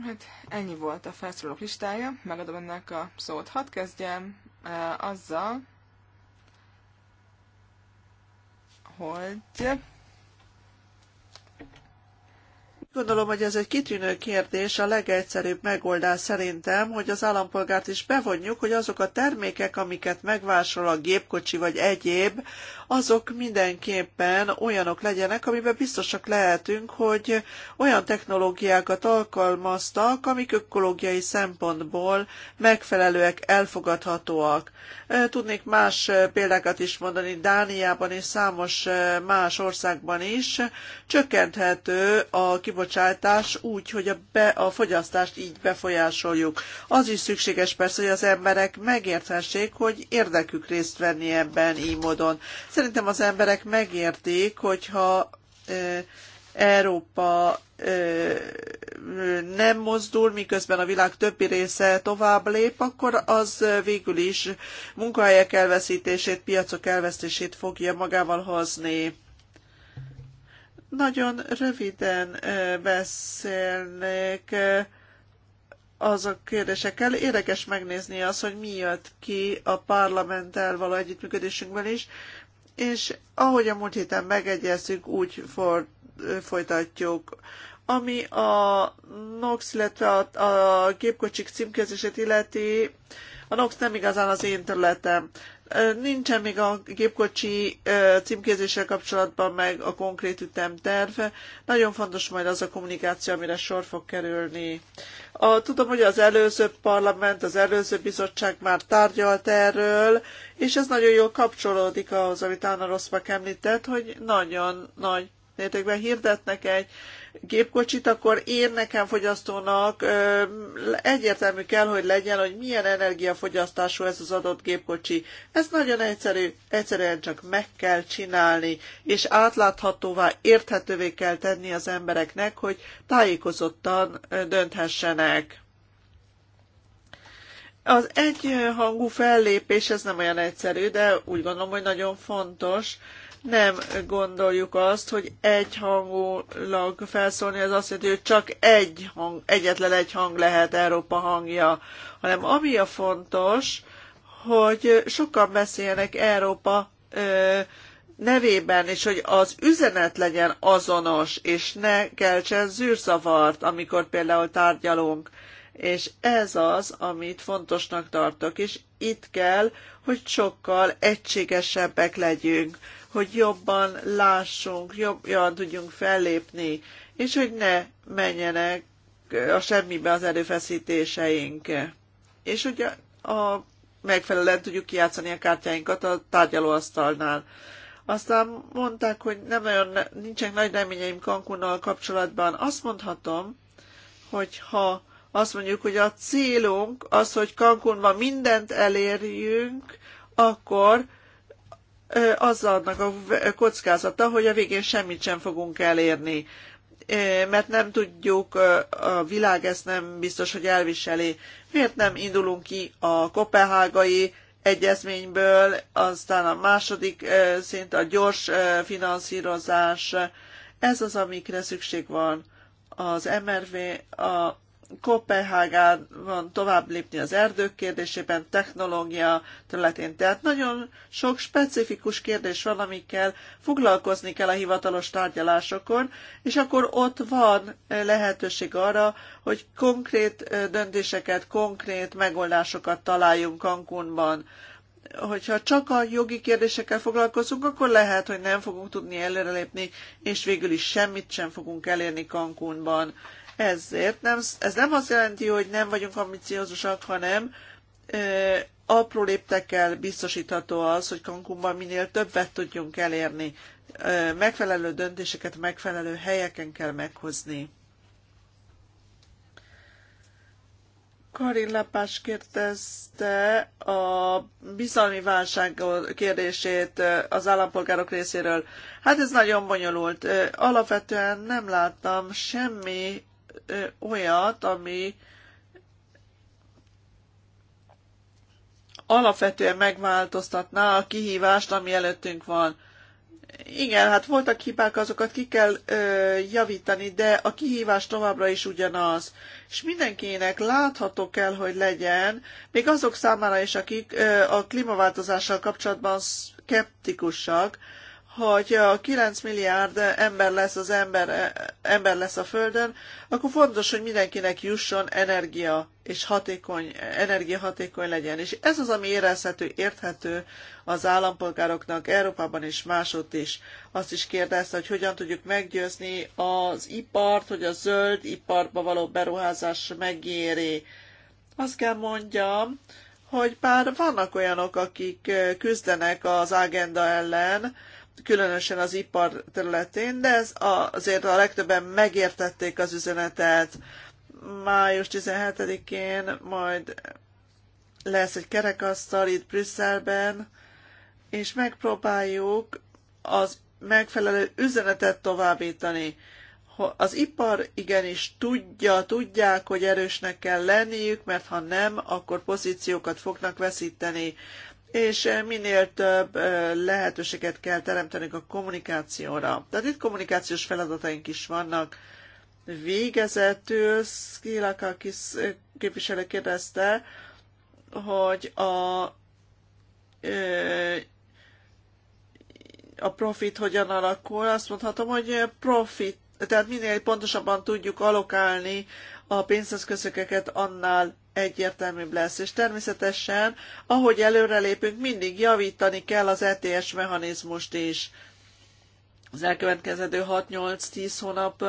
Hát ennyi volt a felszólók listája. Megadom ennek a szót. Hadd kezdjem azzal, hogy Gondolom, hogy ez egy kitűnő kérdés. A legegyszerűbb megoldás szerintem, hogy az állampolgárt is bevonjuk, hogy azok a termékek, amiket megvásol a gépkocsi vagy egyéb, azok mindenképpen olyanok legyenek, amiben biztosak lehetünk, hogy olyan technológiákat alkalmaztak, amik ökológiai szempontból megfelelőek, elfogadhatóak. Tudnék más példákat is mondani, Dániában és számos más országban is csökkenthető a kibocsátás kibocsátás úgy, hogy a, be, a fogyasztást így befolyásoljuk. Az is szükséges persze, hogy az emberek megérthessék, hogy érdekük részt venni ebben így módon. Szerintem az emberek megértik, hogyha e, Európa nem mozdul, miközben a világ többi része tovább lép, akkor az végül is munkahelyek elveszítését, piacok elvesztését fogja magával hozni. Nagyon röviden beszélnék azok kérdésekkel. Érdekes megnézni az, hogy mi jött ki a parlamenttel való együttműködésünkben is, és ahogy a múlt héten megegyeztük, úgy for, folytatjuk. Ami a NOX, illetve a, a gépkocsik címkézését illeti, a NOX nem igazán az én területem. Nincsen még a gépkocsi címkézéssel kapcsolatban meg a konkrét ütemterv. Nagyon fontos majd az a kommunikáció, amire sor fog kerülni. A, tudom, hogy az előző parlament, az előző bizottság már tárgyalt erről, és ez nagyon jól kapcsolódik ahhoz, amit Anna Rosszbak említett, hogy nagyon nagy mértékben hirdetnek egy gépkocsit, akkor én nekem fogyasztónak egyértelmű kell, hogy legyen, hogy milyen energiafogyasztású ez az adott gépkocsi. Ez nagyon egyszerű, egyszerűen csak meg kell csinálni, és átláthatóvá, érthetővé kell tenni az embereknek, hogy tájékozottan dönthessenek. Az egyhangú fellépés, ez nem olyan egyszerű, de úgy gondolom, hogy nagyon fontos, nem gondoljuk azt, hogy egyhangulag felszólni, ez azt jelenti, hogy csak egy hang, egyetlen egy hang lehet Európa hangja, hanem ami a fontos, hogy sokan beszélnek Európa ö, nevében, és hogy az üzenet legyen azonos, és ne keltsen zűrzavart, amikor például tárgyalunk és ez az, amit fontosnak tartok, és itt kell, hogy sokkal egységesebbek legyünk, hogy jobban lássunk, jobban tudjunk fellépni, és hogy ne menjenek a semmibe az erőfeszítéseink. És hogy a megfelelően tudjuk kiátszani a kártyáinkat a tárgyalóasztalnál. Aztán mondták, hogy nem olyan, nincsenek nagy reményeim Cancunnal kapcsolatban. Azt mondhatom, hogy ha azt mondjuk, hogy a célunk az, hogy Cancúnban mindent elérjünk, akkor az annak a kockázata, hogy a végén semmit sem fogunk elérni, mert nem tudjuk, a világ ezt nem biztos, hogy elviseli. Miért nem indulunk ki a kopenhágai egyezményből, aztán a második szint a gyors finanszírozás, ez az, amikre szükség van. Az MRV, a Kopenhágában tovább lépni az erdők kérdésében, technológia területén. Tehát nagyon sok specifikus kérdés van, amikkel foglalkozni kell a hivatalos tárgyalásokon, és akkor ott van eh, lehetőség arra, hogy konkrét eh, döntéseket, konkrét megoldásokat találjunk Cancúnban hogyha csak a jogi kérdésekkel foglalkozunk, akkor lehet, hogy nem fogunk tudni előrelépni, és végül is semmit sem fogunk elérni Cancúnban. Ezért nem, ez nem azt jelenti, hogy nem vagyunk ambiciózusak, hanem ö, apró léptekkel biztosítható az, hogy Cancúnban minél többet tudjunk elérni. Ö, megfelelő döntéseket megfelelő helyeken kell meghozni. Karin Lapás kérdezte a bizalmi válság kérdését az állampolgárok részéről. Hát ez nagyon bonyolult. Alapvetően nem láttam semmi olyat, ami alapvetően megváltoztatná a kihívást, ami előttünk van. Igen, hát voltak hibák, azokat ki kell ö, javítani, de a kihívás továbbra is ugyanaz. És mindenkinek látható kell, hogy legyen, még azok számára is, akik ö, a klímaváltozással kapcsolatban szkeptikusak, hogy a 9 milliárd ember lesz az ember, ember lesz a Földön, akkor fontos, hogy mindenkinek jusson energia, és hatékony, energiahatékony legyen. És ez az, ami érezhető, érthető az állampolgároknak Európában és másott is. Azt is kérdezte, hogy hogyan tudjuk meggyőzni az ipart, hogy a zöld iparba való beruházás megéri. Azt kell mondjam, hogy bár vannak olyanok, akik küzdenek az agenda ellen, különösen az ipar területén, de ez azért a legtöbben megértették az üzenetet. Május 17-én majd lesz egy kerekasztal itt Brüsszelben, és megpróbáljuk az megfelelő üzenetet továbbítani. Az ipar igenis tudja, tudják, hogy erősnek kell lenniük, mert ha nem, akkor pozíciókat fognak veszíteni és eh, minél több eh, lehetőséget kell teremtenünk a kommunikációra. Tehát itt kommunikációs feladataink is vannak. Végezetül Skilakakis eh, képviselő kérdezte, hogy a a profit hogyan alakul, azt mondhatom, hogy profit, tehát minél pontosabban tudjuk alokálni a pénzeszközöket, annál egyértelműbb lesz, és természetesen, ahogy előrelépünk, mindig javítani kell az ETS mechanizmust is. Az elkövetkező 6-8-10 hónap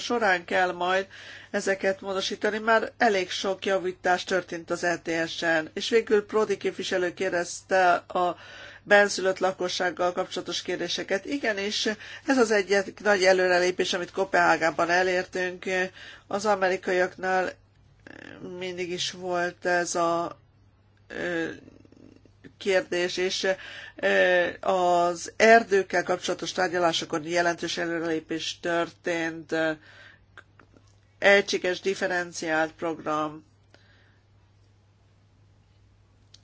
során kell majd ezeket módosítani. Már elég sok javítás történt az ETS-en. És végül Prodi képviselő kérdezte a benszülött lakossággal kapcsolatos kérdéseket. Igen, ez az egyik nagy előrelépés, amit Kopenhágában elértünk az amerikaiaknál mindig is volt ez a kérdés, és az erdőkkel kapcsolatos tárgyalásokon jelentős előrelépés történt, egységes differenciált program.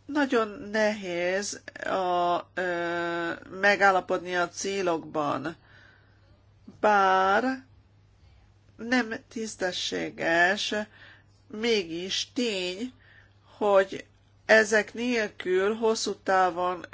Nagyon nehéz a, megállapodni a célokban, bár nem tisztességes, mégis tény, hogy ezek nélkül hosszú távon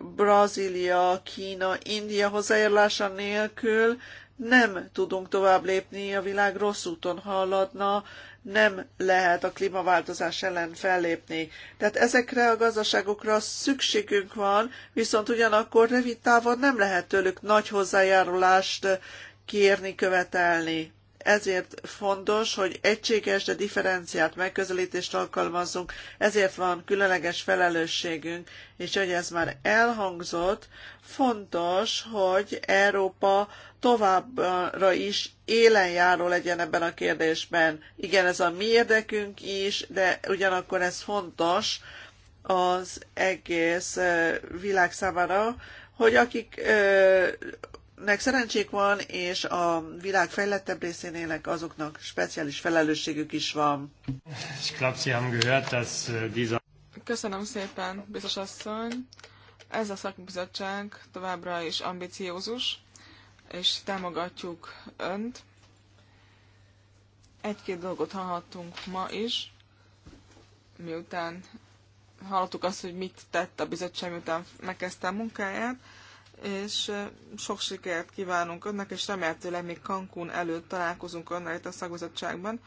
Brazília, Kína, India hozzájárulása nélkül nem tudunk tovább lépni, a világ rossz úton haladna, nem lehet a klímaváltozás ellen fellépni. Tehát ezekre a gazdaságokra szükségünk van, viszont ugyanakkor rövid távon nem lehet tőlük nagy hozzájárulást kérni, követelni ezért fontos, hogy egységes, de differenciált megközelítést alkalmazzunk, ezért van különleges felelősségünk, és hogy ez már elhangzott, fontos, hogy Európa továbbra is élen járó legyen ebben a kérdésben. Igen, ez a mi érdekünk is, de ugyanakkor ez fontos az egész világ számára, hogy akik nek szerencsék van, és a világ fejlettebb részén élnek, azoknak speciális felelősségük is van. Äh, Köszönöm szépen, biztos asszony. Ez a szakbizottság továbbra is ambiciózus, és támogatjuk Önt. Egy-két dolgot hallhattunk ma is, miután hallottuk azt, hogy mit tett a bizottság, miután megkezdte a munkáját és sok sikert kívánunk önnek, és remélhetőleg még Cancún előtt találkozunk önnel itt a szakbizottságban,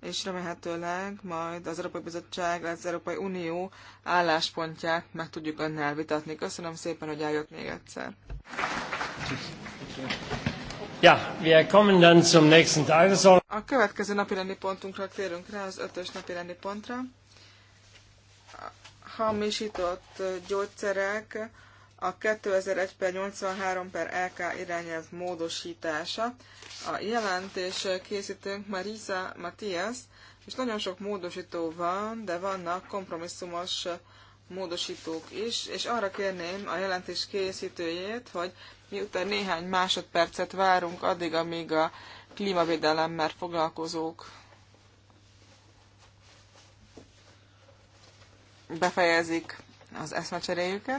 és remélhetőleg majd az Európai Bizottság, az Európai Unió álláspontját meg tudjuk önnel vitatni. Köszönöm szépen, hogy eljött még egyszer. Ja, wir kommen dann zum nächsten Tagesordnung. A következő napirendi pontunkra térünk rá, az ötös napirendi pontra. Hamisított gyógyszerek, a 2001 per 83 per LK e irányelv módosítása. A jelentés készítőnk Marisa Matias, és nagyon sok módosító van, de vannak kompromisszumos módosítók is, és arra kérném a jelentés készítőjét, hogy miután néhány másodpercet várunk addig, amíg a klímavédelemmel foglalkozók befejezik az eszmecseréjüket.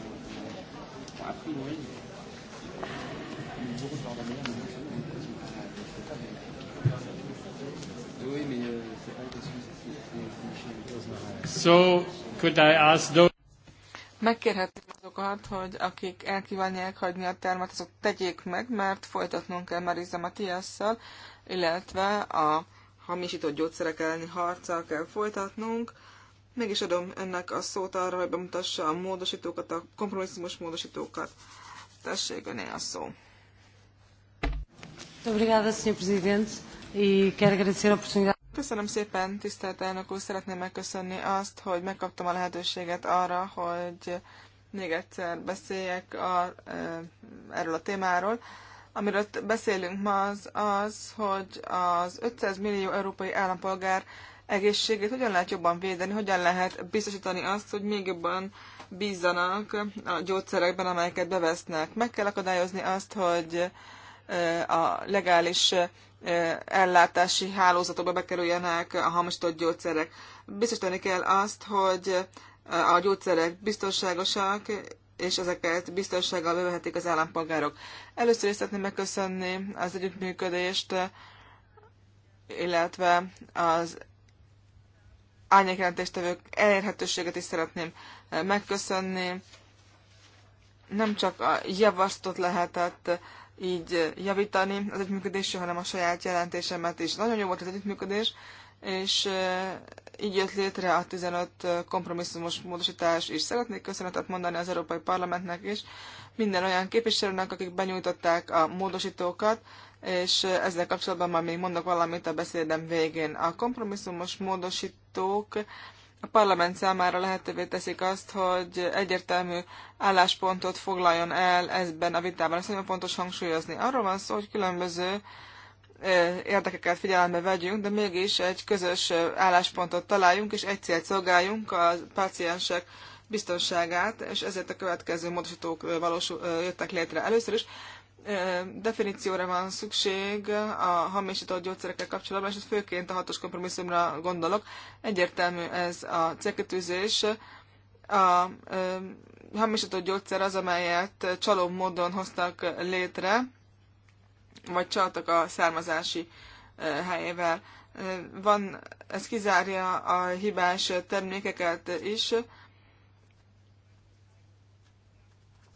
So, could I ask those... Megkérhetném azokat, hogy akik elkívánják hagyni a termet, azok tegyék meg, mert folytatnunk kell Marisa Matiasszal, illetve a hamisított gyógyszerek elleni harccal kell folytatnunk. Mégis adom önnek a szót arra, hogy bemutassa a módosítókat, a kompromisszumos módosítókat. Tessék, öné a szó. Obrigada, Sr. Presidente, e quero agradecer a oportunidade Köszönöm szépen, tisztelt elnök úr, szeretném megköszönni azt, hogy megkaptam a lehetőséget arra, hogy még egyszer beszéljek a, erről a témáról. Amiről beszélünk ma az, az, hogy az 500 millió európai állampolgár egészségét hogyan lehet jobban védeni, hogyan lehet biztosítani azt, hogy még jobban bízzanak a gyógyszerekben, amelyeket bevesznek. Meg kell akadályozni azt, hogy a legális ellátási hálózatokba bekerüljenek a hamisított gyógyszerek. Biztosítani kell azt, hogy a gyógyszerek biztonságosak, és ezeket biztonsággal bevehetik az állampolgárok. Először is szeretném megköszönni az együttműködést, illetve az árnyékjelentéstevők elérhetőséget is szeretném megköszönni. Nem csak a javaslatot lehetett így javítani az együttműködésre, hanem a saját jelentésemet is. Nagyon jó volt az együttműködés, és eh, így jött létre a 15 eh, kompromisszumos módosítás is. Szeretnék köszönetet mondani az Európai Parlamentnek is, minden olyan képviselőnek, akik benyújtották a módosítókat, és eh, ezzel kapcsolatban már még mondok valamit a beszédem végén. A kompromisszumos módosítók a parlament számára lehetővé teszik azt, hogy egyértelmű álláspontot foglaljon el ezben a vitában. Ezt nagyon fontos hangsúlyozni. Arról van szó, hogy különböző érdekeket figyelembe vegyünk, de mégis egy közös álláspontot találjunk, és egy célt szolgáljunk a páciensek biztonságát, és ezért a következő módosítók valósul, jöttek létre először is definícióra van szükség a hamisított gyógyszerekkel kapcsolatban, és ez főként a hatos kompromisszumra gondolok. Egyértelmű ez a célkötőzés. A hamisított gyógyszer az, amelyet csaló módon hoztak létre, vagy csaltak a származási helyével. Van, ez kizárja a hibás termékeket is,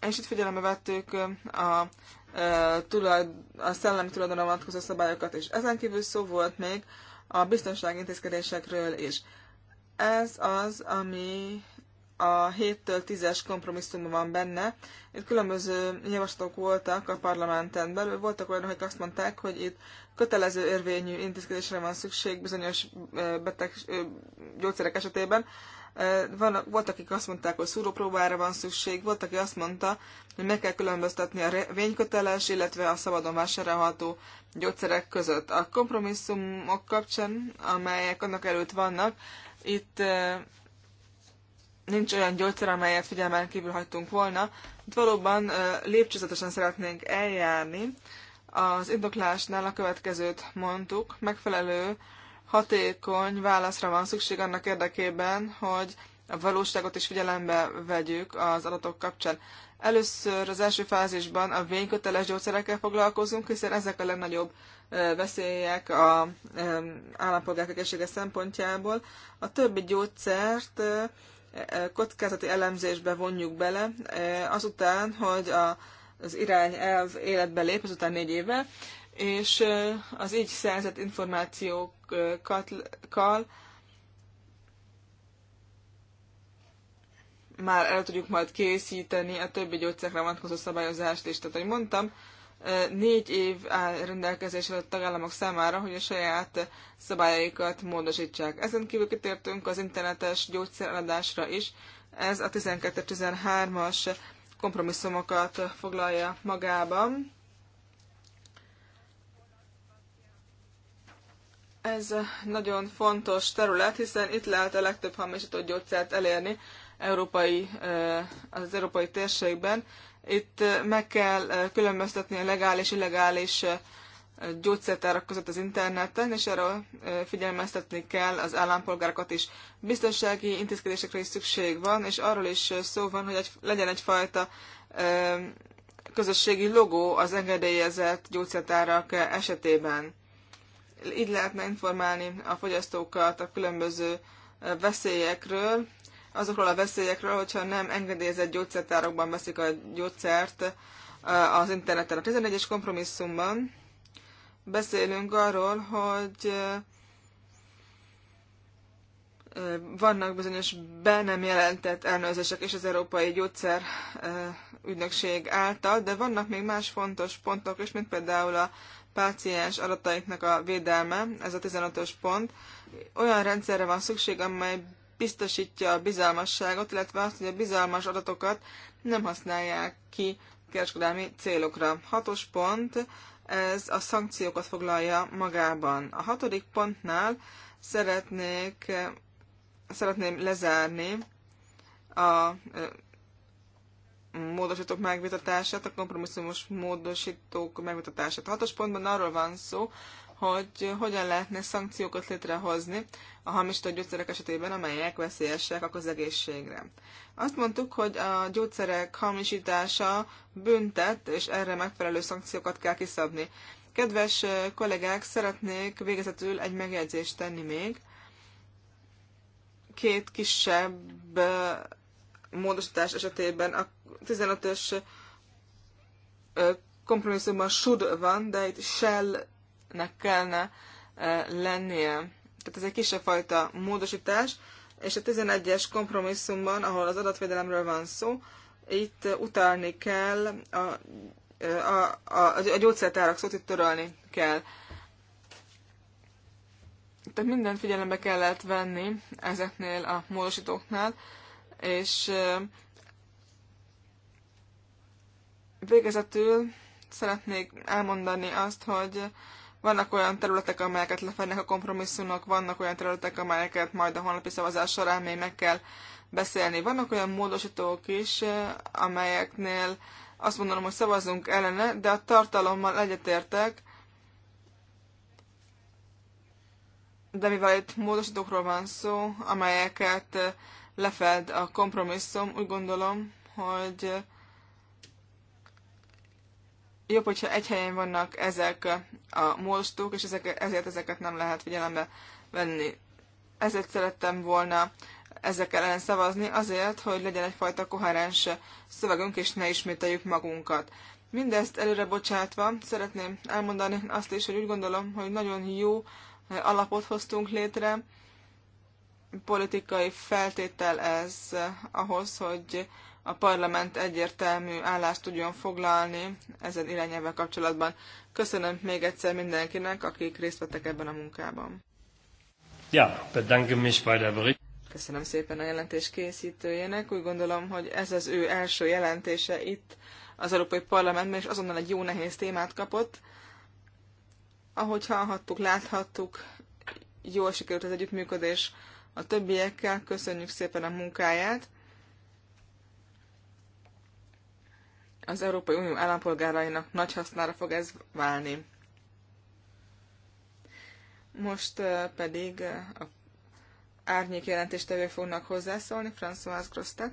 és itt figyelembe vettük a a szellemi tulajdonra vonatkozó szabályokat, és ezen kívül szó volt még a biztonsági intézkedésekről is. Ez az, ami a 7-től 10-es kompromisszumban van benne. Itt különböző javaslatok voltak a parlamenten belül. Voltak olyanok, akik azt mondták, hogy itt kötelező érvényű intézkedésre van szükség bizonyos beteg gyógyszerek esetében, van, volt, akik azt mondták, hogy szúrópróbára van szükség, volt, aki azt mondta, hogy meg kell különböztetni a vényköteles, illetve a szabadon vásárolható gyógyszerek között. A kompromisszumok kapcsán, amelyek annak előtt vannak, itt nincs olyan gyógyszer, amelyet figyelmen kívül hagytunk volna. Itt valóban lépcsőzetesen szeretnénk eljárni. Az indoklásnál a következőt mondtuk, megfelelő hatékony válaszra van szükség annak érdekében, hogy a valóságot is figyelembe vegyük az adatok kapcsán. Először az első fázisban a vényköteles gyógyszerekkel foglalkozunk, hiszen ezek a legnagyobb veszélyek a állampolgárok egészsége szempontjából. A többi gyógyszert kockázati elemzésbe vonjuk bele, azután, hogy az irányelv életbe lép, azután négy évvel, és az így szerzett információkkal már el tudjuk majd készíteni a többi gyógyszerre vonatkozó szabályozást is. Tehát, ahogy mondtam, négy év áll rendelkezésre a tagállamok számára, hogy a saját szabályaikat módosítsák. Ezen kívül kitértünk az internetes gyógyszereladásra is. Ez a 12-13-as kompromisszumokat foglalja magában. Ez nagyon fontos terület, hiszen itt lehet a legtöbb hamisított gyógyszert elérni európai, az európai térségben. Itt meg kell különböztetni a legális, illegális gyógyszertárak között az interneten, és erről figyelmeztetni kell az állampolgárokat is. Biztonsági intézkedésekre is szükség van, és arról is szó van, hogy egy, legyen egyfajta közösségi logó az engedélyezett gyógyszertárak esetében így lehetne informálni a fogyasztókat a különböző veszélyekről, azokról a veszélyekről, hogyha nem engedélyezett gyógyszertárokban veszik a gyógyszert az interneten. A 11-es kompromisszumban beszélünk arról, hogy vannak bizonyos be nem jelentett elnőzések és az Európai Gyógyszer ügynökség által, de vannak még más fontos pontok is, mint például a páciens adataiknak a védelme, ez a 15-ös pont. Olyan rendszerre van szükség, amely biztosítja a bizalmasságot, illetve azt, hogy a bizalmas adatokat nem használják ki kereskedelmi célokra. Hatos pont, ez a szankciókat foglalja magában. A hatodik pontnál szeretnék, szeretném lezárni a módosítók megvitatását, a kompromisszumos módosítók megvitatását. hatos pontban arról van szó, hogy hogyan lehetne szankciókat létrehozni a hamisított gyógyszerek esetében, amelyek veszélyesek a közegészségre. Azt mondtuk, hogy a gyógyszerek hamisítása büntet, és erre megfelelő szankciókat kell kiszabni. Kedves kollégák, szeretnék végezetül egy megjegyzést tenni még. Két kisebb módosítás esetében a 15-ös kompromisszumban should van, de itt shall-nek kellene lennie. Tehát ez egy kisebb fajta módosítás, és a 11-es kompromisszumban, ahol az adatvédelemről van szó, itt utalni kell, a, a, a, a gyógyszertárak szót itt törölni kell. Tehát mindent figyelembe kellett venni ezeknél a módosítóknál, és Végezetül szeretnék elmondani azt, hogy vannak olyan területek, amelyeket lefednek a kompromisszumok, vannak olyan területek, amelyeket majd a holnapi szavazás során még meg kell beszélni. Vannak olyan módosítók is, amelyeknél azt mondanom, hogy szavazunk ellene, de a tartalommal egyetértek, de mivel itt módosítókról van szó, amelyeket lefed a kompromisszum, úgy gondolom, hogy jobb, hogyha egy helyen vannak ezek a mostók, és ezek, ezért ezeket nem lehet figyelembe venni. Ezért szerettem volna ezekkel ellen szavazni, azért, hogy legyen egyfajta koherens szövegünk, és ne ismételjük magunkat. Mindezt előre bocsátva szeretném elmondani azt is, hogy úgy gondolom, hogy nagyon jó alapot hoztunk létre. Politikai feltétel ez ahhoz, hogy a parlament egyértelmű állást tudjon foglalni ezen irányelvvel kapcsolatban. Köszönöm még egyszer mindenkinek, akik részt vettek ebben a munkában. Ja, bedanke mich bei der Bericht. Köszönöm szépen a jelentés készítőjének. Úgy gondolom, hogy ez az ő első jelentése itt az Európai Parlamentben, és azonnal egy jó nehéz témát kapott. Ahogy hallhattuk, láthattuk, jól sikerült az együttműködés a többiekkel. Köszönjük szépen a munkáját. az Európai Unió állampolgárainak nagy hasznára fog ez válni. Most pedig a árnyék jelentéstevő fognak hozzászólni, François Grostet.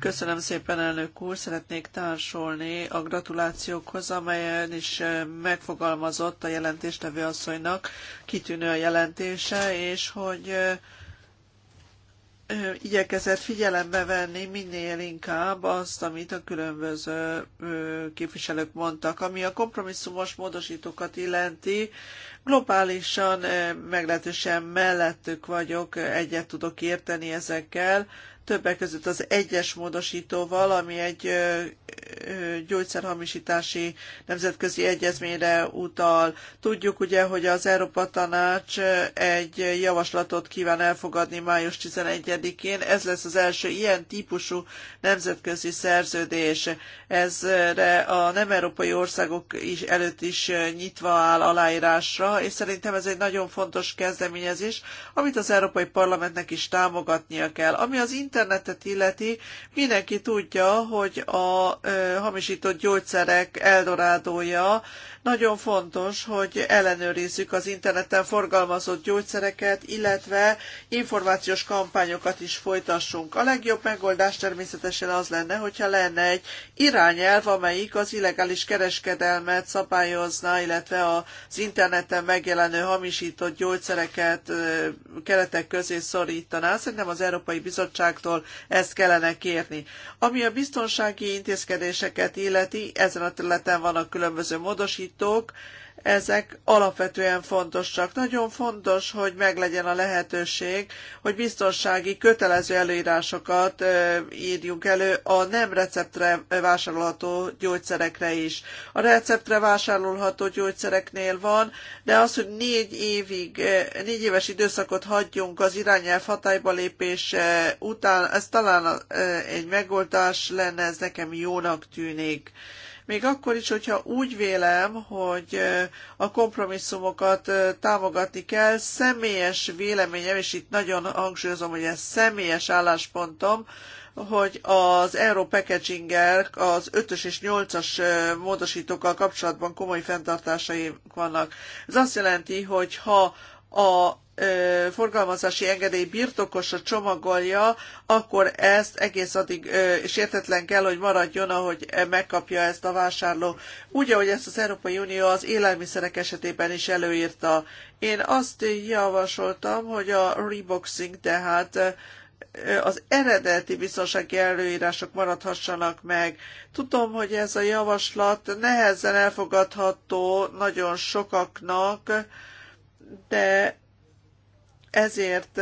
Köszönöm szépen, elnök úr! Szeretnék társulni a gratulációkhoz, amelyen is megfogalmazott a jelentéstevő asszonynak. Kitűnő a jelentése, és hogy igyekezett figyelembe venni minél inkább azt, amit a különböző képviselők mondtak, ami a kompromisszumos módosítókat illeti. Globálisan meglehetősen mellettük vagyok, egyet tudok érteni ezekkel, többek között az egyes módosítóval, ami egy gyógyszerhamisítási nemzetközi egyezményre utal. Tudjuk ugye, hogy az Európa Tanács egy javaslatot kíván elfogadni május 11-én. Ez lesz az első ilyen típusú nemzetközi szerződés. Ezre a nem európai országok is előtt is nyitva áll aláírásra, és szerintem ez egy nagyon fontos kezdeményezés, amit az Európai Parlamentnek is támogatnia kell. Ami az internetet illeti, mindenki tudja, hogy a hamisított gyógyszerek eldorádója nagyon fontos, hogy ellenőrizzük az interneten forgalmazott gyógyszereket, illetve információs kampányokat is folytassunk. A legjobb megoldás természetesen az lenne, hogyha lenne egy irányelv, amelyik az illegális kereskedelmet szabályozna, illetve az interneten megjelenő hamisított gyógyszereket keretek közé szorítaná. Szerintem az Európai Bizottságtól ezt kellene kérni. Ami a biztonsági intézkedéseket illeti, ezen a területen vannak különböző módosítások, módosítók, ezek alapvetően fontosak. Nagyon fontos, hogy meglegyen a lehetőség, hogy biztonsági kötelező előírásokat írjunk elő a nem receptre vásárolható gyógyszerekre is. A receptre vásárolható gyógyszereknél van, de az, hogy négy évig, négy éves időszakot hagyjunk az irányelv hatályba lépés után, ez talán egy megoldás lenne, ez nekem jónak tűnik. Még akkor is, hogyha úgy vélem, hogy a kompromisszumokat támogatni kell, személyes véleményem, és itt nagyon hangsúlyozom, hogy ez személyes álláspontom, hogy az Euro packaging az 5-ös és 8-as módosítókkal kapcsolatban komoly fenntartásaim vannak. Ez azt jelenti, hogy ha a forgalmazási engedély birtokosa csomagolja, akkor ezt egész addig sértetlen kell, hogy maradjon, ahogy e megkapja ezt a vásárló. Úgy, ahogy ezt az Európai Unió az élelmiszerek esetében is előírta. Én azt javasoltam, hogy a reboxing, tehát az eredeti biztonsági előírások maradhassanak meg. Tudom, hogy ez a javaslat nehezen elfogadható nagyon sokaknak, de ezért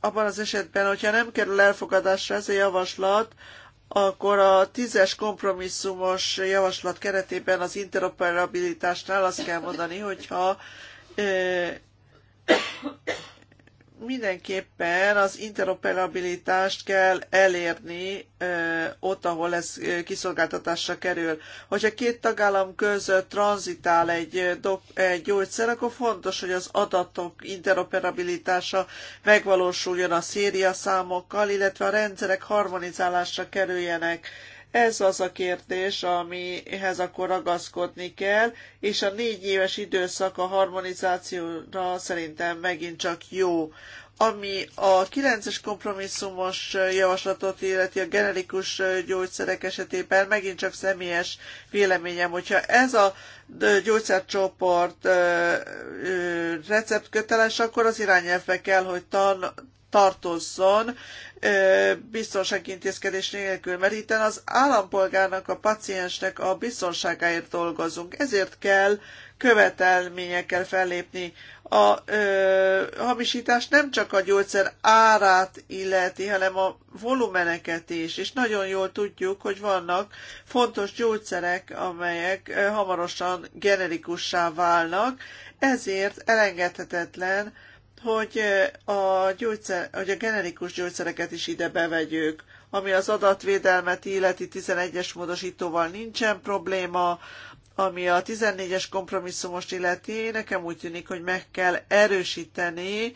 abban az esetben, hogyha nem kerül elfogadásra ez a javaslat, akkor a tízes kompromisszumos javaslat keretében az interoperabilitásnál azt kell mondani, hogyha mindenképpen az interoperabilitást kell elérni ott, ahol ez kiszolgáltatásra kerül. Hogyha két tagállam között tranzitál egy, egy gyógyszer, akkor fontos, hogy az adatok interoperabilitása megvalósuljon a széria számokkal, illetve a rendszerek harmonizálásra kerüljenek ez az a kérdés, amihez akkor ragaszkodni kell, és a négy éves időszak a harmonizációra szerintem megint csak jó. Ami a 9-es kompromisszumos javaslatot illeti a generikus gyógyszerek esetében, megint csak személyes véleményem, hogyha ez a gyógyszercsoport receptköteles, akkor az irányelvbe kell, hogy tan tartozzon biztonsági intézkedés nélkül, mert itt az állampolgárnak, a paciensnek a biztonságáért dolgozunk. Ezért kell követelményekkel fellépni. A ö, hamisítás nem csak a gyógyszer árát illeti, hanem a volumeneket is, és nagyon jól tudjuk, hogy vannak fontos gyógyszerek, amelyek ö, hamarosan generikussá válnak, ezért elengedhetetlen, hogy eh, a, gyógyszer, hogy a generikus gyógyszereket is ide bevegyük, ami az adatvédelmet illeti 11-es módosítóval nincsen probléma, ami a 14-es kompromisszumos illeti, nekem úgy tűnik, hogy meg kell erősíteni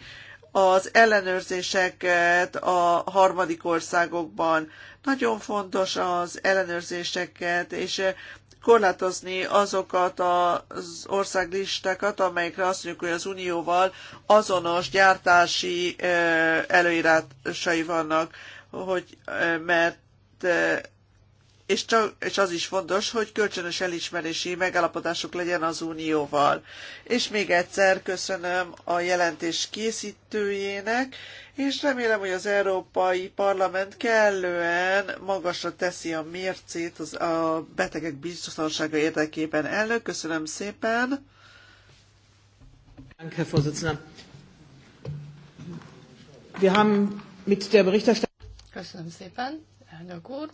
az ellenőrzéseket a harmadik országokban. Nagyon fontos az ellenőrzéseket, és eh, korlátozni azokat az országlistákat, amelyekre azt mondjuk, hogy az Unióval azonos gyártási előírásai vannak, hogy mert és, csak, és az is fontos, hogy kölcsönös elismerési megállapodások legyen az Unióval. És még egyszer köszönöm a jelentés készítőjének, és remélem, hogy az Európai Parlament kellően magasra teszi a mércét az, a betegek biztonsága érdekében. Elnök, köszönöm szépen! Danke, Vorsitzender. Wir haben mit der Berichterstattung... Köszönöm szépen, elnök úr.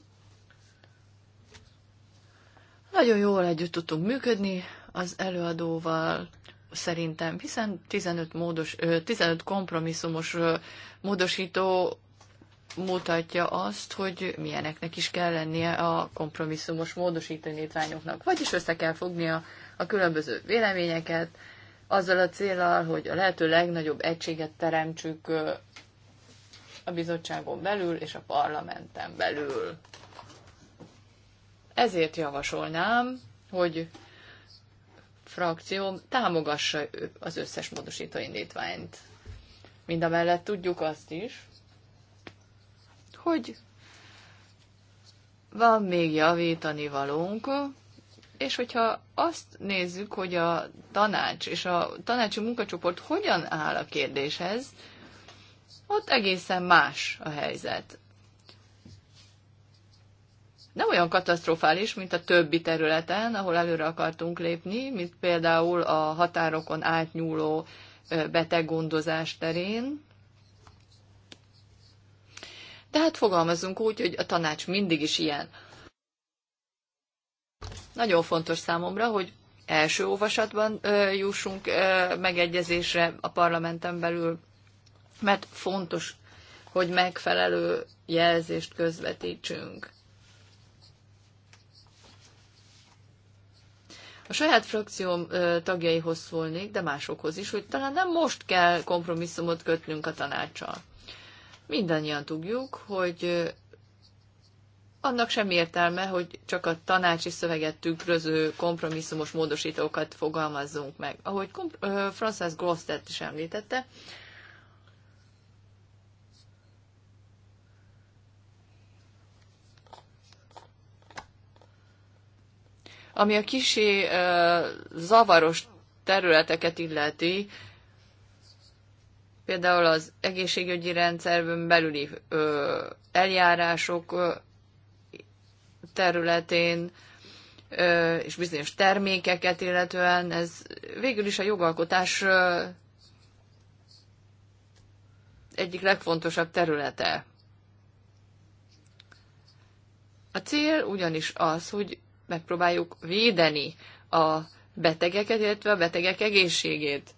Nagyon jól együtt tudtunk működni az előadóval, szerintem, hiszen 15, módos, 15 kompromisszumos módosító mutatja azt, hogy milyeneknek is kell lennie a kompromisszumos nyitványoknak. Vagyis össze kell fognia a különböző véleményeket, azzal a célral, hogy a lehető legnagyobb egységet teremtsük a bizottságon belül és a parlamenten belül. Ezért javasolnám, hogy frakcióm támogassa az összes módosító indítványt. Mind a mellett tudjuk azt is, hogy van még javítani valónk, és hogyha azt nézzük, hogy a tanács és a tanácsi munkacsoport hogyan áll a kérdéshez, ott egészen más a helyzet nem olyan katasztrofális, mint a többi területen, ahol előre akartunk lépni, mint például a határokon átnyúló beteggondozás terén. Tehát fogalmazunk úgy, hogy a tanács mindig is ilyen. Nagyon fontos számomra, hogy első olvasatban jussunk megegyezésre a parlamenten belül, mert fontos, hogy megfelelő jelzést közvetítsünk. a saját frakcióm tagjaihoz szólnék, de másokhoz is, hogy talán nem most kell kompromisszumot kötnünk a tanácssal. Mindannyian tudjuk, hogy annak sem értelme, hogy csak a tanácsi szöveget tükröző kompromisszumos módosítókat fogalmazzunk meg. Ahogy François Grosztet is említette, Ami a kisi zavaros területeket illeti, például az egészségügyi rendszerben belüli eljárások területén, és bizonyos termékeket illetően, ez végül is a jogalkotás egyik legfontosabb területe. A cél ugyanis az, hogy megpróbáljuk védeni a betegeket, illetve a betegek egészségét.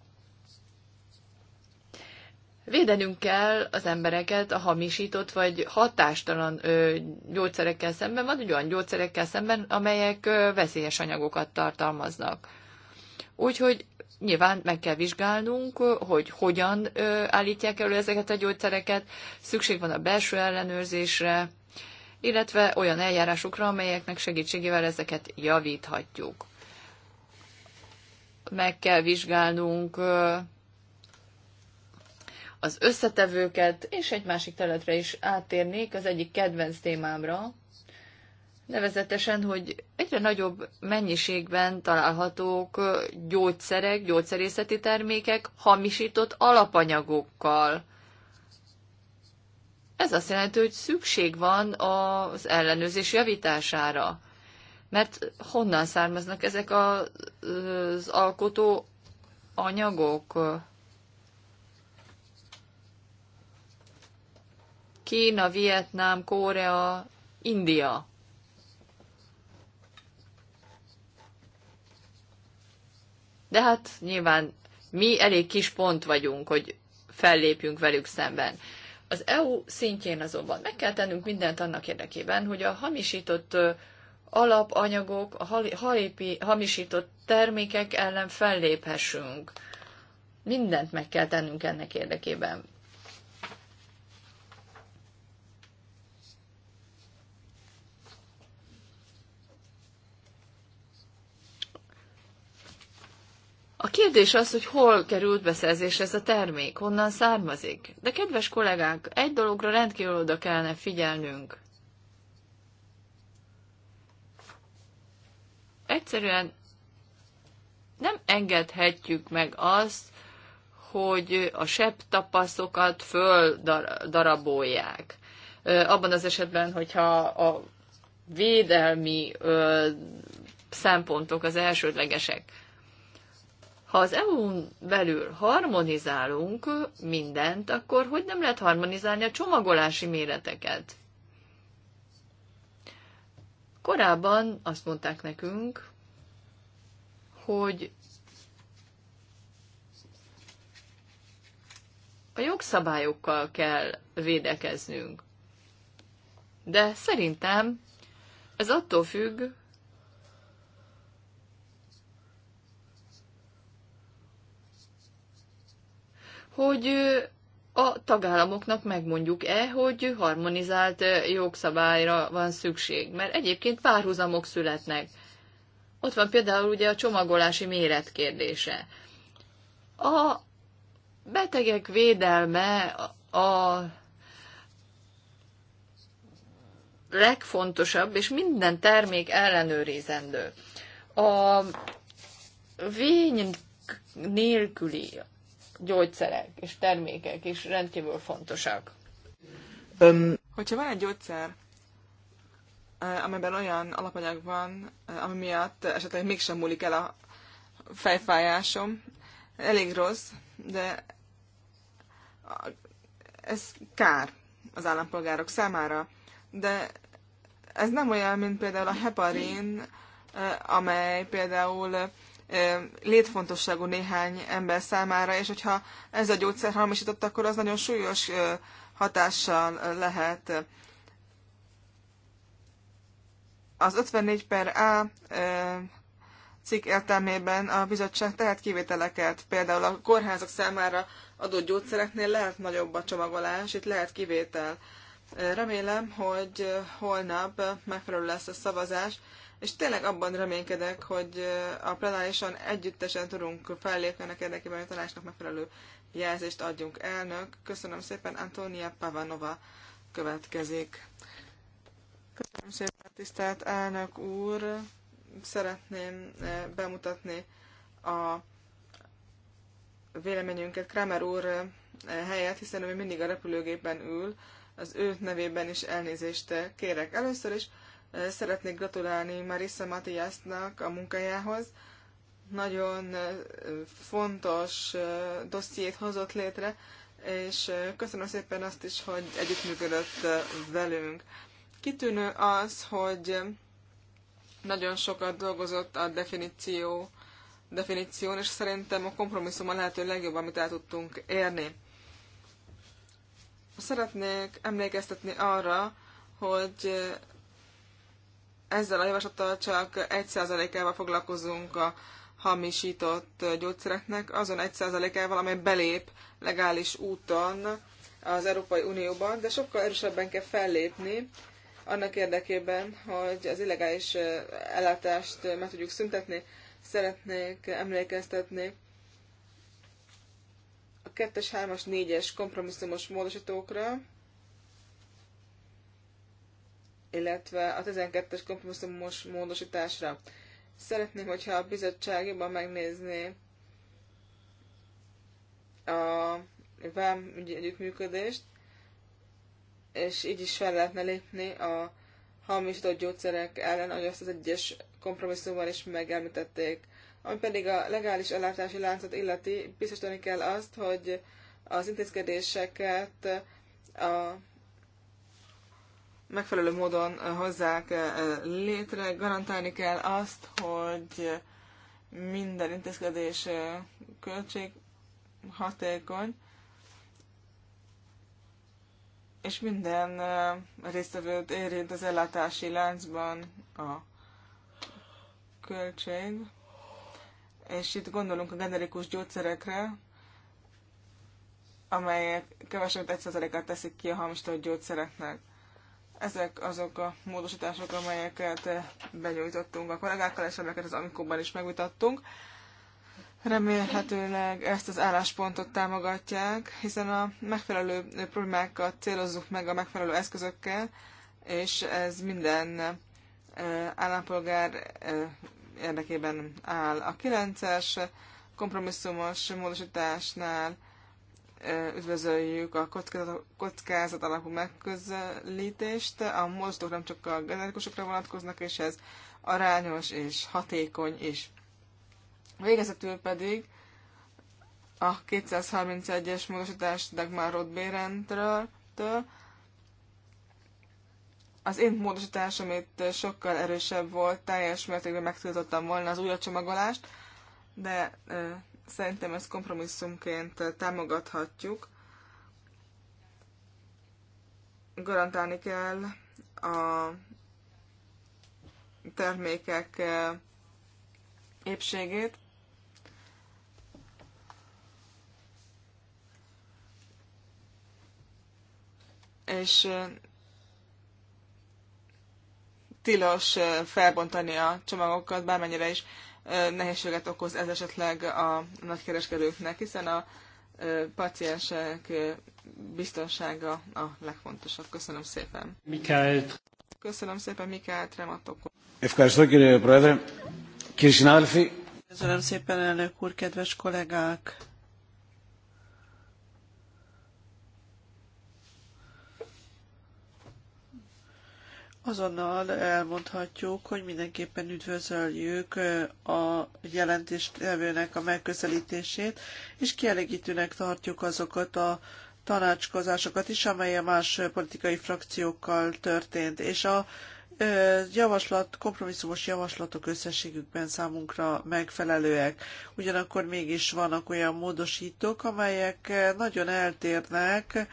Védenünk kell az embereket a hamisított vagy hatástalan ö, gyógyszerekkel szemben, vagy olyan gyógyszerekkel szemben, amelyek ö, veszélyes anyagokat tartalmaznak. Úgyhogy nyilván meg kell vizsgálnunk, hogy hogyan ö, állítják elő ezeket a gyógyszereket, szükség van a belső ellenőrzésre, illetve olyan eljárásokra, amelyeknek segítségével ezeket javíthatjuk. Meg kell vizsgálnunk az összetevőket, és egy másik területre is áttérnék, az egyik kedvenc témámra, nevezetesen, hogy egyre nagyobb mennyiségben találhatók gyógyszerek, gyógyszerészeti termékek hamisított alapanyagokkal – ez azt jelenti, hogy szükség van az ellenőrzés javítására. Mert honnan származnak ezek az alkotó anyagok? Kína, Vietnám, Korea, India. De hát nyilván mi elég kis pont vagyunk, hogy fellépjünk velük szemben. Az EU szintjén azonban meg kell tennünk mindent annak érdekében, hogy a hamisított alapanyagok, a halipi, hamisított termékek ellen felléphessünk. Mindent meg kell tennünk ennek érdekében. A kérdés az, hogy hol került beszerzés ez a termék, honnan származik. De kedves kollégák, egy dologra rendkívül oda kellene figyelnünk. Egyszerűen nem engedhetjük meg azt, hogy a sebb tapaszokat földarabolják. Abban az esetben, hogyha a védelmi szempontok az elsődlegesek ha az EU-n belül harmonizálunk mindent, akkor hogy nem lehet harmonizálni a csomagolási méreteket? Korábban azt mondták nekünk, hogy a jogszabályokkal kell védekeznünk. De szerintem ez attól függ, hogy a tagállamoknak megmondjuk-e, hogy harmonizált jogszabályra van szükség, mert egyébként párhuzamok születnek. Ott van például ugye a csomagolási méret kérdése. A betegek védelme a legfontosabb, és minden termék ellenőrizendő. A vény nélküli, gyógyszerek és termékek is rendkívül fontosak. Um, Hogyha van egy gyógyszer, eh, amiben olyan alapanyag van, eh, ami miatt esetleg mégsem múlik el a fejfájásom, elég rossz, de ez kár az állampolgárok számára. De ez nem olyan, mint például a heparin, eh, amely például létfontosságú néhány ember számára, és hogyha ez a gyógyszer hamisított, akkor az nagyon súlyos hatással lehet. Az 54 per A cikk értelmében a bizottság tehet kivételeket, például a kórházak számára adott gyógyszereknél lehet nagyobb a csomagolás, itt lehet kivétel. Remélem, hogy holnap megfelelő lesz a szavazás, és tényleg abban reménykedek, hogy a plenárison együttesen tudunk fellépni ennek érdekében, hogy a tanácsnak megfelelő jelzést adjunk. Elnök, köszönöm szépen, Antónia Pavanova következik. Köszönöm szépen, tisztelt elnök úr! Szeretném bemutatni a véleményünket Kramer úr helyett, hiszen ő mindig a repülőgépen ül, az ő nevében is elnézést kérek. Először is Szeretnék gratulálni Marissa Matiasnak a munkájához. Nagyon fontos dossziét hozott létre, és köszönöm szépen azt is, hogy együttműködött velünk. Kitűnő az, hogy nagyon sokat dolgozott a definíció, definíción, és szerintem a kompromisszum a lehető legjobb, amit el tudtunk érni. Szeretnék emlékeztetni arra, hogy ezzel a javaslattal csak 1%-ával foglalkozunk a hamisított gyógyszereknek, azon 1%-ával, amely belép legális úton az Európai Unióban, de sokkal erősebben kell fellépni annak érdekében, hogy az illegális ellátást meg tudjuk szüntetni. Szeretnék emlékeztetni a 2-es, 3-as, 4-es kompromisszumos módosítókra, illetve a 12-es kompromisszumos módosításra. Szeretném, hogyha a bizottság jobban megnézné a vám együttműködést, és így is fel lehetne lépni a hamisított gyógyszerek ellen, ahogy azt az egyes kompromisszumban is megelmítették. Ami pedig a legális ellátási láncot illeti, biztosítani kell azt, hogy az intézkedéseket a megfelelő módon hozzák létre, garantálni kell azt, hogy minden intézkedés költséghatékony, és minden résztvevőt érint az ellátási láncban a költség. És itt gondolunk a generikus gyógyszerekre, amelyek kevesebb 1%-át teszik ki a hamstott gyógyszereknek. Ezek azok a módosítások, amelyeket benyújtottunk a kollégákkal, és amelyeket az amikóban is megvitattunk. Remélhetőleg ezt az álláspontot támogatják, hiszen a megfelelő problémákat célozzuk meg a megfelelő eszközökkel, és ez minden e, állampolgár e, érdekében áll. A 9-es kompromisszumos módosításnál üdvözöljük a kockázat alapú megközelítést. A mozdok nem csak a generikusokra vonatkoznak, és ez arányos és hatékony is. Végezetül pedig a 231-es módosítás Dagmar Roth az én módosítás, amit sokkal erősebb volt, teljes mértékben megtiltottam volna az újra csomagolást, de Szerintem ezt kompromisszumként eh, támogathatjuk. Garantálni kell a termékek eh, épségét. És eh, tilos felbontani a csomagokat, bármennyire is nehézséget okoz ez esetleg a nagykereskedőknek, hiszen a paciensek biztonsága a legfontosabb. Köszönöm szépen. Mikael. Köszönöm szépen, Mikael Trematokon. Köszönöm szépen, elnök úr, kedves kollégák! Azonnal elmondhatjuk, hogy mindenképpen üdvözöljük a jelentéstevőnek a megközelítését, és kielégítőnek tartjuk azokat a tanácskozásokat is, amely a más politikai frakciókkal történt, és a javaslat, kompromisszumos javaslatok összességükben számunkra megfelelőek. Ugyanakkor mégis vannak olyan módosítók, amelyek nagyon eltérnek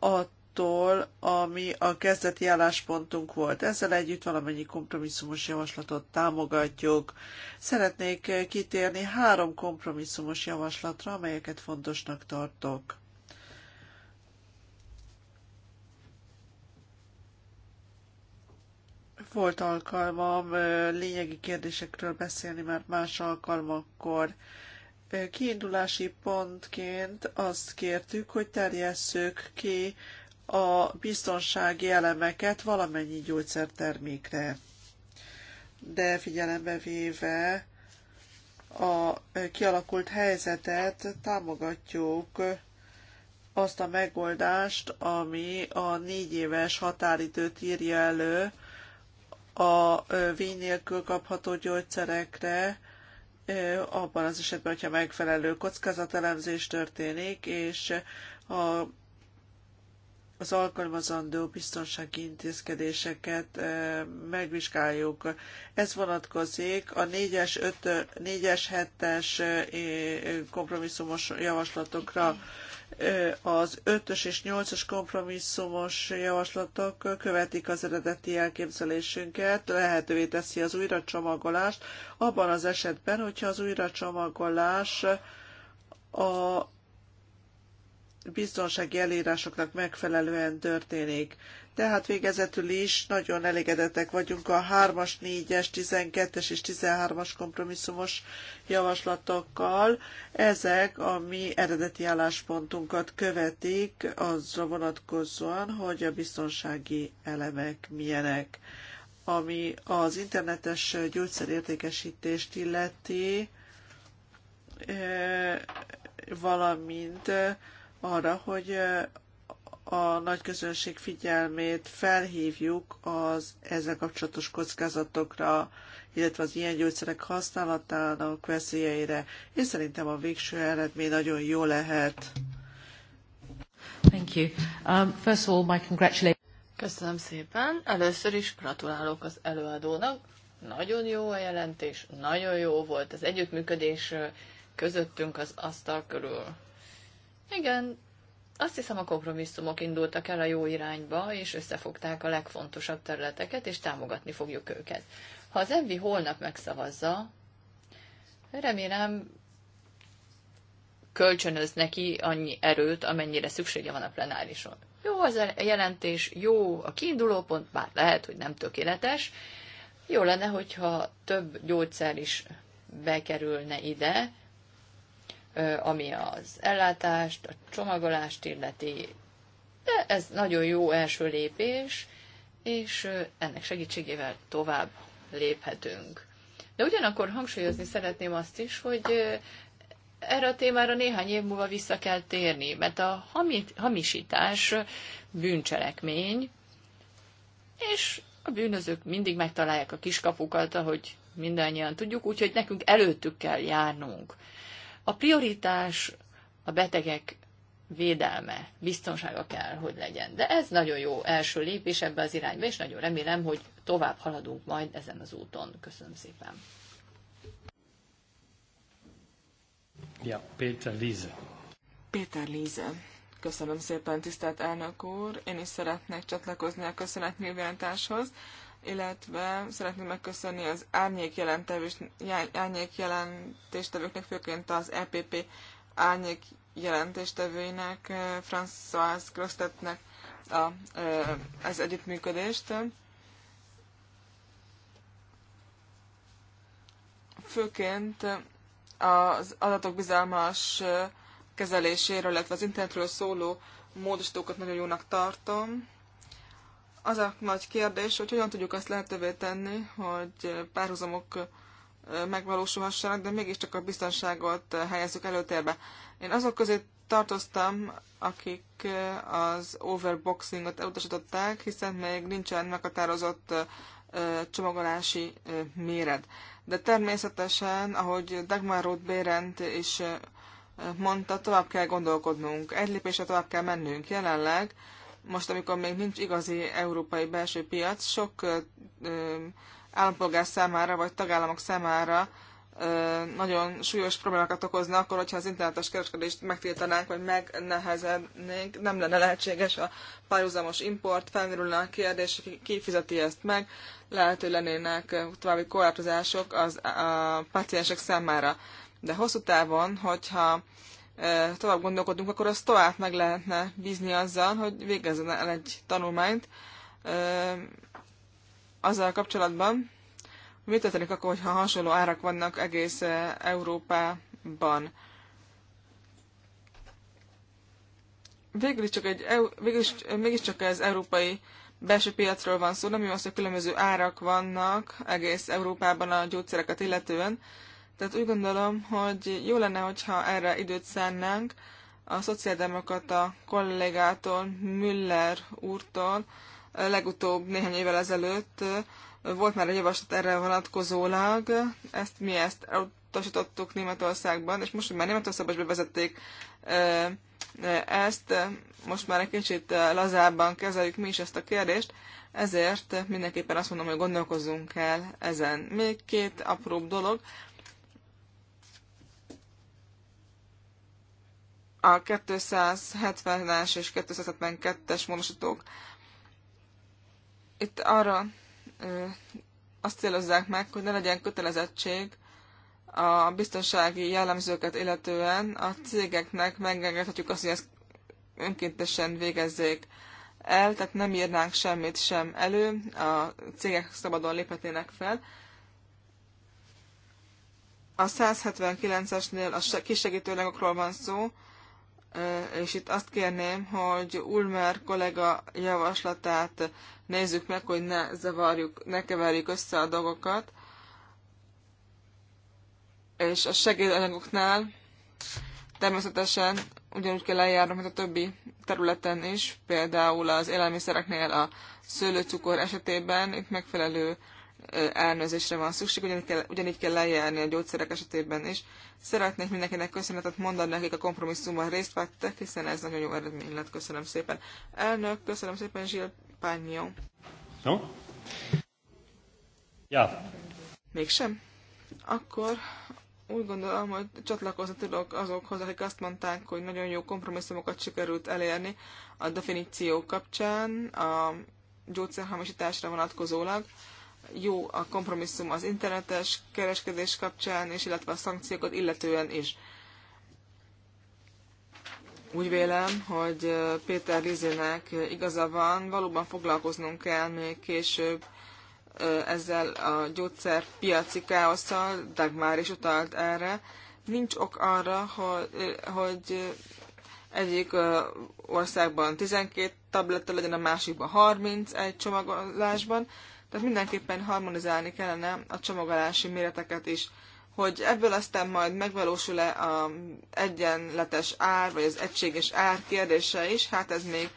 a attól, ami a kezdeti álláspontunk volt. Ezzel együtt valamennyi kompromisszumos javaslatot támogatjuk. Szeretnék kitérni három kompromisszumos javaslatra, amelyeket fontosnak tartok. Volt alkalmam lényegi kérdésekről beszélni már más alkalmakkor kiindulási pontként azt kértük, hogy terjesszük ki a biztonsági elemeket valamennyi gyógyszertermékre. De figyelembe véve a kialakult helyzetet támogatjuk azt a megoldást, ami a négy éves határidőt írja elő a vín nélkül kapható gyógyszerekre, abban az esetben, hogyha megfelelő kockázatelemzés történik, és a az alkalmazandó biztonsági intézkedéseket megvizsgáljuk. Ez vonatkozik a 4-es, 4-es 7-es kompromisszumos javaslatokra. Az 5-ös és 8-as kompromisszumos javaslatok követik az eredeti elképzelésünket, lehetővé teszi az újracsomagolást, abban az esetben, hogyha az újracsomagolás a biztonsági elírásoknak megfelelően történik. Tehát végezetül is nagyon elégedettek vagyunk a 3-as, 4-es, 12-es és 13-as kompromisszumos javaslatokkal. Ezek a mi eredeti álláspontunkat követik azra vonatkozóan, hogy a biztonsági elemek milyenek. Ami az internetes gyógyszerértékesítést illeti, eh, valamint arra, hogy eh, a nagy közönség figyelmét felhívjuk az ezzel kapcsolatos kockázatokra, illetve az ilyen gyógyszerek használatának veszélyeire, és szerintem a végső eredmény nagyon jó lehet. Thank you. Um, first of all, my congratulations. Köszönöm szépen. Először is gratulálok az előadónak. Nagyon jó a jelentés, nagyon jó volt az együttműködés eh, közöttünk az asztal körül. Igen, azt hiszem a kompromisszumok indultak el a jó irányba, és összefogták a legfontosabb területeket, és támogatni fogjuk őket. Ha az Envi holnap megszavazza, remélem kölcsönöz neki annyi erőt, amennyire szüksége van a plenárison. Jó az a jelentés, jó a kiinduló pont, bár lehet, hogy nem tökéletes. Jó lenne, hogyha több gyógyszer is bekerülne ide, ami az ellátást, a csomagolást illeti. De ez nagyon jó első lépés, és ennek segítségével tovább léphetünk. De ugyanakkor hangsúlyozni szeretném azt is, hogy erre a témára néhány év múlva vissza kell térni, mert a hamisítás bűncselekmény, és a bűnözők mindig megtalálják a kiskapukat, ahogy mindannyian tudjuk, úgyhogy nekünk előttük kell járnunk. A prioritás a betegek védelme, biztonsága kell, hogy legyen. De ez nagyon jó első lépés ebbe az irányba, és nagyon remélem, hogy tovább haladunk majd ezen az úton. Köszönöm szépen. Ja, Péter Líze. Péter Líze. Köszönöm szépen, tisztelt elnök úr. Én is szeretnék csatlakozni a köszönetnyilvántáshoz illetve szeretném megköszönni az árnyék, jelentés, árnyék jelentéstevőknek, főként az EPP árnyék jelentéstevőinek, eh, François Grostetnek a, eh, az együttműködést. Főként az adatok bizalmas eh, kezeléséről, illetve az internetről szóló módosítókat nagyon jónak tartom az a nagy kérdés, hogy hogyan tudjuk azt lehetővé tenni, hogy párhuzamok megvalósulhassanak, de mégiscsak a biztonságot helyezzük előtérbe. Én azok közé tartoztam, akik az overboxingot elutasították, hiszen még nincsen meghatározott csomagolási méret. De természetesen, ahogy Dagmar Roth Bérent is mondta, tovább kell gondolkodnunk, egy lépésre tovább kell mennünk. Jelenleg most, amikor még nincs igazi európai belső piac, sok állampolgár számára vagy tagállamok számára nagyon súlyos problémákat okozna, akkor, hogyha az internetes kereskedést megtiltanánk, vagy megnehezednénk, nem lenne lehetséges a párhuzamos import, felmerülne a kérdés, ki fizeti ezt meg, lehető lennének további korlátozások az, a paciensek számára. De hosszú távon, hogyha tovább gondolkodunk, akkor azt tovább meg lehetne bízni azzal, hogy végezzen el egy tanulmányt azzal kapcsolatban, mi történik akkor, hogyha hasonló árak vannak egész Európában. Végül csak egy, végül is, csak az európai belső piacról van szó, nem jó az, hogy különböző árak vannak egész Európában a gyógyszereket illetően, tehát úgy gondolom, hogy jó lenne, hogyha erre időt szánnánk a szociáldemokrata kollégától, Müller úrtól, legutóbb néhány évvel ezelőtt volt már egy javaslat erre vonatkozólag, ezt mi ezt elutasítottuk Németországban, és most, hogy már Németországban is bevezették ezt, most már egy kicsit lazábban kezeljük mi is ezt a kérdést, ezért mindenképpen azt mondom, hogy gondolkozzunk el ezen. Még két apróbb dolog, a 270-es és 272-es módosítók itt arra ö, azt célozzák meg, hogy ne legyen kötelezettség a biztonsági jellemzőket illetően a cégeknek megengedhetjük azt, hogy ezt önkéntesen végezzék el, tehát nem írnánk semmit sem elő, a cégek szabadon léphetnének fel. A 179-esnél a kisegítőlegokról van szó, és itt azt kérném, hogy Ulmer kollega javaslatát nézzük meg, hogy ne zavarjuk, ne keverjük össze a dolgokat. És a segédanyagoknál természetesen ugyanúgy kell eljárnom, mint a többi területen is, például az élelmiszereknél a szőlőcukor esetében itt megfelelő elnőzésre van szükség, ugyanígy kell, ugyanígy kell lejárni a gyógyszerek esetében is. Szeretnék mindenkinek köszönetet mondani, akik a kompromisszumban részt vettek, hiszen ez nagyon jó eredmény lett. Köszönöm szépen. Elnök, köszönöm szépen, Zsil Pányó. No? Ja. Mégsem? Akkor úgy gondolom, hogy csatlakozni tudok azokhoz, akik azt mondták, hogy nagyon jó kompromisszumokat sikerült elérni a definíció kapcsán, a gyógyszerhamisításra vonatkozólag jó a kompromisszum az internetes kereskedés kapcsán, és illetve a szankciókat illetően is. Úgy vélem, hogy Péter Lizének igaza van, valóban foglalkoznunk kell még később ezzel a gyógyszerpiaci káosszal, Dagmár is utalt erre. Nincs ok arra, hogy, hogy egyik országban 12 tabletta legyen, a másikban 31 csomagolásban. Tehát mindenképpen harmonizálni kellene a csomagolási méreteket is. Hogy ebből aztán majd megvalósul-e az egyenletes ár, vagy az egységes ár kérdése is, hát ez még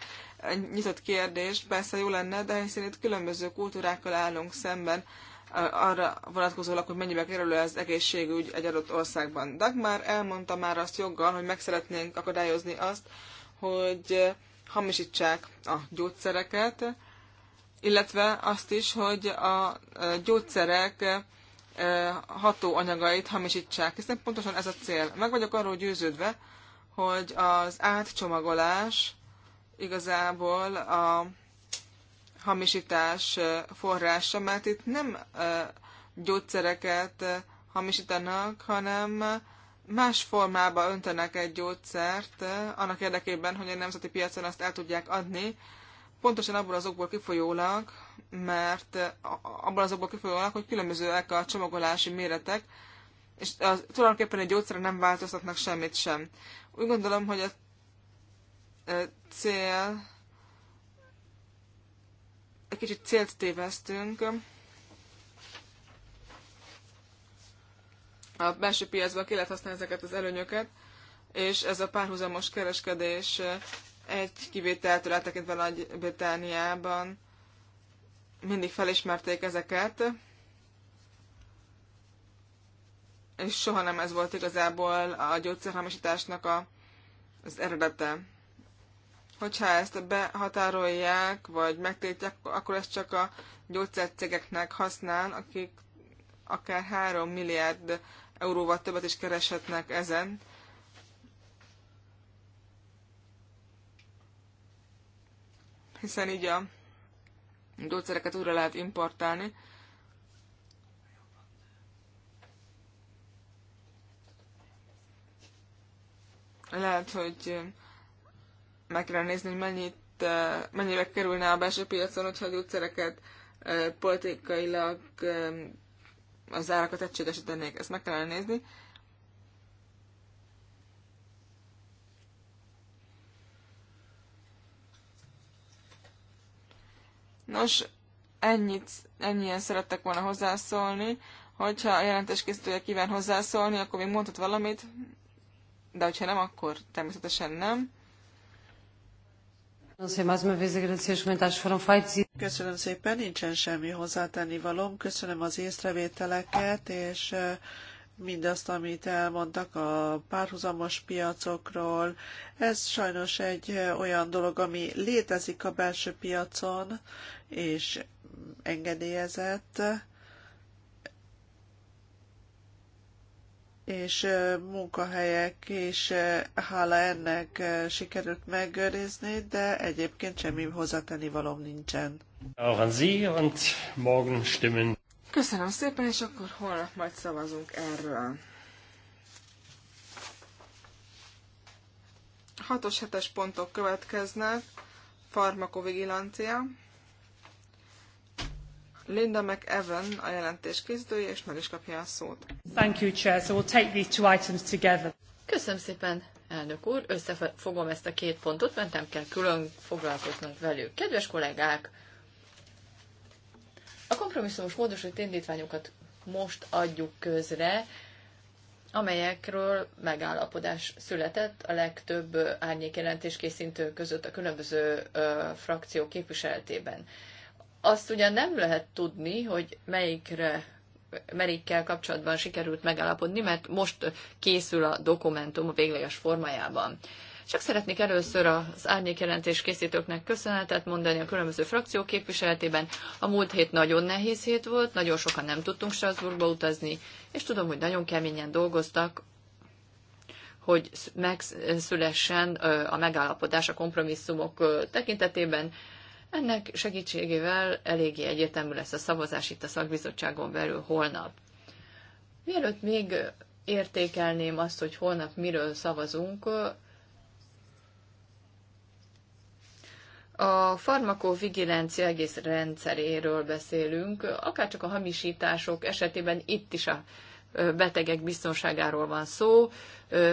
nyitott kérdés, persze jó lenne, de hiszen itt különböző kultúrákkal állunk szemben, arra vonatkozólag, hogy mennyibe kerül az egészségügy egy adott országban. Dagmar elmondta már azt joggal, hogy meg szeretnénk akadályozni azt, hogy hamisítsák a gyógyszereket, illetve azt is, hogy a gyógyszerek e, hatóanyagait hamisítsák, hiszen pontosan ez a cél. Meg vagyok arról győződve, hogy az átcsomagolás igazából a hamisítás e, forrása, mert itt nem e, gyógyszereket hamisítanak, hanem más formába öntenek egy gyógyszert annak érdekében, hogy a nemzeti piacon azt el tudják adni, Pontosan abból az okból kifolyólag, mert abból az okból kifolyólag, hogy különbözőek a csomagolási méretek, és az, tulajdonképpen egy gyógyszerre nem változtatnak semmit sem. Úgy gondolom, hogy a cél egy kicsit célt tévesztünk. A belső piacban ki lehet használni ezeket az előnyöket, és ez a párhuzamos kereskedés egy kivételtől eltekintve Nagy-Britániában mindig felismerték ezeket, és soha nem ez volt igazából a gyógyszerhamisításnak a, az eredete. Hogyha ezt behatárolják, vagy megtétják, akkor ez csak a gyógyszercégeknek használ, akik akár 3 milliárd euróval többet is kereshetnek ezen, hiszen így a gyógyszereket újra lehet importálni. Lehet, hogy meg kell nézni, hogy mennyit, mennyire kerülne a belső piacon, hogyha a gyógyszereket politikailag az árakat egységesítenék. Ezt meg kellene nézni. Nos, ennyit, ennyien szerettek volna hozzászólni. Hogyha a jelentés készítője kíván hozzászólni, akkor még mondhat valamit, de hogyha nem, akkor természetesen nem. E- Köszönöm szépen, nincsen semmi hozzátenni valom. Köszönöm az észrevételeket, és eh, mindazt, amit elmondtak a párhuzamos piacokról. Ez sajnos egy olyan dolog, ami létezik a belső piacon, és engedélyezett, és munkahelyek is hála ennek sikerült megőrizni, de egyébként semmi hozzátenni valom nincsen. Auch an Sie und morgen stimmen. Köszönöm szépen, és akkor holnap majd szavazunk erről. 6-os, 7-es pontok következnek. Farmakovigilancia. Linda McEwan a jelentés készítője, és meg is kapja a szót. Thank you, Chair. So we'll take these two items together. Köszönöm szépen, elnök úr. Összefogom ezt a két pontot, mert nem kell külön foglalkoznunk velük. Kedves kollégák, a kompromisszumos módosító indítványokat most adjuk közre, amelyekről megállapodás született a legtöbb árnyékjelentés készítő között a különböző ö, frakció képviseletében. Azt ugyan nem lehet tudni, hogy melyikre merikkel kapcsolatban sikerült megállapodni, mert most készül a dokumentum a végleges formájában. Csak szeretnék először az árnyékjelentés készítőknek köszönetet mondani a különböző frakciók képviseletében. A múlt hét nagyon nehéz hét volt, nagyon sokan nem tudtunk Strasbourgba utazni, és tudom, hogy nagyon keményen dolgoztak, hogy megszülessen a megállapodás a kompromisszumok tekintetében. Ennek segítségével eléggé egyértelmű lesz a szavazás itt a szakbizottságon belül holnap. Mielőtt még értékelném azt, hogy holnap miről szavazunk, A farmakovigilencia egész rendszeréről beszélünk, akárcsak a hamisítások esetében itt is a betegek biztonságáról van szó,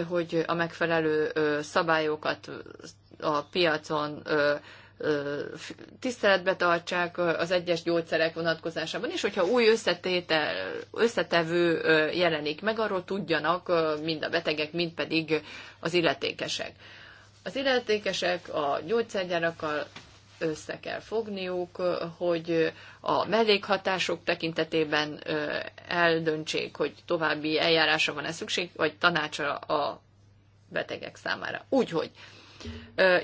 hogy a megfelelő szabályokat a piacon tiszteletbe tartsák az egyes gyógyszerek vonatkozásában, és hogyha új összetétel, összetevő jelenik meg, arról tudjanak mind a betegek, mind pedig az illetékesek. Az illetékesek a gyógyszergyárakkal össze kell fogniuk, hogy a mellékhatások tekintetében eldöntsék, hogy további eljárása van-e szükség, vagy tanácsra a betegek számára. Úgyhogy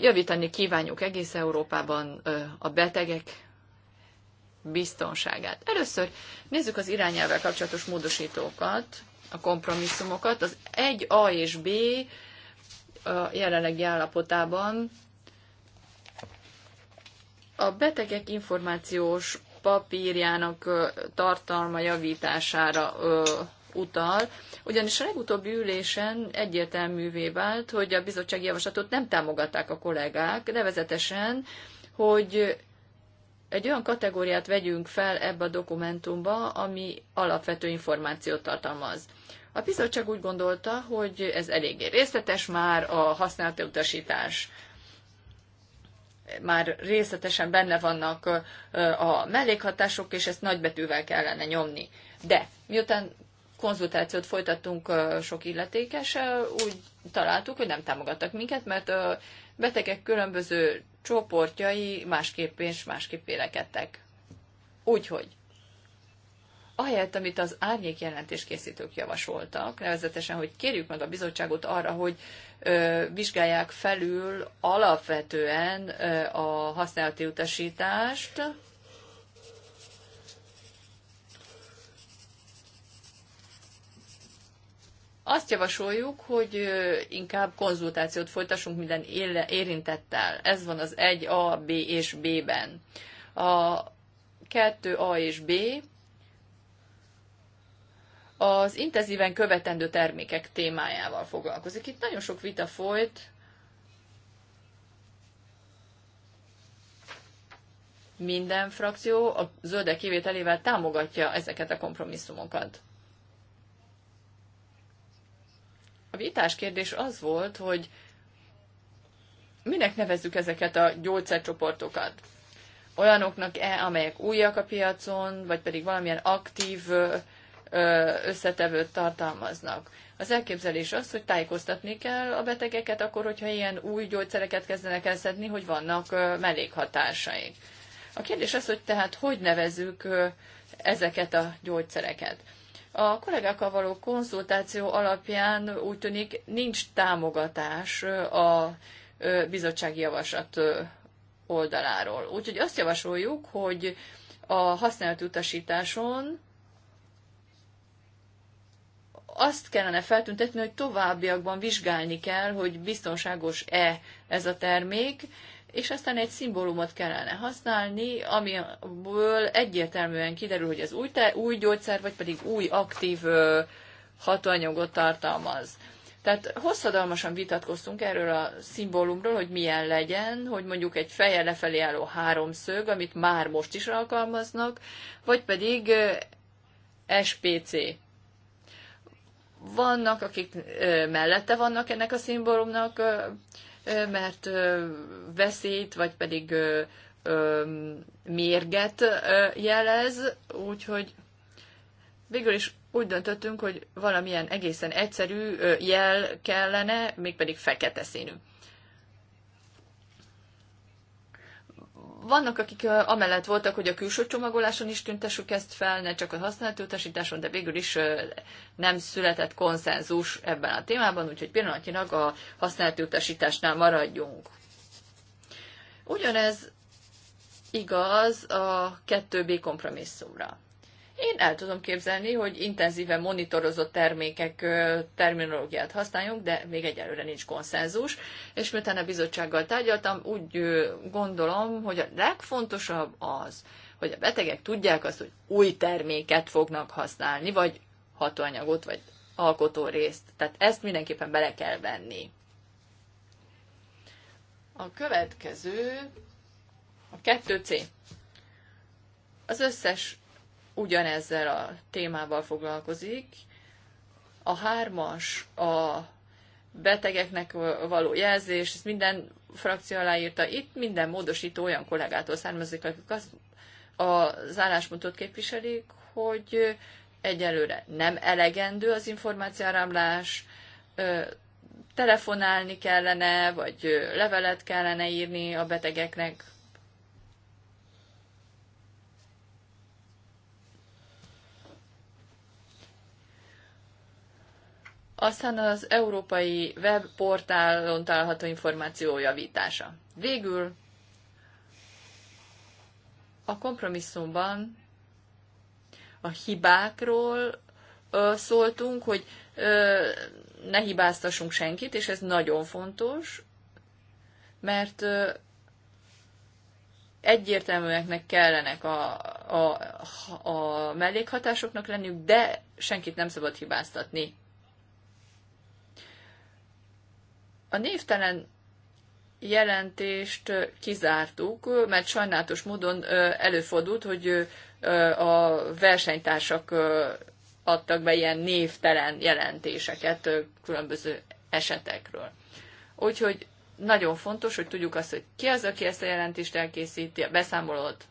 javítani kívánjuk egész Európában a betegek biztonságát. Először nézzük az irányelvvel kapcsolatos módosítókat, a kompromisszumokat. Az 1A és B a jelenlegi állapotában. A betegek információs papírjának tartalma javítására utal, ugyanis a legutóbbi ülésen egyértelművé vált, hogy a bizottsági javaslatot nem támogatták a kollégák, nevezetesen, hogy egy olyan kategóriát vegyünk fel ebbe a dokumentumba, ami alapvető információt tartalmaz. A bizottság úgy gondolta, hogy ez eléggé részletes már a használati utasítás már részletesen benne vannak a mellékhatások, és ezt nagybetűvel kellene nyomni. De miután konzultációt folytattunk sok illetékes, úgy találtuk, hogy nem támogattak minket, mert a betegek különböző csoportjai másképp és másképp vélekedtek. Úgyhogy ahelyett, amit az árnyék jelentéskészítők javasoltak, nevezetesen, hogy kérjük meg a bizottságot arra, hogy ö, vizsgálják felül alapvetően ö, a használati utasítást, Azt javasoljuk, hogy inkább konzultációt folytassunk minden érintettel. Ez van az 1A, B és B-ben. A 2A és B az intenzíven követendő termékek témájával foglalkozik. Itt nagyon sok vita folyt. Minden frakció a zöldek kivételével támogatja ezeket a kompromisszumokat. A vitás kérdés az volt, hogy minek nevezzük ezeket a gyógyszercsoportokat? Olyanoknak-e, amelyek újak a piacon, vagy pedig valamilyen aktív összetevőt tartalmaznak. Az elképzelés az, hogy tájékoztatni kell a betegeket akkor, hogyha ilyen új gyógyszereket kezdenek el szedni, hogy vannak mellékhatásaik. A kérdés az, hogy tehát hogy nevezzük ezeket a gyógyszereket. A kollégákkal való konzultáció alapján úgy tűnik nincs támogatás a bizottsági javaslat oldaláról. Úgyhogy azt javasoljuk, hogy a utasításon azt kellene feltüntetni, hogy továbbiakban vizsgálni kell, hogy biztonságos-e ez a termék, és aztán egy szimbólumot kellene használni, amiből egyértelműen kiderül, hogy ez új, te, új gyógyszer, vagy pedig új aktív ö, hatóanyagot tartalmaz. Tehát hosszadalmasan vitatkoztunk erről a szimbólumról, hogy milyen legyen, hogy mondjuk egy feje lefelé álló háromszög, amit már most is alkalmaznak, vagy pedig SPC vannak, akik mellette vannak ennek a szimbólumnak, mert veszélyt, vagy pedig mérget jelez, úgyhogy végül is úgy döntöttünk, hogy valamilyen egészen egyszerű jel kellene, mégpedig fekete színű. Vannak, akik amellett voltak, hogy a külső csomagoláson is tüntessük ezt fel, ne csak a használati utasításon, de végül is nem született konszenzus ebben a témában, úgyhogy pillanatnyilag a használati utasításnál maradjunk. Ugyanez igaz a 2B kompromisszumra. Én el tudom képzelni, hogy intenzíven monitorozott termékek terminológiát használjunk, de még egyelőre nincs konszenzus. És miután a bizottsággal tárgyaltam, úgy gondolom, hogy a legfontosabb az, hogy a betegek tudják azt, hogy új terméket fognak használni, vagy hatóanyagot, vagy alkotó részt. Tehát ezt mindenképpen bele kell venni. A következő, a 2C. Az összes ugyanezzel a témával foglalkozik. A hármas, a betegeknek való jelzés, ezt minden frakció aláírta. Itt minden módosító olyan kollégától származik, akik az, az álláspontot képviselik, hogy egyelőre nem elegendő az információáramlás, telefonálni kellene, vagy levelet kellene írni a betegeknek, aztán az európai webportálon található információ javítása. Végül a kompromisszumban a hibákról ö, szóltunk, hogy ö, ne hibáztassunk senkit, és ez nagyon fontos, mert ö, egyértelműeknek kellenek a, a, a mellékhatásoknak lenniük, de senkit nem szabad hibáztatni A névtelen jelentést kizártuk, mert sajnálatos módon előfordult, hogy a versenytársak adtak be ilyen névtelen jelentéseket különböző esetekről. Úgyhogy nagyon fontos, hogy tudjuk azt, hogy ki az, aki ezt a jelentést elkészíti, a beszámolót.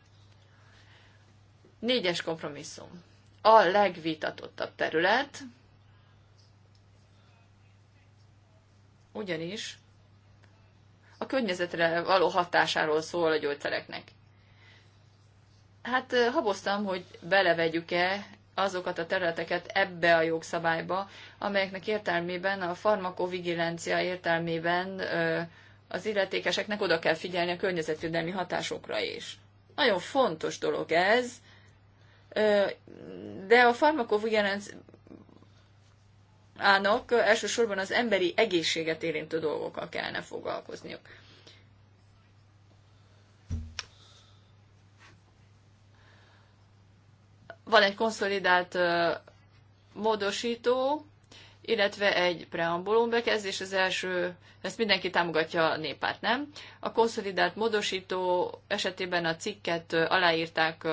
Négyes kompromisszum. A legvitatottabb terület, ugyanis a környezetre való hatásáról szól a gyógyszereknek. Hát haboztam, hogy belevegyük-e azokat a területeket ebbe a jogszabályba, amelyeknek értelmében, a farmakovigilencia értelmében az illetékeseknek oda kell figyelni a környezetvédelmi hatásokra is. Nagyon fontos dolog ez, de a farmakovigilencia álnak elsősorban az emberi egészséget érintő dolgokkal kellene foglalkozniuk. Van egy konszolidált módosító, illetve egy preambulum bekezdés, az első, ezt mindenki támogatja a népát, nem? A konszolidált módosító esetében a cikket aláírták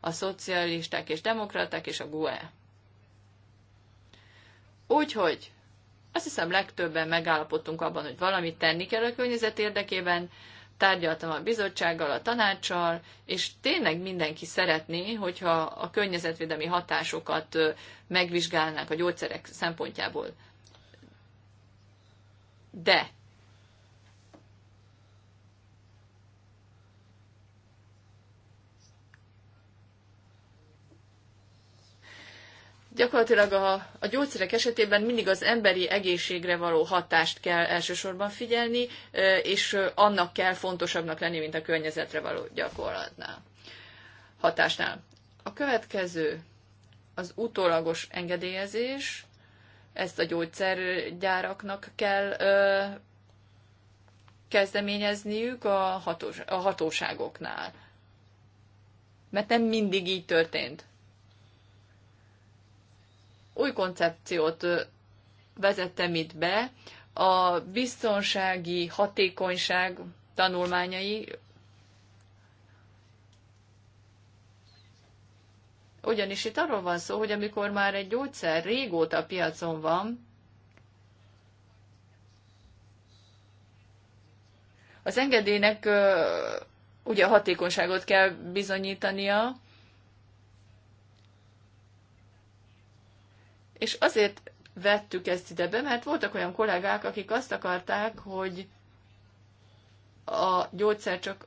a szocialisták és demokraták és a GUE. Úgyhogy azt hiszem legtöbben megállapodtunk abban, hogy valamit tenni kell a környezet érdekében, tárgyaltam a bizottsággal, a tanácssal, és tényleg mindenki szeretné, hogyha a környezetvédelmi hatásokat megvizsgálnák a gyógyszerek szempontjából. De gyakorlatilag a, a gyógyszerek esetében mindig az emberi egészségre való hatást kell elsősorban figyelni, és annak kell fontosabbnak lenni, mint a környezetre való gyakorlatnál, hatásnál. A következő az utólagos engedélyezés, ezt a gyógyszergyáraknak kell ö, kezdeményezniük a, hatós, a hatóságoknál. Mert nem mindig így történt új koncepciót vezettem itt be, a biztonsági hatékonyság tanulmányai, ugyanis itt arról van szó, hogy amikor már egy gyógyszer régóta a piacon van, az engedélynek ugye hatékonyságot kell bizonyítania, És azért vettük ezt ide be, mert voltak olyan kollégák, akik azt akarták, hogy a gyógyszer csak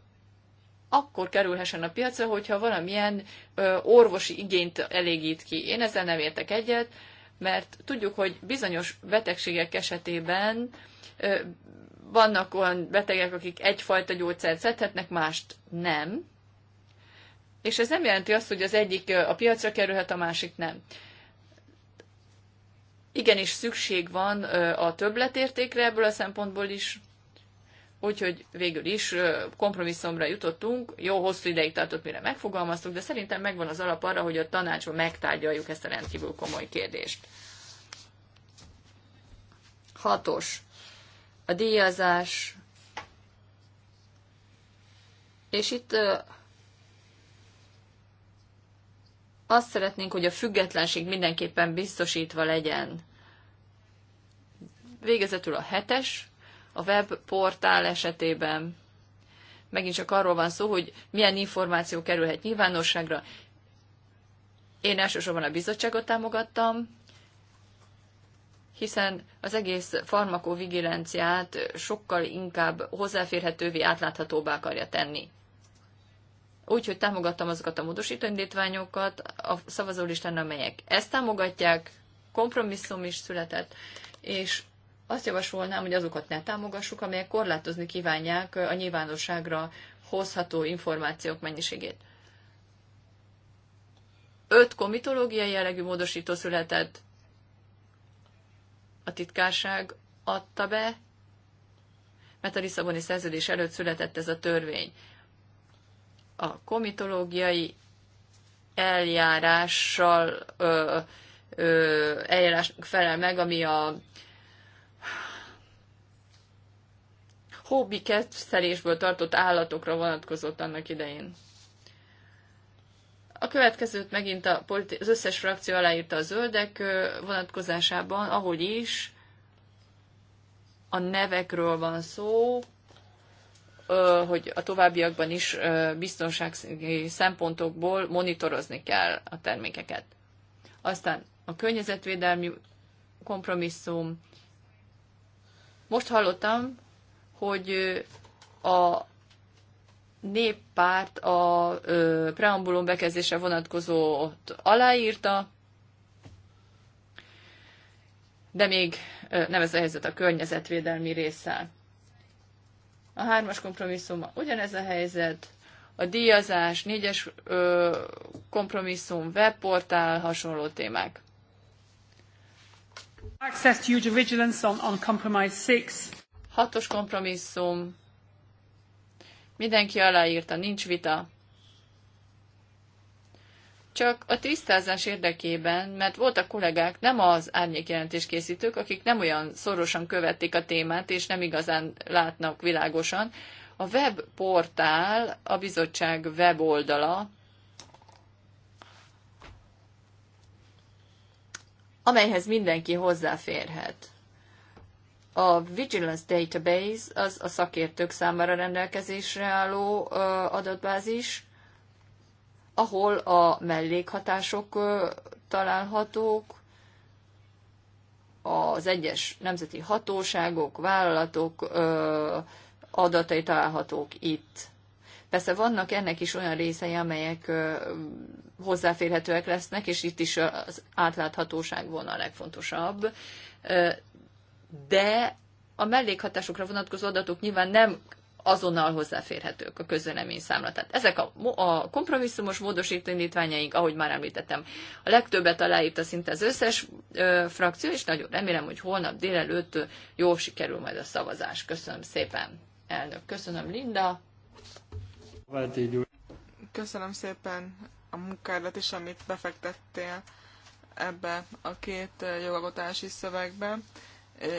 akkor kerülhessen a piacra, hogyha valamilyen ö, orvosi igényt elégít ki. Én ezzel nem értek egyet, mert tudjuk, hogy bizonyos betegségek esetében ö, vannak olyan betegek, akik egyfajta gyógyszert szedhetnek, mást nem. És ez nem jelenti azt, hogy az egyik a piacra kerülhet, a másik nem igenis szükség van a többletértékre ebből a szempontból is, úgyhogy végül is kompromisszumra jutottunk, jó hosszú ideig tartott, mire megfogalmaztuk, de szerintem megvan az alap arra, hogy a tanácsban megtárgyaljuk ezt a rendkívül komoly kérdést. Hatos. A díjazás. És itt azt szeretnénk, hogy a függetlenség mindenképpen biztosítva legyen. Végezetül a hetes, a webportál esetében megint csak arról van szó, hogy milyen információ kerülhet nyilvánosságra. Én elsősorban a bizottságot támogattam, hiszen az egész farmakovigilenciát sokkal inkább hozzáférhetővé, átláthatóbbá akarja tenni. Úgyhogy támogattam azokat a módosító indítványokat a szavazólistán, amelyek ezt támogatják, kompromisszum is született, és azt javasolnám, hogy azokat ne támogassuk, amelyek korlátozni kívánják a nyilvánosságra hozható információk mennyiségét. Öt komitológiai jellegű módosító született, a titkárság adta be, mert a Lisszaboni szerződés előtt született ez a törvény a komitológiai eljárással ö, ö, eljárás felel meg, ami a hobbi kettelésből tartott állatokra vonatkozott annak idején. A következőt megint a politi- az összes frakció aláírta a zöldek vonatkozásában, ahol is a nevekről van szó, hogy a továbbiakban is biztonsági szempontokból monitorozni kell a termékeket. Aztán a környezetvédelmi kompromisszum. Most hallottam, hogy a néppárt a preambulum bekezdése vonatkozó aláírta, de még nem ez a helyzet a környezetvédelmi résszel. A hármas kompromisszum ugyanez a helyzet, a díjazás, négyes ö, kompromisszum, webportál, hasonló témák. Access to user vigilance on, on compromise six, Hatos kompromisszum. Mindenki aláírta, nincs vita csak a tisztázás érdekében, mert voltak kollégák, nem az árnyékjelentés készítők, akik nem olyan szorosan követik a témát, és nem igazán látnak világosan. A webportál, a bizottság weboldala, amelyhez mindenki hozzáférhet. A Vigilance Database az a szakértők számára rendelkezésre álló adatbázis, ahol a mellékhatások találhatók, az egyes nemzeti hatóságok, vállalatok adatai találhatók itt. Persze vannak ennek is olyan részei, amelyek hozzáférhetőek lesznek, és itt is az átláthatóság volna a legfontosabb. De a mellékhatásokra vonatkozó adatok nyilván nem azonnal hozzáférhetők a közvélemény számra. Tehát ezek a, a kompromisszumos módosító indítványaink, ahogy már említettem, a legtöbbet aláírta szinte az összes ö, frakció, és nagyon remélem, hogy holnap délelőtt jól sikerül majd a szavazás. Köszönöm szépen, elnök. Köszönöm, Linda. Köszönöm szépen a munkádat is, amit befektettél ebbe a két jogalkotási szövegbe,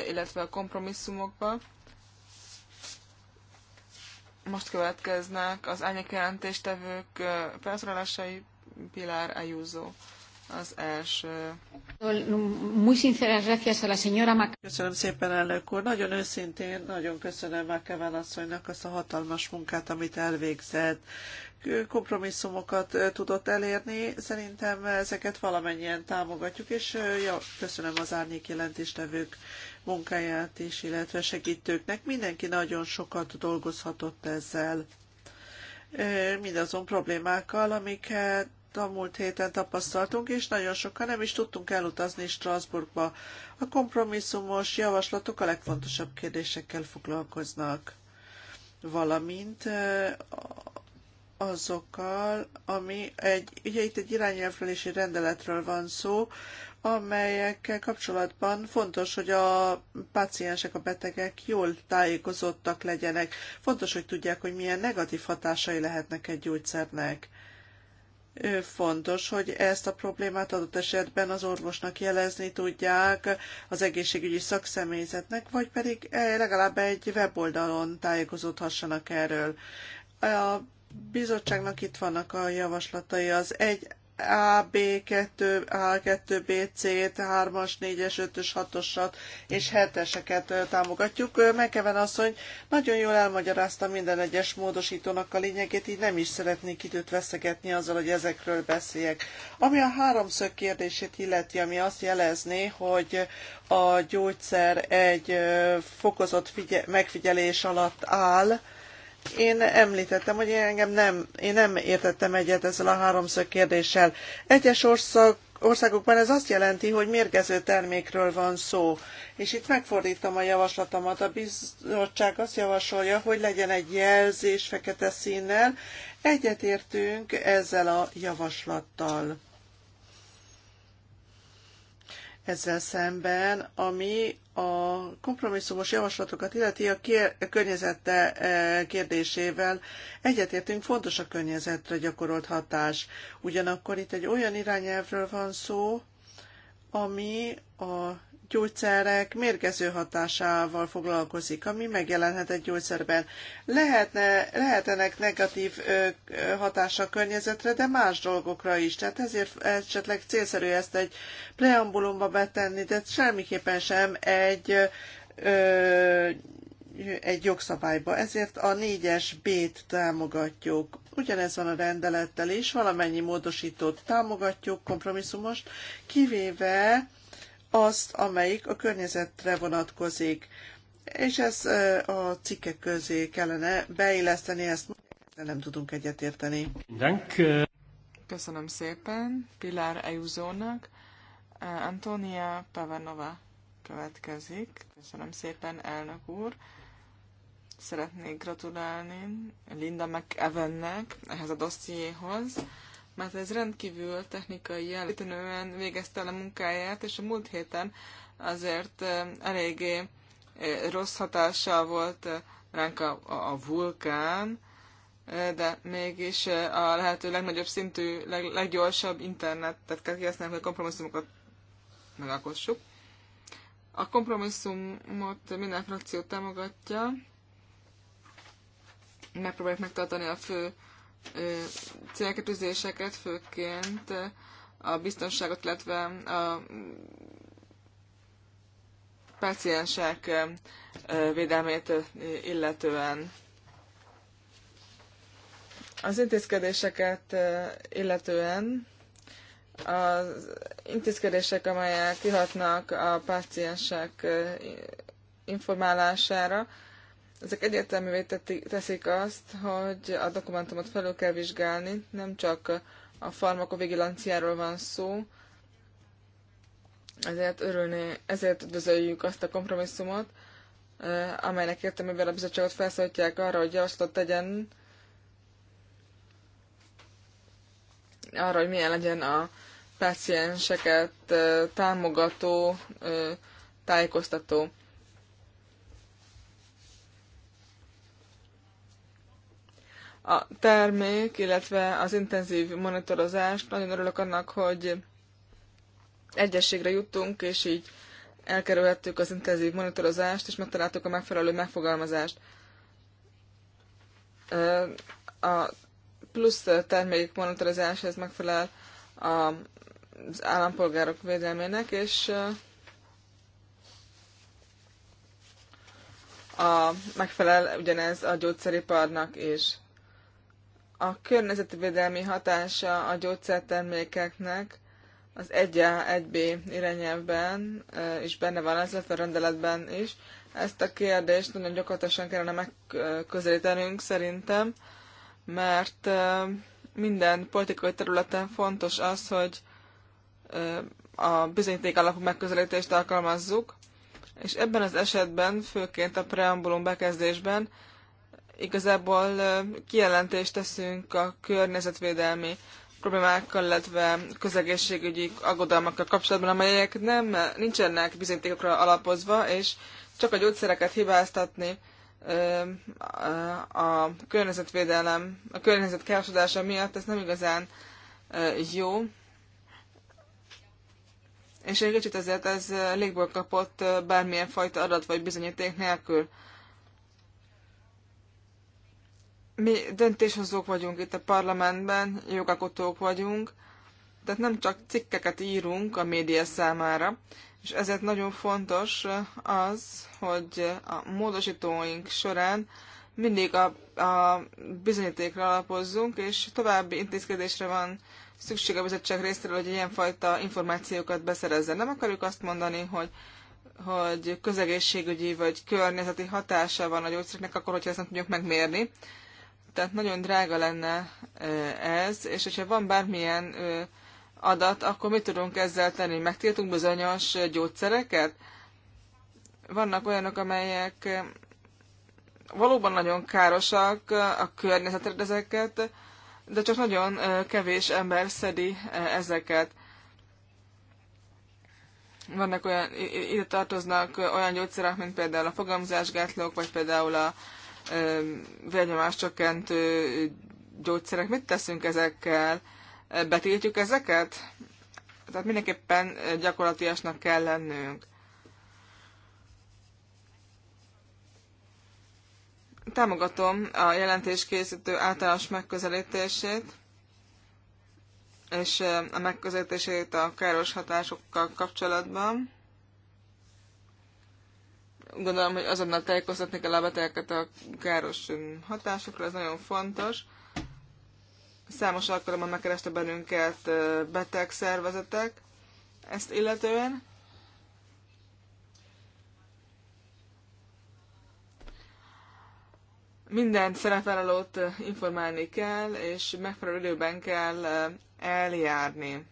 illetve a kompromisszumokba most következnek az árnyékjelentéstevők felszólalásai Pilar Ayuso az első. Muy sinceras gracias a la señora Mac Köszönöm szépen, elnök úr. Nagyon őszintén, nagyon köszönöm Makeven asszonynak azt a hatalmas munkát, amit elvégzett kompromisszumokat tudott elérni. Szerintem ezeket valamennyien támogatjuk, és ja, köszönöm az árnyék jelentéstevők munkáját is, illetve segítőknek. Mindenki nagyon sokat dolgozhatott ezzel. Mindazon problémákkal, amiket a múlt héten tapasztaltunk, és nagyon sokan nem is tudtunk elutazni Strasbourgba. A kompromisszumos javaslatok a legfontosabb kérdésekkel foglalkoznak, valamint azokkal, ami egy, ugye itt egy irányelvelési rendeletről van szó, amelyekkel kapcsolatban fontos, hogy a páciensek, a betegek jól tájékozottak legyenek. Fontos, hogy tudják, hogy milyen negatív hatásai lehetnek egy gyógyszernek. Fontos, hogy ezt a problémát adott esetben az orvosnak jelezni tudják, az egészségügyi szakszemélyzetnek, vagy pedig eh, legalább egy weboldalon tájékozódhassanak erről. A bizottságnak itt vannak a javaslatai. Az 1 A, B, 2, A, 2, B, C-t, 3-as, 4-es, 5-ös, 6-osat és 7-eseket támogatjuk. Mekeven asszony nagyon jól elmagyarázta minden egyes módosítónak a lényegét, így nem is szeretnék időt veszegetni azzal, hogy ezekről beszéljek. Ami a háromszög kérdését illeti, ami azt jelezné, hogy a gyógyszer egy fokozott megfigyelés alatt áll, én említettem, hogy én engem nem, én nem értettem egyet ezzel a háromszög kérdéssel. Egyes ország, országokban ez azt jelenti, hogy mérgező termékről van szó. És itt megfordítom a javaslatomat. A bizottság azt javasolja, hogy legyen egy jelzés fekete színnel. Egyetértünk ezzel a javaslattal. Ezzel szemben, ami a kompromisszumos javaslatokat illeti a környezette e, kérdésével egyetértünk, fontos a környezetre gyakorolt hatás. Ugyanakkor itt egy olyan irányelvről van szó, ami a gyógyszerek mérgező hatásával foglalkozik, ami megjelenhet egy gyógyszerben. Lehetne, lehetenek negatív hatása a környezetre, de más dolgokra is. Tehát ezért esetleg célszerű ezt egy preambulumba betenni, de semmiképpen sem egy ö, egy jogszabályba, ezért a 4-es B-t támogatjuk. Ugyanez van a rendelettel is, valamennyi módosítót támogatjuk, kompromisszumos, kivéve azt, amelyik a környezetre vonatkozik. És ez a cikkek közé kellene beilleszteni, ezt nem tudunk egyetérteni. Köszönöm szépen Pilar Ejuzónak. Antonia Pavanova következik. Köszönöm szépen, elnök úr. Szeretnék gratulálni Linda McEvennek ehhez a dossziéhoz mert ez rendkívül technikai jelentően végezte el a munkáját, és a múlt héten azért eléggé rossz hatással volt ránk a, a, a vulkán, de mégis a lehető legnagyobb szintű, leg, leggyorsabb internetet kell kihasználni, hogy a kompromisszumokat megalkossuk. A kompromisszumot minden frakció támogatja, megpróbáljuk megtartani a fő célkötőzéseket, főként a biztonságot, illetve a páciensek védelmét illetően. Az intézkedéseket illetően az intézkedések, amelyek kihatnak a páciensek informálására, ezek egyértelművé teszik azt, hogy a dokumentumot felül kell vizsgálni, nem csak a farmakovigilanciáról van szó, ezért örülni, ezért üdvözöljük azt a kompromisszumot, amelynek értelmében a bizottságot felszólítják arra, hogy javaslatot tegyen arra, hogy milyen legyen a pácienseket támogató, tájékoztató a termék, illetve az intenzív monitorozás. Nagyon örülök annak, hogy egyességre juttunk, és így elkerülhettük az intenzív monitorozást, és megtaláltuk a megfelelő megfogalmazást. A plusz termék monitorozás, ez megfelel az állampolgárok védelmének, és a, megfelel ugyanez a gyógyszeriparnak is. A környezetvédelmi hatása a gyógyszertermékeknek az 1A, 1B irányelvben is benne van, ez a rendeletben is. Ezt a kérdést nagyon gyakorlatilag kellene megközelítenünk szerintem, mert minden politikai területen fontos az, hogy a bizonyíték alapú megközelítést alkalmazzuk, és ebben az esetben, főként a preambulum bekezdésben igazából kijelentést teszünk a környezetvédelmi problémákkal, illetve közegészségügyi aggodalmakkal kapcsolatban, amelyek nem nincsenek bizonyítékokra alapozva, és csak a gyógyszereket hibáztatni a környezetvédelem, a környezet károsodása miatt, ez nem igazán jó. És egy kicsit ezért ez légből kapott bármilyen fajta adat vagy bizonyíték nélkül mi döntéshozók vagyunk itt a parlamentben, jogakotók vagyunk, tehát nem csak cikkeket írunk a média számára, és ezért nagyon fontos az, hogy a módosítóink során mindig a, a bizonyítékra alapozzunk, és további intézkedésre van szükség a bizottság részéről, hogy ilyenfajta információkat beszerezzen. Nem akarjuk azt mondani, hogy hogy közegészségügyi vagy környezeti hatása van a gyógyszereknek, akkor hogyha ezt nem tudjuk megmérni. Tehát nagyon drága lenne ez, és hogyha van bármilyen adat, akkor mit tudunk ezzel tenni? Megtiltunk bizonyos gyógyszereket? Vannak olyanok, amelyek valóban nagyon károsak a környezetre, ezeket, de csak nagyon kevés ember szedi ezeket. Vannak olyan, ide tartoznak olyan gyógyszerek, mint például a fogamzásgátlók, vagy például a vérnyomás csökkentő gyógyszerek. Mit teszünk ezekkel? Betiltjuk ezeket? Tehát mindenképpen gyakorlatiasnak kell lennünk. Támogatom a jelentéskészítő általános megközelítését, és a megközelítését a káros hatásokkal kapcsolatban. Gondolom, hogy azonnal tájékoztatni kell a betegeket a káros hatásokra, ez nagyon fontos. Számos alkalommal megkereste bennünket beteg szervezetek ezt illetően. minden szerepvállalót informálni kell, és megfelelő időben kell eljárni.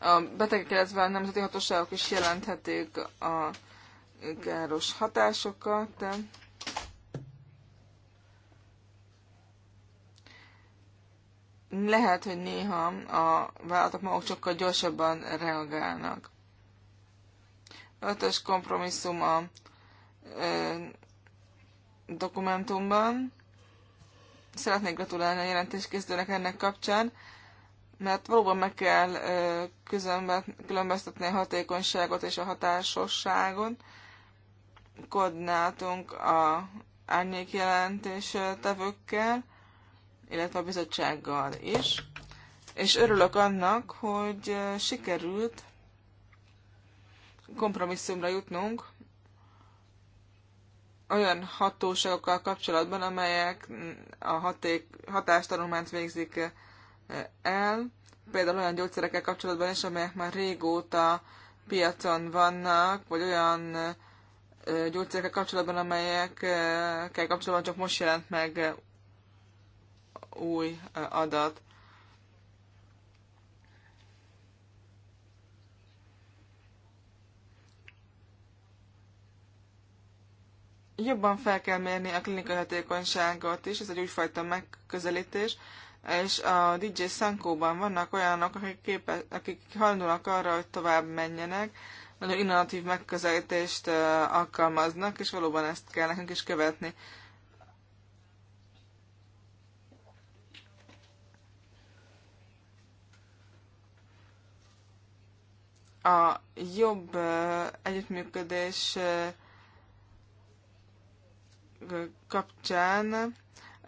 a betegek, illetve a nemzeti hatóságok is jelenthetik a káros hatásokat. Lehet, hogy néha a vállalatok maguk sokkal gyorsabban reagálnak. Ötös kompromisszum a ö, dokumentumban. Szeretnék gratulálni a jelentéskészítőnek ennek kapcsán mert valóban meg kell különböztetni a hatékonyságot és a hatásosságot. Koordináltunk a árnyék jelentés tevőkkel, illetve a bizottsággal is, és örülök annak, hogy sikerült kompromisszumra jutnunk olyan hatóságokkal kapcsolatban, amelyek a haték, hatástanulmányt végzik el, például olyan gyógyszerekkel kapcsolatban is, amelyek már régóta piacon vannak, vagy olyan gyógyszerekkel kapcsolatban, amelyekkel kapcsolatban csak most jelent meg új adat. Jobban fel kell mérni a klinikai hatékonyságot is, ez egy újfajta megközelítés, és a DJ Sankóban vannak olyanok, akik, képe, akik hajlandóak arra, hogy tovább menjenek, nagyon innovatív megközelítést alkalmaznak, és valóban ezt kell nekünk is követni. A jobb együttműködés kapcsán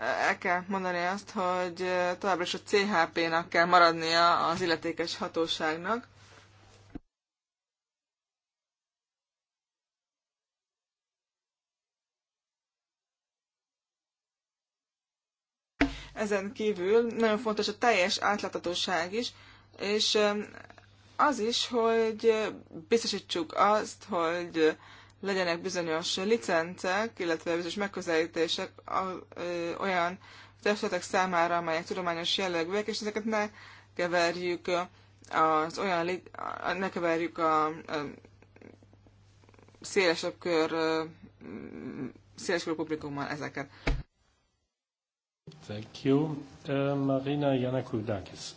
el kell mondani azt, hogy továbbra is a CHP-nak kell maradnia az illetékes hatóságnak. Ezen kívül nagyon fontos a teljes átláthatóság is, és az is, hogy biztosítsuk azt, hogy legyenek bizonyos licencek, illetve bizonyos megközelítések olyan testületek számára, amelyek tudományos jellegűek, és ezeket ne keverjük az olyan, ne keverjük a, a szélesebb kör, szélesebb publikummal ezeket. Thank you. Uh, Marina Janakudakis.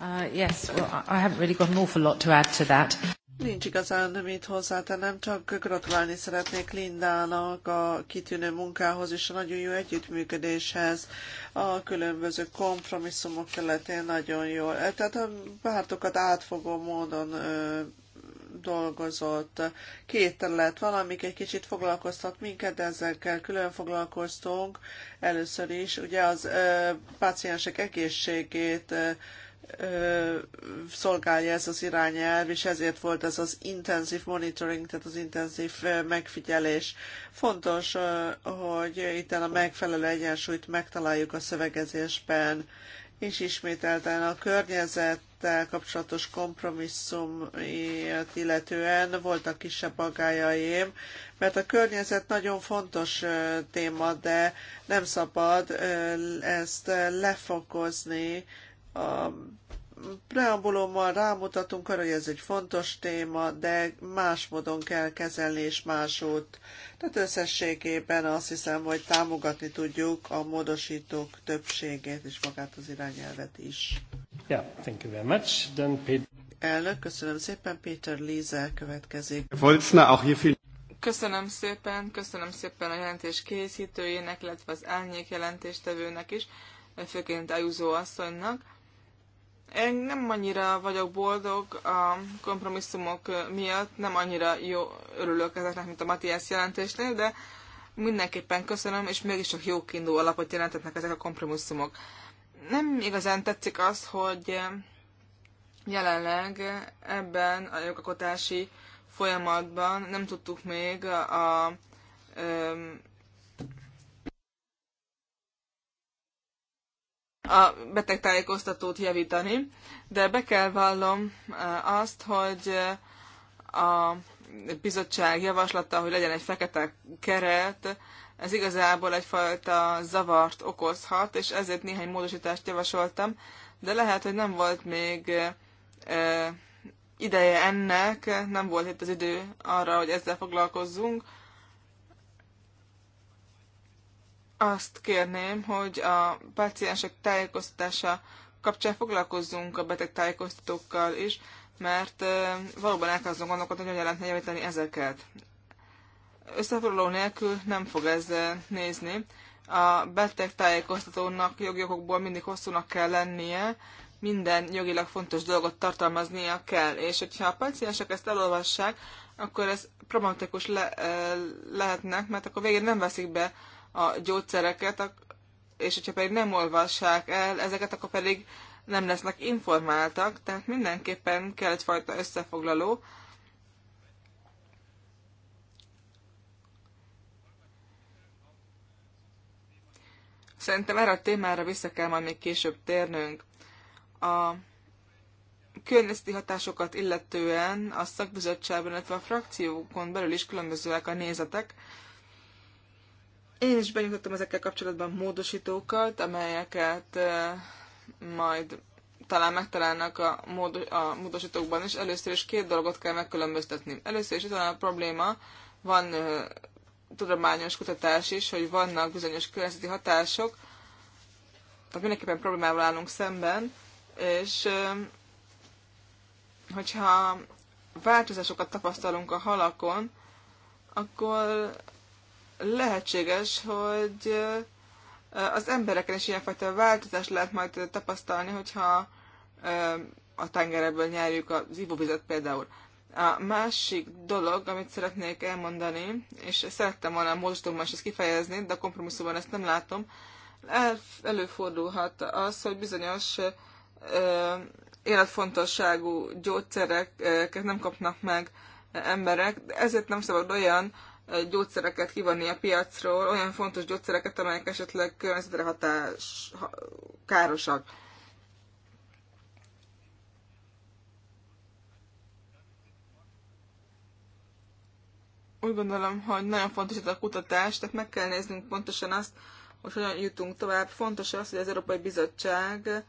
Uh, yes, well, I haven't really got an awful lot to add to that. Nincs igazán mit hozzátennem, csak gratulálni szeretnék Lindának a kitűnő munkához és a nagyon jó együttműködéshez. A különböző kompromisszumok területén nagyon jól. E, tehát a pártokat átfogó módon dolgozott. Két terület van, amik egy kicsit foglalkoztat minket, de ezekkel külön foglalkoztunk először is. Ugye az ö, páciensek egészségét ö, szolgálja ez az irányelv, és ezért volt ez az intenzív monitoring, tehát az intenzív megfigyelés. Fontos, hogy itt a megfelelő egyensúlyt megtaláljuk a szövegezésben, és ismételten a környezettel kapcsolatos kompromisszumért illetően voltak kisebb agályaim, mert a környezet nagyon fontos téma, de nem szabad ezt lefokozni, a preambulommal rámutatunk arra, hogy ez egy fontos téma, de más módon kell kezelni, és másút. Tehát összességében azt hiszem, hogy támogatni tudjuk a módosítók többségét, és magát az irányelvet is. Yeah, thank you very much. Then Peter... Elnök, köszönöm szépen, Péter Líze következik. Köszönöm szépen, köszönöm szépen a jelentés készítőjének, illetve az elnyék jelentéstevőnek is, főként Ajuzó asszonynak én nem annyira vagyok boldog a kompromisszumok miatt, nem annyira jó örülök ezeknek, mint a Matthias jelentésnél, de mindenképpen köszönöm, és mégis csak jó kiinduló alapot jelentetnek ezek a kompromisszumok. Nem igazán tetszik az, hogy jelenleg ebben a jogakotási folyamatban nem tudtuk még a, a, a a betegtájékoztatót javítani, de be kell vallom e, azt, hogy e, a bizottság javaslata, hogy legyen egy fekete keret, ez igazából egyfajta zavart okozhat, és ezért néhány módosítást javasoltam, de lehet, hogy nem volt még e, ideje ennek, nem volt itt az idő arra, hogy ezzel foglalkozzunk, azt kérném, hogy a páciensek tájékoztatása kapcsán foglalkozzunk a beteg tájékoztatókkal is, mert valóban elkezdünk gondolkodni, hogy hogyan lehetne javítani ezeket. Összefoglaló nélkül nem fog ez nézni. A beteg tájékoztatónak jogjogokból mindig hosszúnak kell lennie, minden jogilag fontos dolgot tartalmaznia kell, és hogyha a paciensek ezt elolvassák, akkor ez problematikus le, lehetnek, mert akkor végén nem veszik be a gyógyszereket, és hogyha pedig nem olvassák el ezeket, akkor pedig nem lesznek informáltak, tehát mindenképpen kell egyfajta összefoglaló. Szerintem erre a témára vissza kell majd még később térnünk. A környezeti hatásokat illetően a szakbizottságban, illetve a frakciókon belül is különbözőek a nézetek. Én is benyújtottam ezekkel kapcsolatban módosítókat, amelyeket majd talán megtalálnak a, mód, a módosítókban is. Először is két dolgot kell megkülönböztetni. Először is talán a probléma, van ö, tudományos kutatás is, hogy vannak bizonyos környezeti hatások, tehát mindenképpen problémával állunk szemben, és ö, hogyha változásokat tapasztalunk a halakon, akkor lehetséges, hogy eh, az embereken is ilyenfajta változást lehet majd tapasztalni, hogyha eh, a tengerből nyerjük az ivóvizet például. A másik dolog, amit szeretnék elmondani, és szerettem volna a módosítóban is ezt kifejezni, de a kompromisszumban ezt nem látom, előfordulhat az, hogy bizonyos eh, életfontosságú gyógyszereket nem kapnak meg emberek, ezért nem szabad olyan gyógyszereket kivonni a piacról, olyan fontos gyógyszereket, amelyek esetleg környezetre hatás, károsak. Úgy gondolom, hogy nagyon fontos ez a kutatás, tehát meg kell néznünk pontosan azt, hogy hogyan jutunk tovább. Fontos az, hogy az Európai Bizottság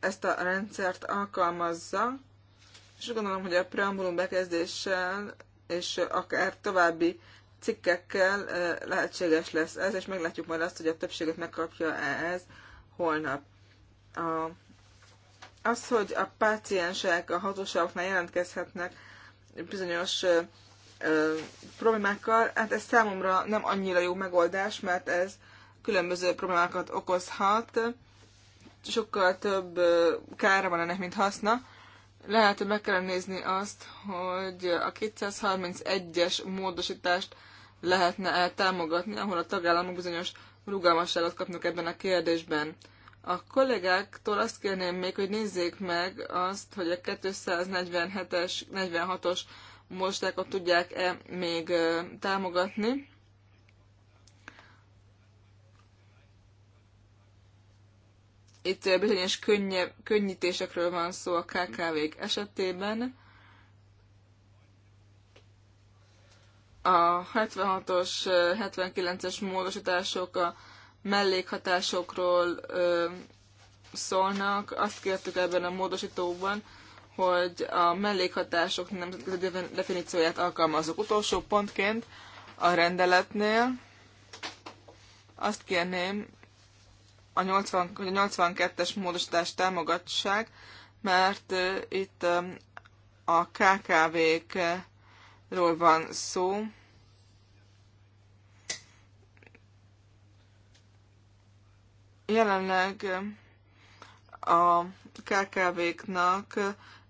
ezt a rendszert alkalmazza, és úgy gondolom, hogy a preambulum bekezdéssel és akár további cikkekkel lehetséges lesz ez, és meglátjuk majd azt, hogy a többséget megkapja -e ez holnap. A, az, hogy a páciensek a hatóságoknál jelentkezhetnek bizonyos ö, ö, problémákkal, hát ez számomra nem annyira jó megoldás, mert ez különböző problémákat okozhat, sokkal több kára van ennek, mint haszna, lehet, hogy meg kellene nézni azt, hogy a 231-es módosítást lehetne -e támogatni, ahol a tagállamok bizonyos rugalmasságot kapnak ebben a kérdésben. A kollégáktól azt kérném még, hogy nézzék meg azt, hogy a 247-es, 46-os mostákat tudják-e még támogatni. Itt bizonyos könnyebb, könnyítésekről van szó a KKV-k esetében. A 76-os, 79-es módosítások a mellékhatásokról ö, szólnak. Azt kértük ebben a módosítóban, hogy a mellékhatások nemzetközi definícióját alkalmazok. Utolsó pontként a rendeletnél azt kérném, a 80, a 82-es módosítást támogatság, mert itt a KKV-król van szó. Jelenleg a KKV-knak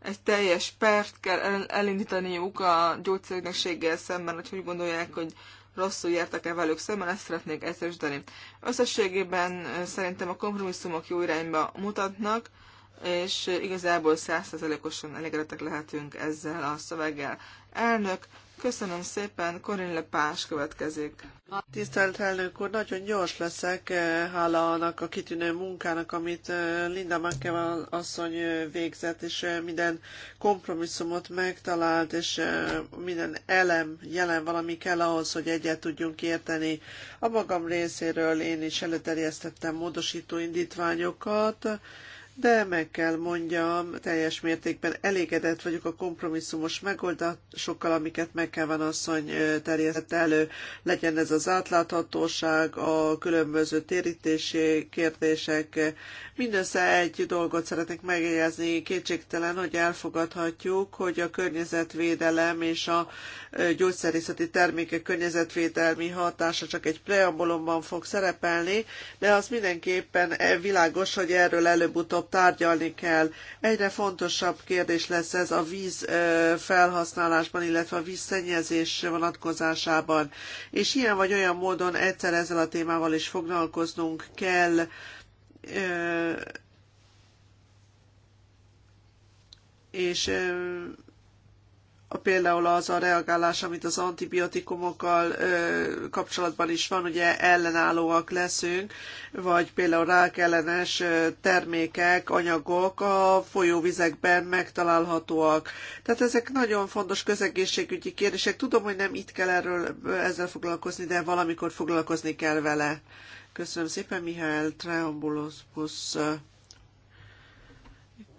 egy teljes pert kell elindítaniuk a gyógyszerügynökséggel szemben, hogy úgy gondolják, hogy rosszul jártak-e velük szemben, ezt szeretnék egyszerűsíteni. Összességében szerintem a kompromisszumok jó irányba mutatnak, és igazából százszerzelékosan elégedettek lehetünk ezzel a szöveggel. Elnök, Köszönöm szépen, Korin Lepás következik. Tisztelt elnök úr, nagyon gyors leszek, eh, hála annak a kitűnő munkának, amit eh, Linda McEwan asszony eh, végzett, és minden kompromisszumot megtalált, és minden elem jelen valami kell ahhoz, hogy egyet tudjunk érteni. A magam részéről én is előterjesztettem módosító indítványokat, de meg kell mondjam, teljes mértékben elégedett vagyok a kompromisszumos megoldásokkal, amiket van asszony terjesztett elő. Legyen ez az átláthatóság, a különböző térítési kérdések. Mindössze egy dolgot szeretnék megjegyezni, kétségtelen, hogy elfogadhatjuk, hogy a környezetvédelem és a gyógyszerészeti termékek környezetvédelmi hatása csak egy preambulumban fog szerepelni, de az mindenképpen világos, hogy erről előbb-utóbb tárgyalni kell. Egyre fontosabb kérdés lesz ez a víz felhasználásban, illetve a vízszennyezés vonatkozásában. És ilyen vagy olyan módon egyszer ezzel a témával is foglalkoznunk kell. És például az a reagálás, amit az antibiotikumokkal ö, kapcsolatban is van, ugye ellenállóak leszünk, vagy például rákellenes termékek, anyagok a folyóvizekben megtalálhatóak. Tehát ezek nagyon fontos közegészségügyi kérdések. Tudom, hogy nem itt kell erről ezzel foglalkozni, de valamikor foglalkozni kell vele. Köszönöm szépen, Mihály Treambulosz.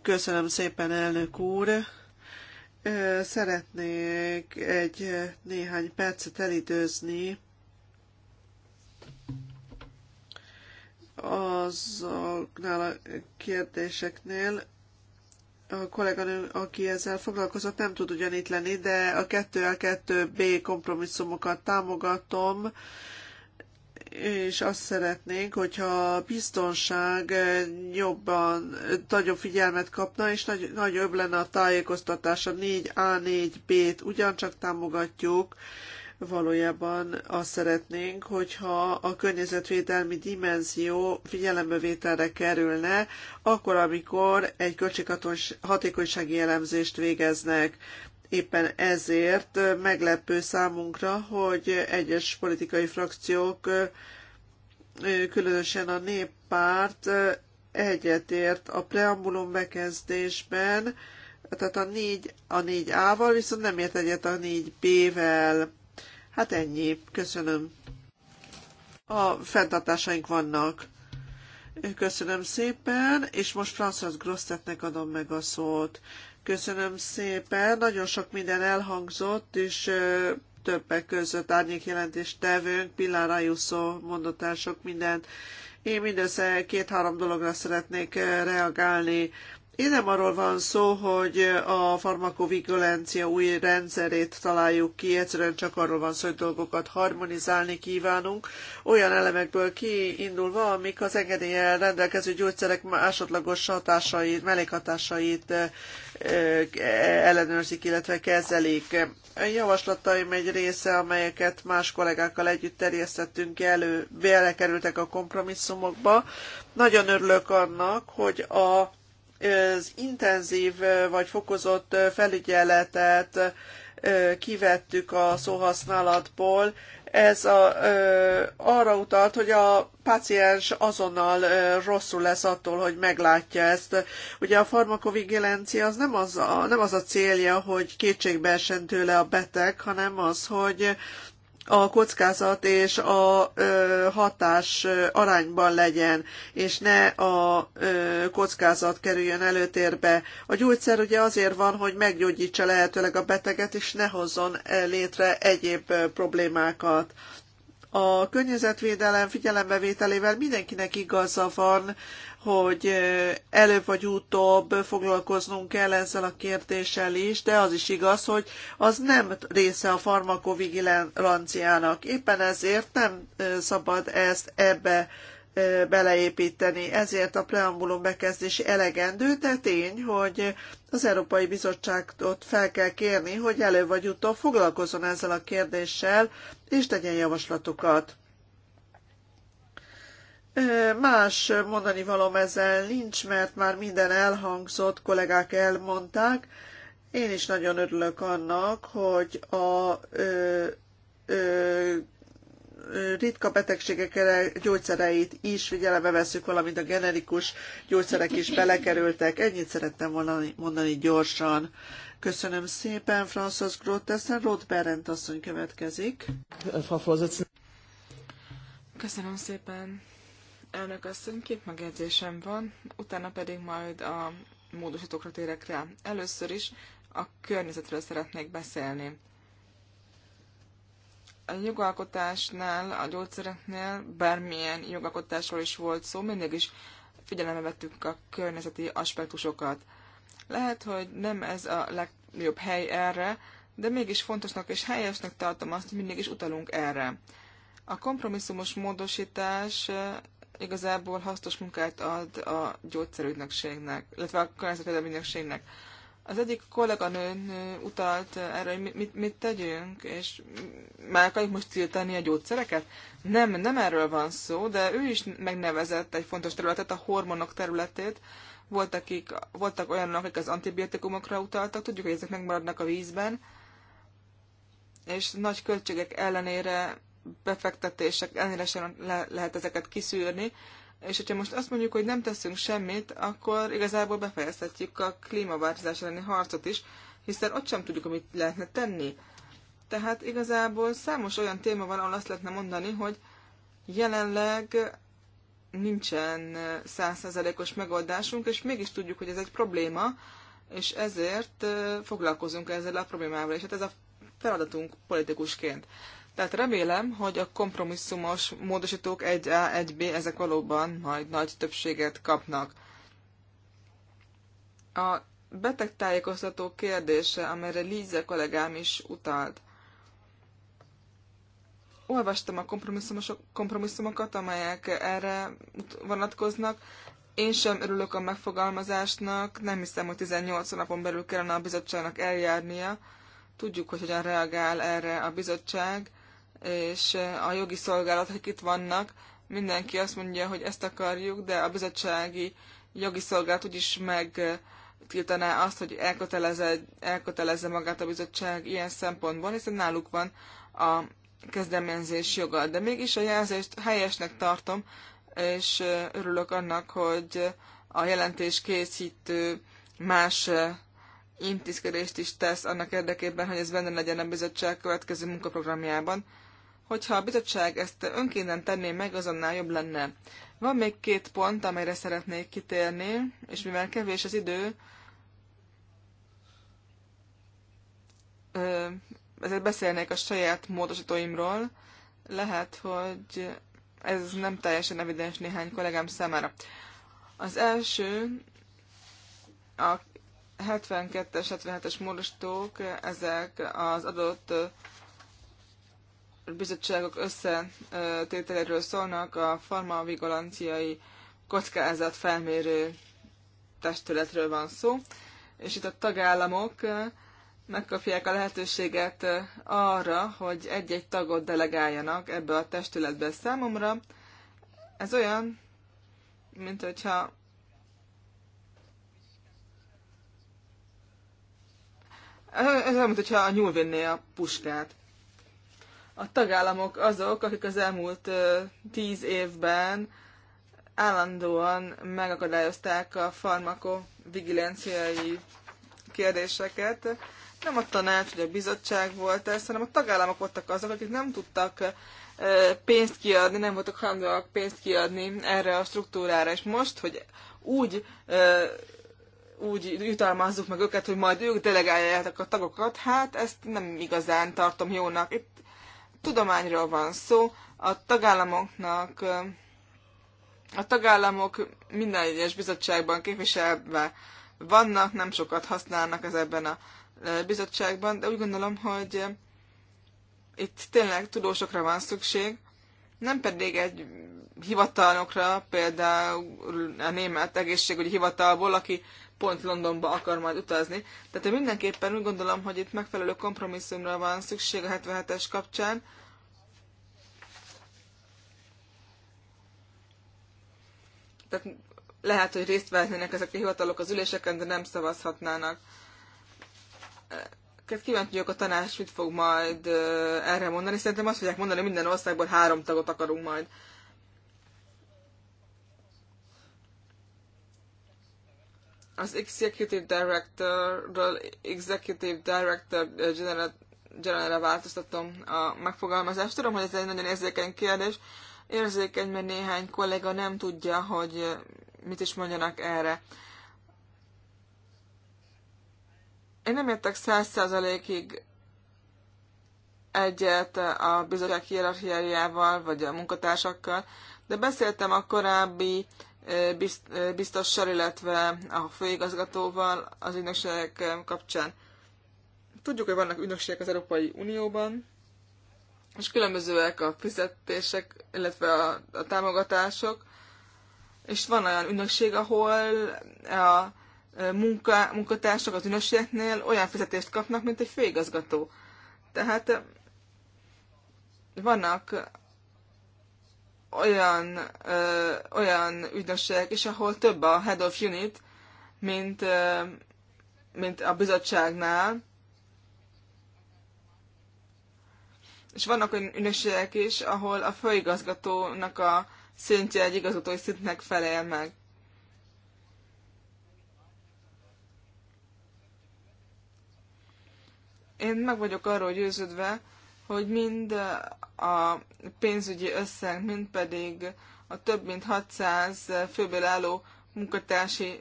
Köszönöm szépen, elnök úr. Szeretnék egy néhány percet elidőzni azoknál a kérdéseknél, a kolléganő, aki ezzel foglalkozott, nem tud ugyan itt lenni, de a 2L2B kompromisszumokat támogatom, és azt szeretnénk, hogyha a biztonság jobban, nagyobb figyelmet kapna, és nagy, nagyobb lenne a tájékoztatás a 4A, 4B-t, ugyancsak támogatjuk, valójában azt szeretnénk, hogyha a környezetvédelmi dimenzió figyelembevételre kerülne, akkor, amikor egy költséghatósági jellemzést végeznek. Éppen ezért meglepő számunkra, hogy egyes politikai frakciók, különösen a néppárt egyetért a preambulum bekezdésben, tehát a 4, a 4A-val, viszont nem ért egyet a 4B-vel. Hát ennyi, köszönöm. A fenntartásaink vannak. Köszönöm szépen, és most Francis Grosztetnek adom meg a szót. Köszönöm szépen, nagyon sok minden elhangzott, és többek között árnyékjelentést tevőnk, Pillár Ajuszó mondott el sok mindent. Én mindössze két-három dologra szeretnék reagálni. Én nem arról van szó, hogy a farmakovigilancia új rendszerét találjuk ki, egyszerűen csak arról van szó, hogy dolgokat harmonizálni kívánunk, olyan elemekből kiindulva, amik az engedélye rendelkező gyógyszerek másodlagos hatásait, mellékhatásait eh, eh, ellenőrzik, illetve kezelik. A javaslataim egy része, amelyeket más kollégákkal együtt terjesztettünk elő, belekerültek a kompromisszumokba. Nagyon örülök annak, hogy a az intenzív vagy fokozott felügyeletet kivettük a szóhasználatból, ez a, ö, arra utalt, hogy a páciens azonnal ö, rosszul lesz attól, hogy meglátja ezt. Ugye a farmakovigilencia az nem az a, nem az a célja, hogy kétségbe esen tőle a beteg, hanem az, hogy a kockázat és a hatás arányban legyen, és ne a kockázat kerüljön előtérbe. A gyógyszer ugye azért van, hogy meggyógyítsa lehetőleg a beteget, és ne hozzon létre egyéb problémákat a környezetvédelem figyelembevételével mindenkinek igaza van, hogy előbb vagy utóbb foglalkoznunk kell ezzel a kérdéssel is, de az is igaz, hogy az nem része a farmakovigilanciának. Éppen ezért nem szabad ezt ebbe beleépíteni. Ezért a preambulum bekezdési elegendő, de tény, hogy az Európai Bizottságot fel kell kérni, hogy elő vagy utóbb foglalkozzon ezzel a kérdéssel, és tegyen javaslatokat. Más mondani valom ezzel nincs, mert már minden elhangzott, kollégák elmondták. Én is nagyon örülök annak, hogy a ö, ö, ritka betegségek gyógyszereit is figyelembe veszük, valamint a generikus gyógyszerek is belekerültek. Ennyit szerettem volna mondani gyorsan. Köszönöm szépen, François Grotessen. Roth Berent asszony következik. Köszönöm szépen, elnök asszony. Két megjegyzésem van, utána pedig majd a módosítókra térek rá. Először is a környezetről szeretnék beszélni a jogalkotásnál, a gyógyszereknél bármilyen jogalkotásról is volt szó, mindig is figyelembe vettük a környezeti aspektusokat. Lehet, hogy nem ez a legjobb hely erre, de mégis fontosnak és helyesnek tartom azt, hogy mindig is utalunk erre. A kompromisszumos módosítás igazából hasznos munkát ad a gyógyszerügynökségnek, illetve a környezetvédelmi ügynökségnek. Az egyik kolléganőn utalt erre, hogy mit, mit tegyünk, és már akarjuk most tiltani a gyógyszereket? Nem, nem erről van szó, de ő is megnevezett egy fontos területet, a hormonok területét. Volt, akik, voltak olyanok, akik az antibiotikumokra utaltak, tudjuk, hogy ezek megmaradnak a vízben, és nagy költségek ellenére, befektetések ellenére sem le, lehet ezeket kiszűrni, és hogyha most azt mondjuk, hogy nem teszünk semmit, akkor igazából befejezhetjük a klímaváltozás elleni harcot is, hiszen ott sem tudjuk, amit lehetne tenni. Tehát igazából számos olyan téma van, ahol azt lehetne mondani, hogy jelenleg nincsen százszerzelékos megoldásunk, és mégis tudjuk, hogy ez egy probléma, és ezért foglalkozunk ezzel a problémával, és hát ez a feladatunk politikusként. Tehát remélem, hogy a kompromisszumos módosítók 1A, 1B ezek valóban majd nagy többséget kapnak. A betegtájékoztató kérdése, amelyre Líze kollégám is utalt. Olvastam a kompromisszumokat, amelyek erre vonatkoznak. Én sem örülök a megfogalmazásnak, nem hiszem, hogy 18 napon belül kellene a bizottságnak eljárnia. Tudjuk, hogy hogyan reagál erre a bizottság és a jogi szolgálat, akik itt vannak, mindenki azt mondja, hogy ezt akarjuk, de a bizottsági jogi szolgálat úgyis megtiltaná azt, hogy elkötelezze, elkötelezze magát a bizottság ilyen szempontból, hiszen náluk van a kezdeményezés joga. De mégis a jelzést helyesnek tartom, és örülök annak, hogy a jelentés készítő más intézkedést is tesz annak érdekében, hogy ez benne legyen a bizottság következő munkaprogramjában. Hogyha a bizottság ezt önkénten tenné meg, azonnal jobb lenne. Van még két pont, amelyre szeretnék kitérni, és mivel kevés az idő, ezért beszélnék a saját módosítóimról. Lehet, hogy ez nem teljesen evidens néhány kollégám számára. Az első, a 72-es, 77-es módosítók, ezek az adott bizottságok összetételéről szólnak a farmavigolanciai kockázat felmérő testületről van szó, és itt a tagállamok megkapják a lehetőséget arra, hogy egy-egy tagot delegáljanak ebbe a testületbe számomra. Ez olyan, mint hogyha ez olyan, mint hogyha a nyúl vinné a puskát a tagállamok azok, akik az elmúlt tíz évben állandóan megakadályozták a farmakovigilenciai kérdéseket. Nem a tanács vagy a bizottság volt ez, hanem a tagállamok voltak azok, akik nem tudtak pénzt kiadni, nem voltak hajlandóak pénzt kiadni erre a struktúrára. És most, hogy úgy úgy jutalmazzuk meg őket, hogy majd ők delegálják a tagokat, hát ezt nem igazán tartom jónak. Itt tudományról van szó, a tagállamoknak, a tagállamok minden egyes bizottságban képviselve vannak, nem sokat használnak ez ebben a bizottságban, de úgy gondolom, hogy itt tényleg tudósokra van szükség, nem pedig egy hivatalnokra, például a német egészségügyi hivatalból, aki pont Londonba akar majd utazni. Tehát én mindenképpen úgy gondolom, hogy itt megfelelő kompromisszumra van szükség a 77-es kapcsán. Tehát lehet, hogy részt vehetnének ezek a hivatalok az üléseken, de nem szavazhatnának. Kíváncsi vagyok a tanács, mit fog majd erre mondani. Szerintem azt fogják mondani, hogy minden országból három tagot akarunk majd. Az Executive Directorről Executive Director eh, General, general változtatom a megfogalmazást. Tudom, hogy ez egy nagyon érzékeny kérdés. Érzékeny, mert néhány kollega nem tudja, hogy eh, mit is mondjanak erre. Én nem értek száz százalékig egyet a bizottság hierarchiájával, vagy a munkatársakkal, de beszéltem a korábbi uh, biztossal, illetve a főigazgatóval az ügynökségek kapcsán. Tudjuk, hogy vannak ügynökségek az Európai Unióban, és különbözőek a fizetések, illetve a, a támogatások, és van olyan ügynökség, ahol a e, munka, munkatársak az ügynökségeknél olyan fizetést kapnak, mint egy főigazgató. Tehát e, vannak olyan, ö, olyan ügynökségek is, ahol több a head of unit, mint, ö, mint a bizottságnál. És vannak olyan ügynökségek is, ahol a főigazgatónak a szintje egy igazgatói szintnek felel meg. Én meg vagyok arról győződve, hogy mind a pénzügyi összeg, mind pedig a több mint 600 főből álló munkatársi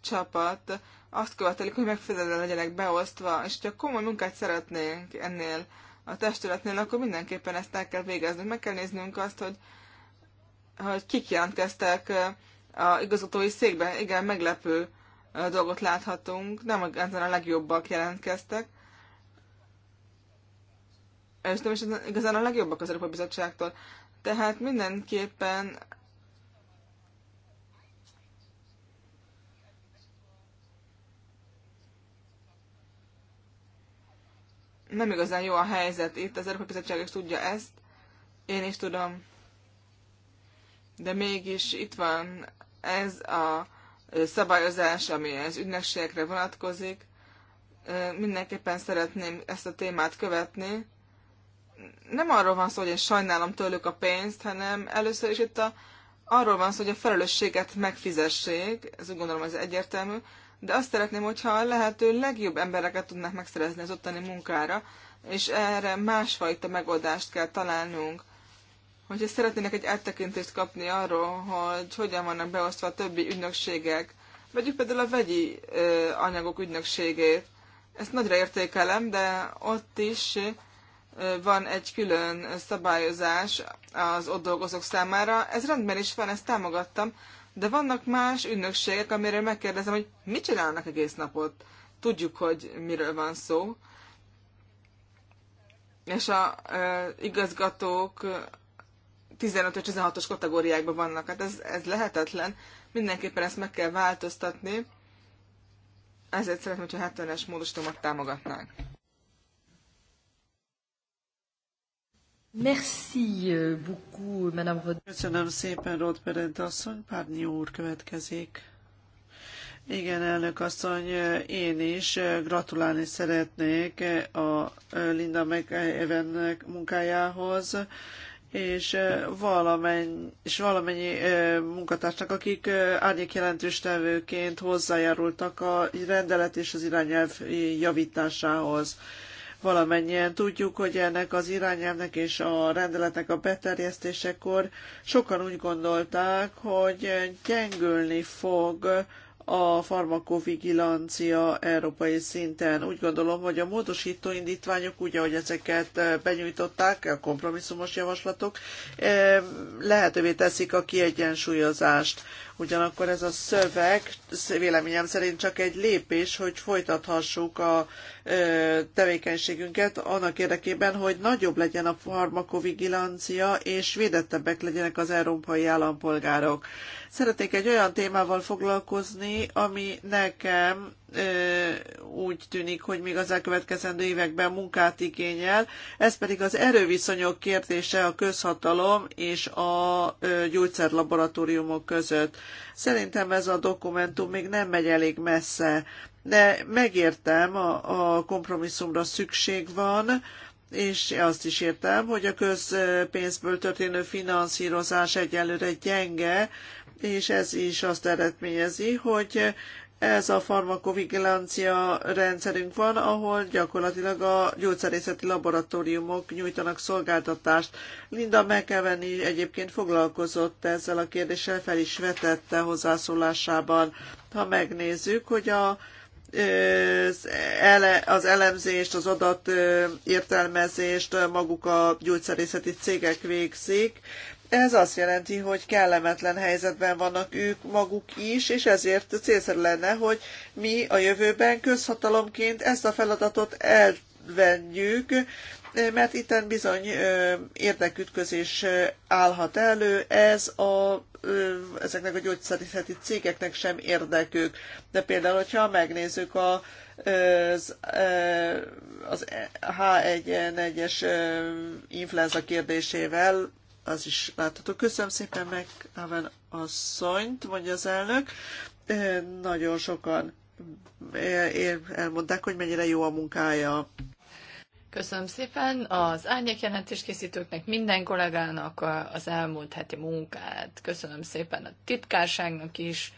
csapat azt követelik, hogy megfelelően legyenek beosztva, és ha komoly munkát szeretnénk ennél a testületnél, akkor mindenképpen ezt el kell végeznünk. Meg kell néznünk azt, hogy, hogy kik jelentkeztek a igazgatói székben. Igen, meglepő dolgot láthatunk, nem ezen a legjobbak jelentkeztek és nem is igazán a legjobbak az Európai Bizottságtól. Tehát mindenképpen nem igazán jó a helyzet itt, az Európai Bizottság is tudja ezt, én is tudom. De mégis itt van ez a szabályozás, ami az ügynökségekre vonatkozik. Mindenképpen szeretném ezt a témát követni, nem arról van szó, hogy én sajnálom tőlük a pénzt, hanem először is itt a, arról van szó, hogy a felelősséget megfizessék, ez úgy gondolom az egyértelmű, de azt szeretném, hogyha a lehető legjobb embereket tudnak megszerezni az ottani munkára, és erre másfajta megoldást kell találnunk. Hogyha szeretnének egy áttekintést kapni arról, hogy hogyan vannak beosztva a többi ügynökségek, vegyük például a vegyi ö, anyagok ügynökségét. Ezt nagyra értékelem, de ott is van egy külön szabályozás az ott dolgozók számára. Ez rendben is van, ezt támogattam, de vannak más ünnökségek, amire megkérdezem, hogy mit csinálnak egész napot. Tudjuk, hogy miről van szó. És a e, igazgatók 15-16-os kategóriákban vannak. Hát ez, ez lehetetlen. Mindenképpen ezt meg kell változtatni. Ezért szeretném, hogyha 70-es módosítomat támogatnánk. Merci euh, beaucoup, euh, Madame Rod. Köszönöm szépen, Rod asszony. úr következik. Igen, elnök asszony, én is gratulálni szeretnék a Linda McEvennek munkájához, és valamennyi, és valamennyi munkatársnak, akik árnyék jelentős tevőként hozzájárultak a rendelet és az irányelv javításához. Valamennyien tudjuk, hogy ennek az irányelvnek és a rendeletnek a beterjesztésekor sokan úgy gondolták, hogy gyengülni fog a farmakovigilancia európai szinten. Úgy gondolom, hogy a módosító indítványok, úgy, ahogy ezeket eh, benyújtották, a kompromisszumos javaslatok, eh, lehetővé teszik a kiegyensúlyozást. Ugyanakkor ez a szöveg véleményem szerint csak egy lépés, hogy folytathassuk a tevékenységünket annak érdekében, hogy nagyobb legyen a farmakovigilancia, és védettebbek legyenek az európai állampolgárok. Szeretnék egy olyan témával foglalkozni, ami nekem úgy tűnik, hogy még az elkövetkezendő években munkát igényel, ez pedig az erőviszonyok kérdése a közhatalom és a gyógyszerlaboratóriumok között. Szerintem ez a dokumentum még nem megy elég messze de megértem, a, a kompromisszumra szükség van, és azt is értem, hogy a közpénzből történő finanszírozás egyelőre gyenge, és ez is azt eredményezi, hogy ez a farmakovigilancia rendszerünk van, ahol gyakorlatilag a gyógyszerészeti laboratóriumok nyújtanak szolgáltatást. Linda McEwen is egyébként foglalkozott ezzel a kérdéssel, fel is vetette hozzászólásában. Ha megnézzük, hogy a az elemzést, az adat értelmezést maguk a gyógyszerészeti cégek végzik. Ez azt jelenti, hogy kellemetlen helyzetben vannak ők maguk is, és ezért célszerű lenne, hogy mi a jövőben közhatalomként ezt a feladatot elvenjük, mert itten bizony érdekütközés állhat elő, ez a, ezeknek a gyógyszerészeti cégeknek sem érdekük. De például, hogyha megnézzük a, az, az H1N1-es influenza kérdésével, az is látható. Köszönöm szépen meg Haven asszonyt, mondja az elnök. Nagyon sokan elmondták, hogy mennyire jó a munkája. Köszönöm szépen az árnyék jelentéskészítőknek, minden kollégának az elmúlt heti munkát. Köszönöm szépen a titkárságnak is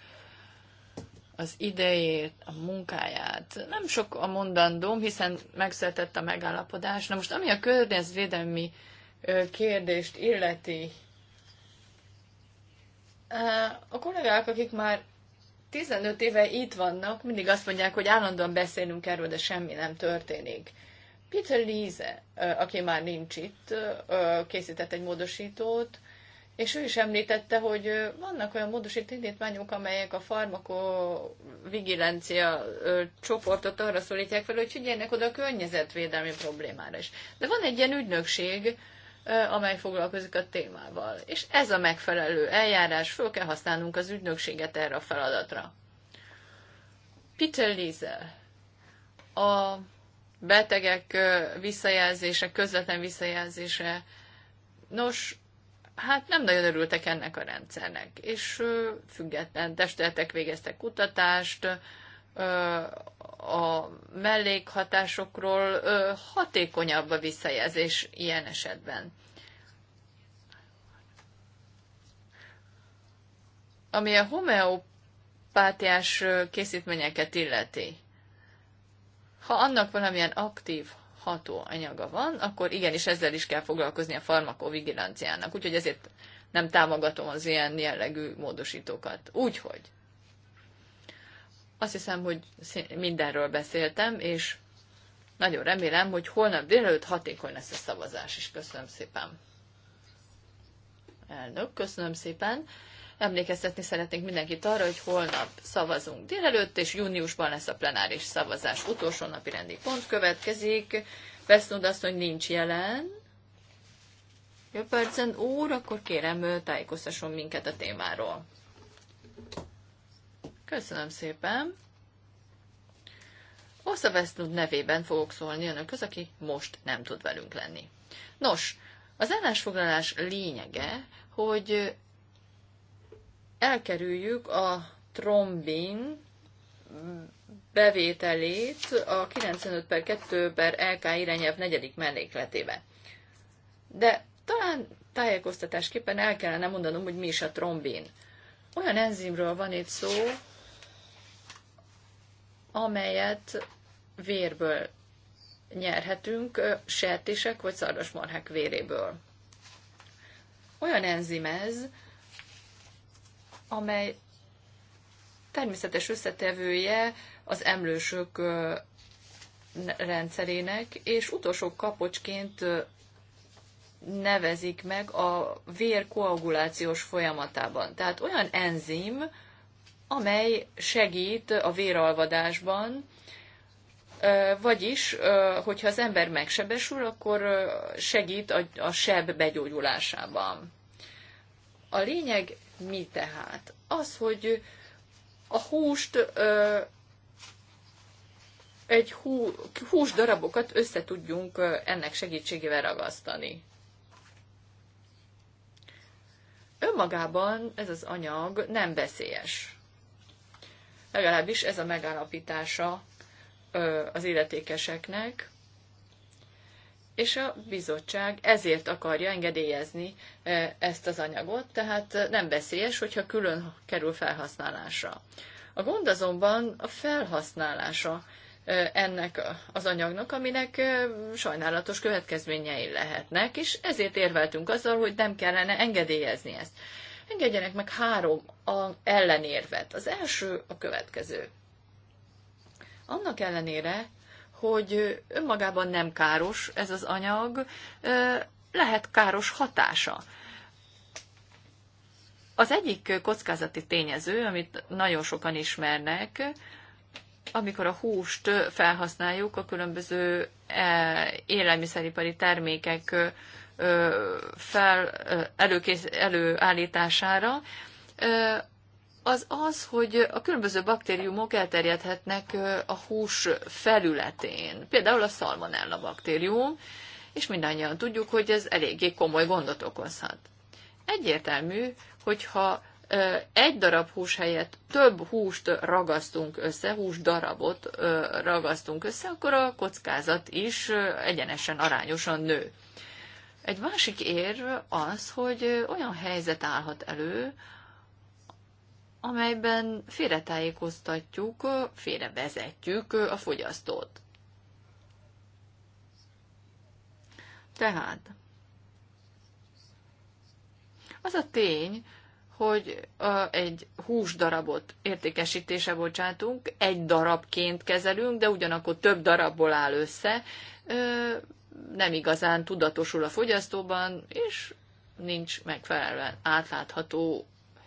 az idejét, a munkáját. Nem sok a mondandóm, hiszen megszületett a megállapodás. Na most, ami a környezetvédelmi kérdést illeti, a kollégák, akik már 15 éve itt vannak, mindig azt mondják, hogy állandóan beszélünk erről, de semmi nem történik. Peter Líze, aki már nincs itt, készített egy módosítót, és ő is említette, hogy vannak olyan módosít indítványok, amelyek a farmakovigilencia csoportot arra szólítják fel, hogy figyeljenek oda a környezetvédelmi problémára is. De van egy ilyen ügynökség, amely foglalkozik a témával. És ez a megfelelő eljárás, föl kell használnunk az ügynökséget erre a feladatra. Peter Liesel, a betegek visszajelzése, közvetlen visszajelzése. Nos, hát nem nagyon örültek ennek a rendszernek, és független testületek végeztek kutatást, a mellékhatásokról hatékonyabb a visszajelzés ilyen esetben. Ami a homeopátiás készítményeket illeti. Ha annak valamilyen aktív hatóanyaga van, akkor igenis ezzel is kell foglalkozni a farmakovigilanciának. Úgyhogy ezért nem támogatom az ilyen jellegű módosítókat. Úgyhogy azt hiszem, hogy mindenről beszéltem, és nagyon remélem, hogy holnap délelőtt hatékony lesz a szavazás is. Köszönöm szépen. Elnök, köszönöm szépen. Emlékeztetni szeretnénk mindenkit arra, hogy holnap szavazunk délelőtt, és júniusban lesz a plenáris szavazás. Utolsó napi rendi pont következik. Vesznod azt, hogy nincs jelen. Jó percen úr, akkor kérem tájékoztasson minket a témáról. Köszönöm szépen. Osza Vesznud nevében fogok szólni az, aki most nem tud velünk lenni. Nos, az állásfoglalás lényege, hogy elkerüljük a trombin bevételét a 95 per 2 per LK irányelv negyedik mellékletébe. De talán tájékoztatásképpen el kellene mondanom, hogy mi is a trombin. Olyan enzimről van itt szó, amelyet vérből nyerhetünk, sertések vagy szarvasmarhák véréből. Olyan enzim ez, amely természetes összetevője az emlősök rendszerének, és utolsó kapocsként nevezik meg a vér koagulációs folyamatában. Tehát olyan enzim, amely segít a véralvadásban, vagyis, hogyha az ember megsebesül, akkor segít a, a seb begyógyulásában. A lényeg mi tehát? Az, hogy a húst ö, egy hú, hús darabokat tudjunk ennek segítségével ragasztani. Önmagában ez az anyag nem veszélyes. Legalábbis ez a megállapítása az illetékeseknek, és a bizottság ezért akarja engedélyezni e, ezt az anyagot, tehát nem veszélyes, hogyha külön kerül felhasználásra. A gond azonban a felhasználása e, ennek az anyagnak, aminek e, sajnálatos következményei lehetnek, és ezért érveltünk azzal, hogy nem kellene engedélyezni ezt. Engedjenek meg három ellenérvet. Az első a következő. Annak ellenére, hogy önmagában nem káros ez az anyag, lehet káros hatása. Az egyik kockázati tényező, amit nagyon sokan ismernek, amikor a húst felhasználjuk a különböző e, élelmiszeripari termékek fel, előkész, előállítására, az az, hogy a különböző baktériumok elterjedhetnek a hús felületén. Például a szalmonella baktérium, és mindannyian tudjuk, hogy ez eléggé komoly gondot okozhat. Egyértelmű, hogyha egy darab hús helyett több húst ragasztunk össze, hús darabot ragasztunk össze, akkor a kockázat is egyenesen arányosan nő. Egy másik érv az, hogy olyan helyzet állhat elő, amelyben félretájékoztatjuk, félrevezetjük a fogyasztót. Tehát az a tény, hogy egy hús darabot értékesítése bocsátunk, egy darabként kezelünk, de ugyanakkor több darabból áll össze, nem igazán tudatosul a fogyasztóban, és nincs megfelelően átlátható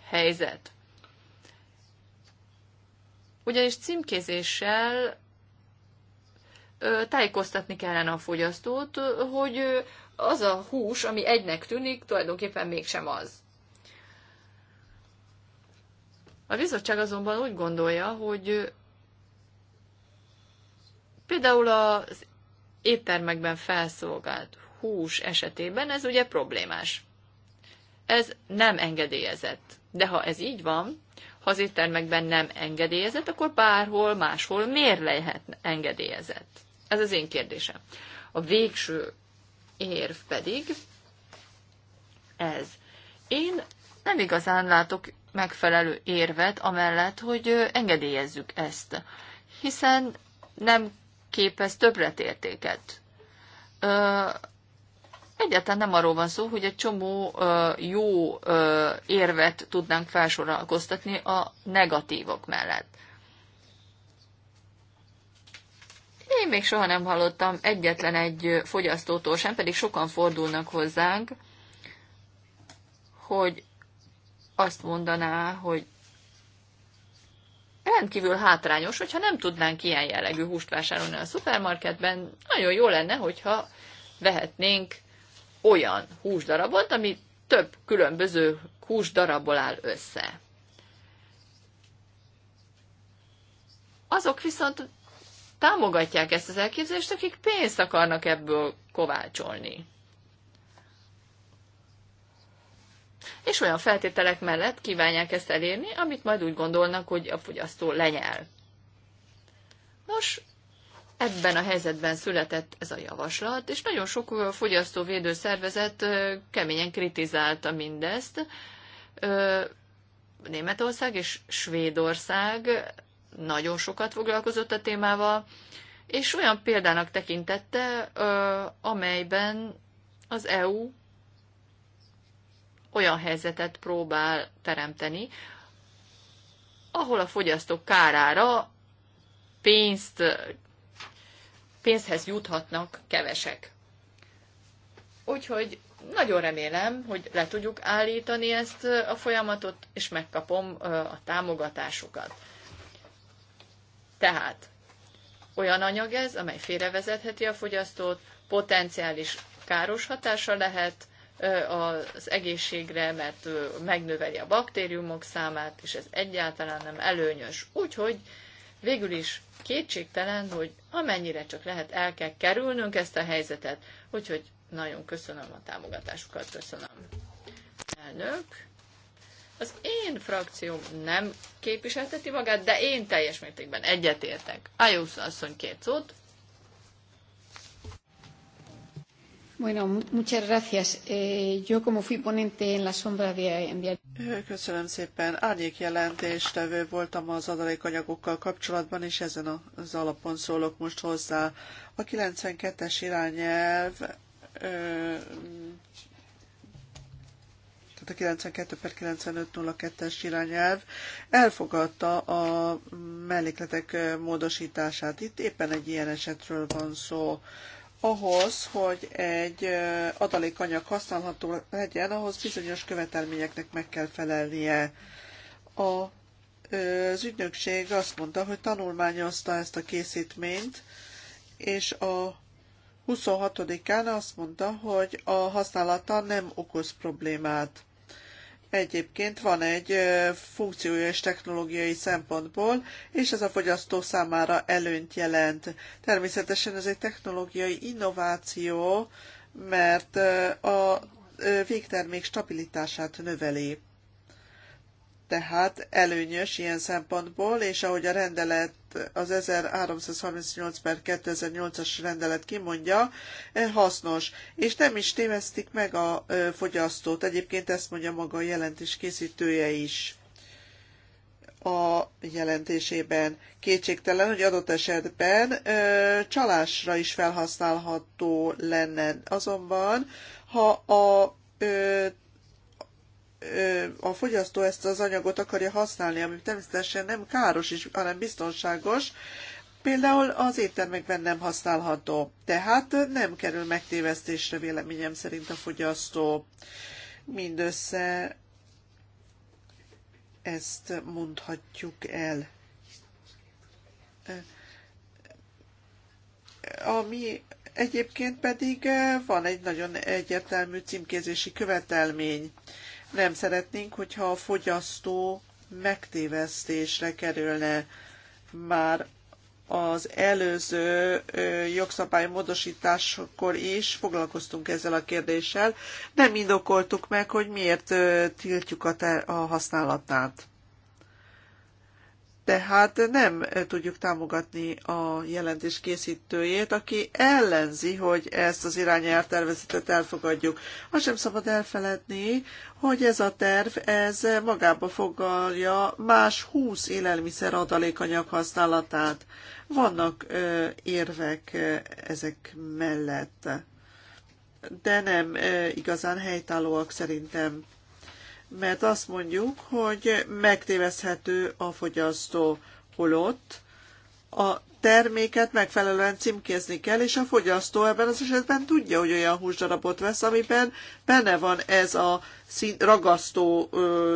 helyzet ugyanis címkézéssel tájékoztatni kellene a fogyasztót, hogy az a hús, ami egynek tűnik, tulajdonképpen mégsem az. A bizottság azonban úgy gondolja, hogy például az éttermekben felszolgált hús esetében ez ugye problémás. Ez nem engedélyezett. De ha ez így van, ha az éttermekben nem engedélyezett, akkor bárhol máshol miért lehet engedélyezett? Ez az én kérdésem. A végső érv pedig ez. Én nem igazán látok megfelelő érvet amellett, hogy engedélyezzük ezt, hiszen nem képez többletértéket egyáltalán nem arról van szó, hogy egy csomó jó érvet tudnánk felsorakoztatni a negatívok mellett. Én még soha nem hallottam egyetlen egy fogyasztótól sem, pedig sokan fordulnak hozzánk, hogy azt mondaná, hogy rendkívül hátrányos, hogyha nem tudnánk ilyen jellegű húst vásárolni a szupermarketben, nagyon jó lenne, hogyha vehetnénk olyan húsdarabot, ami több különböző húsdarabból áll össze. Azok viszont támogatják ezt az elképzelést, akik pénzt akarnak ebből kovácsolni. És olyan feltételek mellett kívánják ezt elérni, amit majd úgy gondolnak, hogy a fogyasztó lenyel. Nos, ebben a helyzetben született ez a javaslat, és nagyon sok fogyasztóvédő szervezet keményen kritizálta mindezt. Németország és Svédország nagyon sokat foglalkozott a témával, és olyan példának tekintette, amelyben az EU olyan helyzetet próbál teremteni, ahol a fogyasztók kárára pénzt pénzhez juthatnak kevesek. Úgyhogy nagyon remélem, hogy le tudjuk állítani ezt a folyamatot, és megkapom a támogatásukat. Tehát olyan anyag ez, amely félrevezetheti a fogyasztót, potenciális káros hatása lehet az egészségre, mert megnöveli a baktériumok számát, és ez egyáltalán nem előnyös. Úgyhogy végül is kétségtelen, hogy amennyire csak lehet, el kell kerülnünk ezt a helyzetet. Úgyhogy nagyon köszönöm a támogatásukat, köszönöm. Elnök. Az én frakcióm nem képviselteti magát, de én teljes mértékben egyetértek. Ajusz asszony két szót. Bueno, Köszönöm szépen. Árnyék jelentéstevő voltam az adalékanyagokkal kapcsolatban, és ezen az alapon szólok most hozzá. A 92-es irányelv tehát a 92 per 9502-es irányelv elfogadta a mellékletek módosítását. Itt éppen egy ilyen esetről van szó ahhoz, hogy egy adalékanyag használható legyen, ahhoz bizonyos követelményeknek meg kell felelnie. A, az ügynökség azt mondta, hogy tanulmányozta ezt a készítményt, és a 26-án azt mondta, hogy a használata nem okoz problémát egyébként van egy funkciója és technológiai szempontból, és ez a fogyasztó számára előnyt jelent. Természetesen ez egy technológiai innováció, mert a végtermék stabilitását növeli tehát előnyös ilyen szempontból, és ahogy a rendelet, az 1338 per 2008-as rendelet kimondja, eh, hasznos, és nem is tévesztik meg a fogyasztót. Egyébként ezt mondja maga a jelentés készítője is a jelentésében. Kétségtelen, hogy adott esetben ö, csalásra is felhasználható lenne. Azonban, ha a ö, a fogyasztó ezt az anyagot akarja használni, ami természetesen nem káros is, hanem biztonságos, például az éttermekben nem használható. Tehát nem kerül megtévesztésre véleményem szerint a fogyasztó. Mindössze ezt mondhatjuk el. Ami egyébként pedig eh, van egy nagyon egyértelmű címkézési követelmény nem szeretnénk, hogyha a fogyasztó megtévesztésre kerülne. Már az előző jogszabály módosításokor is foglalkoztunk ezzel a kérdéssel. Nem indokoltuk meg, hogy miért tiltjuk a, a használatát. Tehát nem tudjuk támogatni a jelentés készítőjét, aki ellenzi, hogy ezt az irányelvtervezetet elfogadjuk. Azt sem szabad elfeledni, hogy ez a terv, ez magába foglalja más 20 élelmiszer adalékanyag használatát. Vannak ö, érvek ö, ezek mellett, de nem ö, igazán helytállóak szerintem mert azt mondjuk, hogy megtévezhető a fogyasztó holott, a terméket megfelelően címkézni kell, és a fogyasztó ebben az esetben tudja, hogy olyan húsdarabot vesz, amiben benne van ez a ragasztó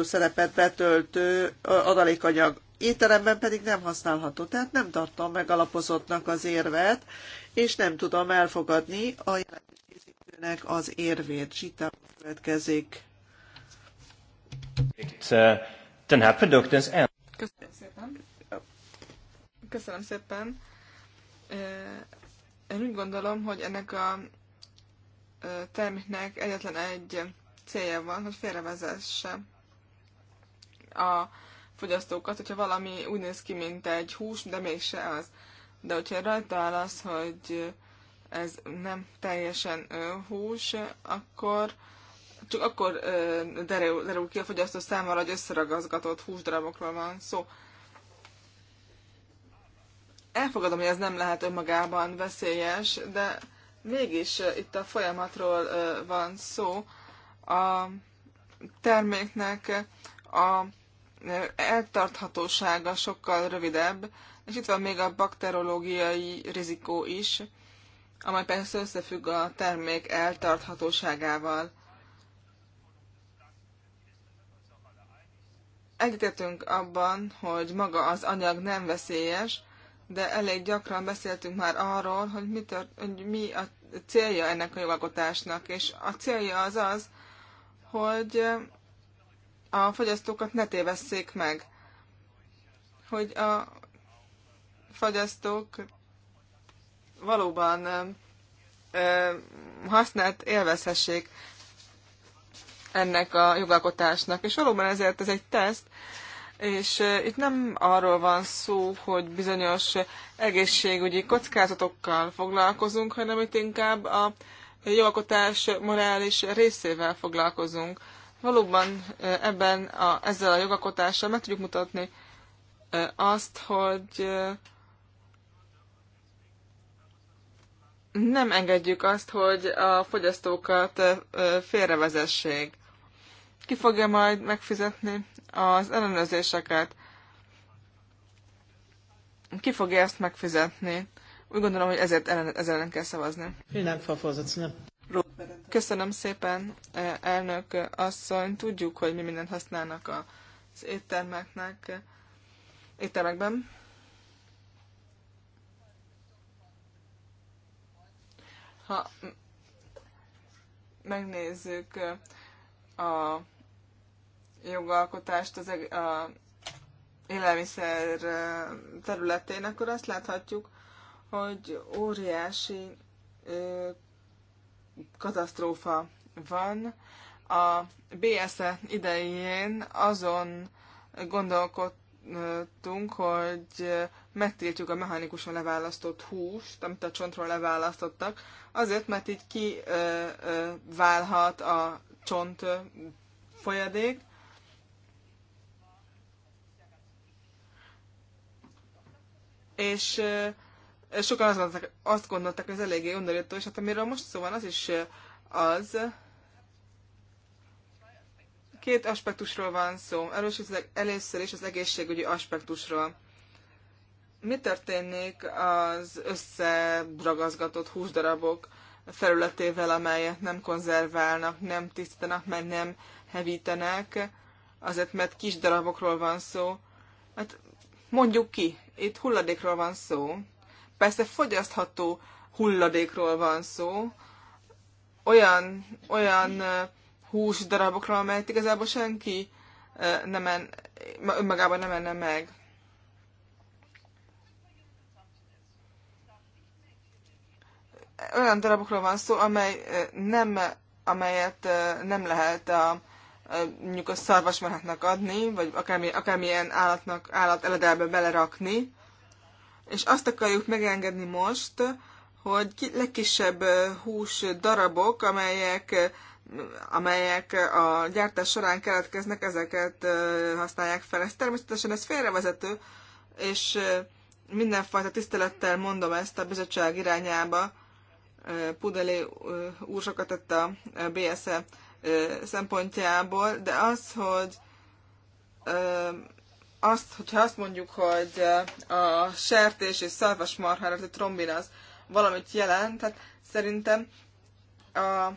szerepet betöltő adalékanyag. Étteremben pedig nem használható, tehát nem tartom meg az érvet, és nem tudom elfogadni a jelentéskészítőnek az érvét. Zsita következik. Den eh, här produkten Köszönöm szépen. Köszönöm szépen. Eh, én úgy gondolom, hogy ennek a eh, terméknek egyetlen egy célja van, hogy félrevezesse a fogyasztókat, hogyha valami úgy néz ki, mint egy hús, de mégse az. De hogyha rajta áll az, hogy ez nem teljesen hús, akkor csak akkor derül, derül ki a fogyasztó számára, hogy összeragazgatott húsdarabokról van szó. Elfogadom, hogy ez nem lehet önmagában veszélyes, de mégis itt a folyamatról van szó. A terméknek a eltarthatósága sokkal rövidebb, és itt van még a bakterológiai rizikó is, amely persze összefügg a termék eltarthatóságával. Egyetértünk abban, hogy maga az anyag nem veszélyes, de elég gyakran beszéltünk már arról, hogy mi, tört, hogy mi a célja ennek a jogalkotásnak, és a célja az az, hogy a fogyasztókat ne tévesszék meg, hogy a fogyasztók valóban használt élvezhessék ennek a jogalkotásnak. És valóban ezért ez egy teszt, és itt nem arról van szó, hogy bizonyos egészségügyi kockázatokkal foglalkozunk, hanem itt inkább a jogalkotás morális részével foglalkozunk. Valóban ebben a, ezzel a jogalkotással meg tudjuk mutatni azt, hogy nem engedjük azt, hogy a fogyasztókat félrevezessék. Ki fogja majd megfizetni az ellenőrzéseket? Ki fogja ezt megfizetni? Úgy gondolom, hogy ezért ellen, ezzel ellen kell szavazni. Köszönöm szépen, e, elnök asszony. Tudjuk, hogy mi mindent használnak az éttermeknek, éttermekben. Ha megnézzük e, a jogalkotást az a élelmiszer eh, területén, akkor azt láthatjuk, hogy óriási eh, katasztrófa van. A BSE idején azon gondolkodtunk, hogy megtiltjuk a mechanikusan leválasztott húst, amit a csontról leválasztottak, azért, mert így kiválhat eh, a csont folyadék, és sokan azt gondolták, azt gondolták hogy ez eléggé undorító, és hát amiről most szó van, az is az. Két aspektusról van szó. Először is az egészségügyi aspektusról. Mi történik az összedragazgatott húsdarabok felületével, amelyet nem konzerválnak, nem tisztanak, mert nem hevítenek, azért mert kis darabokról van szó. Hát mondjuk ki, itt hulladékról van szó. Persze fogyasztható hulladékról van szó, olyan, olyan hús darabokról, amelyet igazából senki nem en, önmagában nem enne meg. Olyan darabokról van szó, amely nem, amelyet nem lehet a mondjuk a szarvasmarhatnak adni, vagy akármi, akármilyen állatnak, állat eledelbe belerakni, és azt akarjuk megengedni most, hogy legkisebb hús darabok, amelyek, amelyek a gyártás során keletkeznek, ezeket használják fel. Ez természetesen ez félrevezető, és mindenfajta tisztelettel mondom ezt a bizottság irányába. Pudeli úr sokat tett a BSE szempontjából, de az, hogy azt, hogyha azt mondjuk, hogy a sertés és szarvas marhára, a trombin az valamit jelent, tehát szerintem a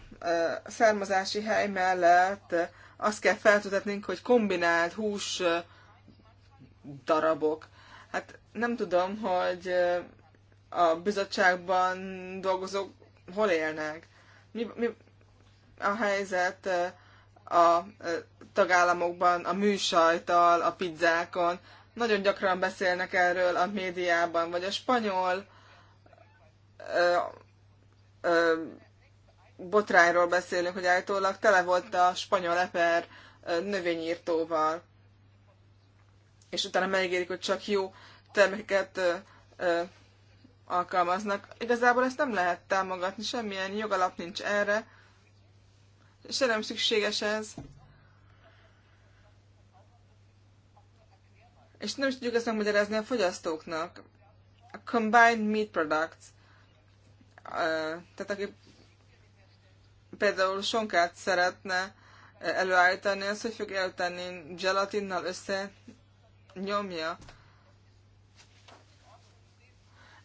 származási hely mellett azt kell feltudatnunk, hogy kombinált hús darabok. Hát nem tudom, hogy a bizottságban dolgozók hol élnek. Mi, mi, a helyzet a tagállamokban, a műsajtal, a pizzákon. Nagyon gyakran beszélnek erről a médiában, vagy a spanyol ö, ö, botrányról beszélünk, hogy állítólag tele volt a spanyol eper növényírtóval. És utána megígérik, hogy csak jó termékeket alkalmaznak. Igazából ezt nem lehet támogatni, semmilyen jogalap nincs erre se nem szükséges ez. És nem is tudjuk ezt megmagyarázni a fogyasztóknak. A combined meat products. Tehát aki például sonkát szeretne előállítani, az hogy fog eltenni gelatinnal össze nyomja.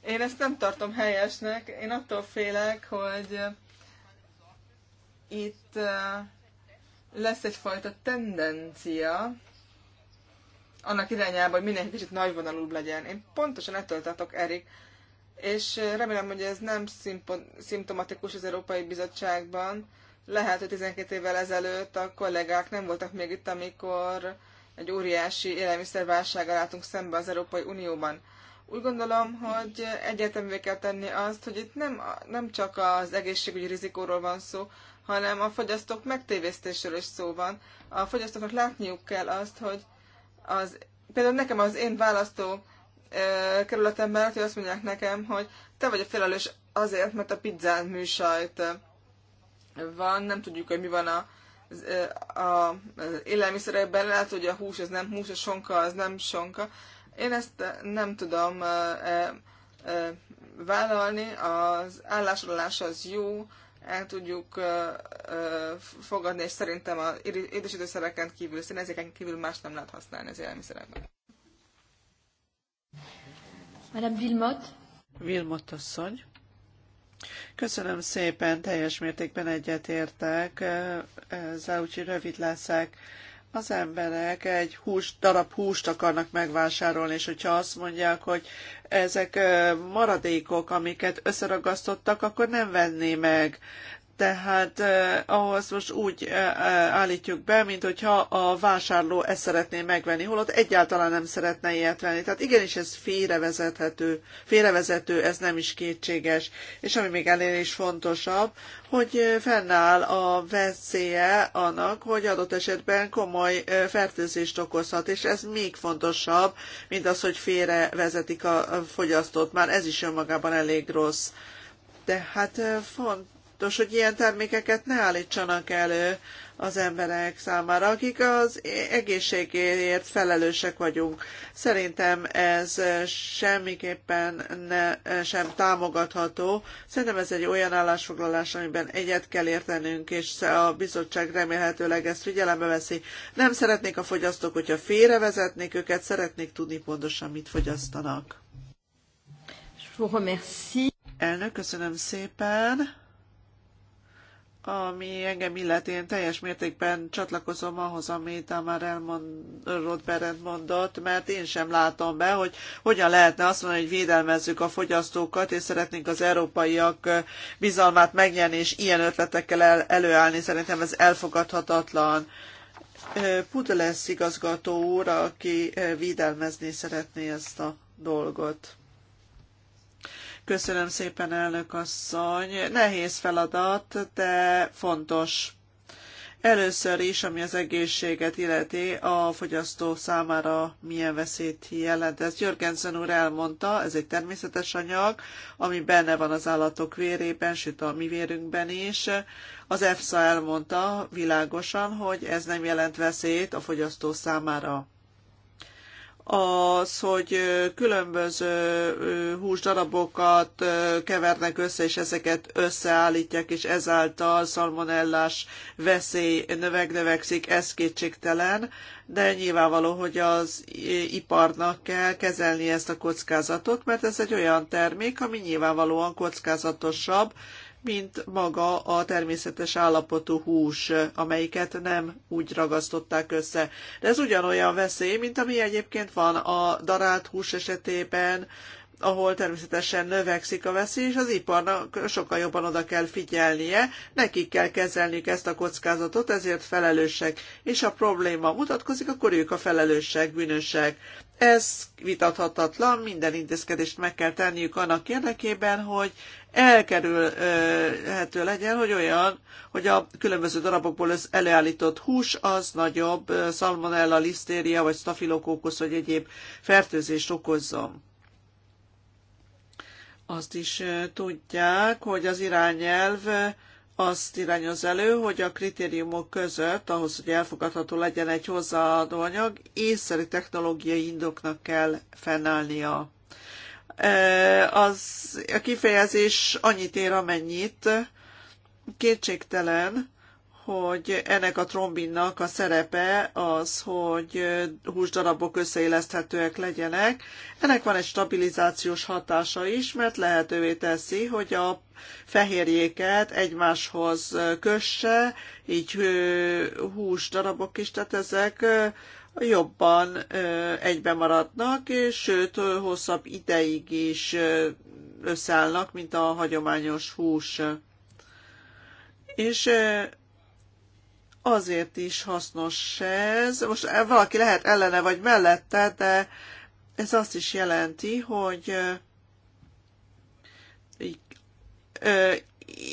Én ezt nem tartom helyesnek, én attól félek, hogy itt lesz egyfajta tendencia annak irányába, hogy mindenki kicsit nagyvonalúbb legyen. Én pontosan ettől tartok, Erik, és remélem, hogy ez nem szimptomatikus az Európai Bizottságban. Lehet, hogy 12 évvel ezelőtt a kollégák nem voltak még itt, amikor egy óriási élelmiszerválsággal látunk szembe az Európai Unióban. Úgy gondolom, hogy egyértelművé kell tenni azt, hogy itt nem, nem csak az egészségügyi rizikóról van szó, hanem a fogyasztók megtévesztéséről is szó van. A fogyasztóknak látniuk kell azt, hogy az, például nekem az én választó ö, kerületemben hogy azt mondják nekem, hogy te vagy a felelős azért, mert a pizzán műsajt van, nem tudjuk, hogy mi van a, a, az élelmiszerekben, lehet, hogy a hús az nem hús, a sonka az nem sonka. Én ezt nem tudom e, e, vállalni, az állásolás az jó, el tudjuk fogadni, és szerintem az édesítőszereken kívül, színezéken kívül más nem lehet használni az élelmiszerekben. Madame Vilmot. Vilmot asszony. Köszönöm szépen, teljes mértékben egyetértek. Záucsi, rövid leszek az emberek egy hús, darab húst akarnak megvásárolni, és hogyha azt mondják, hogy ezek maradékok, amiket összeragasztottak, akkor nem venné meg. Tehát eh, ahhoz most úgy eh, állítjuk be, mint hogyha a vásárló ezt szeretné megvenni, holott egyáltalán nem szeretne ilyet venni. Tehát igenis ez félrevezethető, félrevezető, ez nem is kétséges. És ami még ennél is fontosabb, hogy fennáll a veszélye annak, hogy adott esetben komoly fertőzést okozhat, és ez még fontosabb, mint az, hogy félrevezetik a fogyasztót. Már ez is önmagában elég rossz. de hát font, fontos, hogy ilyen termékeket ne állítsanak elő az emberek számára, akik az egészségéért felelősek vagyunk. Szerintem ez semmiképpen ne, sem támogatható. Szerintem ez egy olyan állásfoglalás, amiben egyet kell értenünk, és a bizottság remélhetőleg ezt figyelembe veszi. Nem szeretnék a fogyasztók, hogyha félrevezetnék őket, szeretnék tudni pontosan, mit fogyasztanak. Elnök, köszönöm szépen ami engem illet, én teljes mértékben csatlakozom ahhoz, amit a már elmond, Berend mondott, mert én sem látom be, hogy hogyan lehetne azt mondani, hogy védelmezzük a fogyasztókat, és szeretnénk az európaiak bizalmát megnyerni, és ilyen ötletekkel el, előállni. Szerintem ez elfogadhatatlan. Pudelesz igazgató úr, aki védelmezni szeretné ezt a dolgot. Köszönöm szépen, elnök asszony. Nehéz feladat, de fontos. Először is, ami az egészséget illeti, a fogyasztó számára milyen veszélyt jelent. Ez Jörgensen úr elmondta, ez egy természetes anyag, ami benne van az állatok vérében, sőt a mi vérünkben is. Az EFSA elmondta világosan, hogy ez nem jelent veszélyt a fogyasztó számára az, hogy különböző húsdarabokat kevernek össze, és ezeket összeállítják, és ezáltal szalmonellás veszély növeg-növekszik, ez kétségtelen, de nyilvánvaló, hogy az iparnak kell kezelni ezt a kockázatot, mert ez egy olyan termék, ami nyilvánvalóan kockázatosabb, mint maga a természetes állapotú hús, amelyiket nem úgy ragasztották össze. De ez ugyanolyan veszély, mint ami egyébként van a darált hús esetében, ahol természetesen növekszik a veszély, és az iparnak sokkal jobban oda kell figyelnie, nekik kell kezelniük ezt a kockázatot, ezért felelősek, és ha probléma mutatkozik, akkor ők a felelősek, bűnösek. Ez vitathatatlan, minden intézkedést meg kell tenniük annak érdekében, hogy elkerülhető legyen, hogy olyan, hogy a különböző darabokból az előállított hús az nagyobb szalmonella, lisztéria vagy stafilokókusz vagy egyéb fertőzést okozzon. Azt is tudják, hogy az irányelv azt irányoz elő, hogy a kritériumok között, ahhoz, hogy elfogadható legyen egy hozzáadó anyag, észszerű technológiai indoknak kell fennállnia az a kifejezés annyit ér, amennyit. Kétségtelen, hogy ennek a trombinnak a szerepe az, hogy húsdarabok összeéleszthetőek legyenek. Ennek van egy stabilizációs hatása is, mert lehetővé teszi, hogy a fehérjéket egymáshoz kösse, így húsdarabok is, tehát ezek jobban egybe maradnak, és sőt, hosszabb ideig is összeállnak, mint a hagyományos hús. És azért is hasznos ez. Most valaki lehet ellene vagy mellette, de ez azt is jelenti, hogy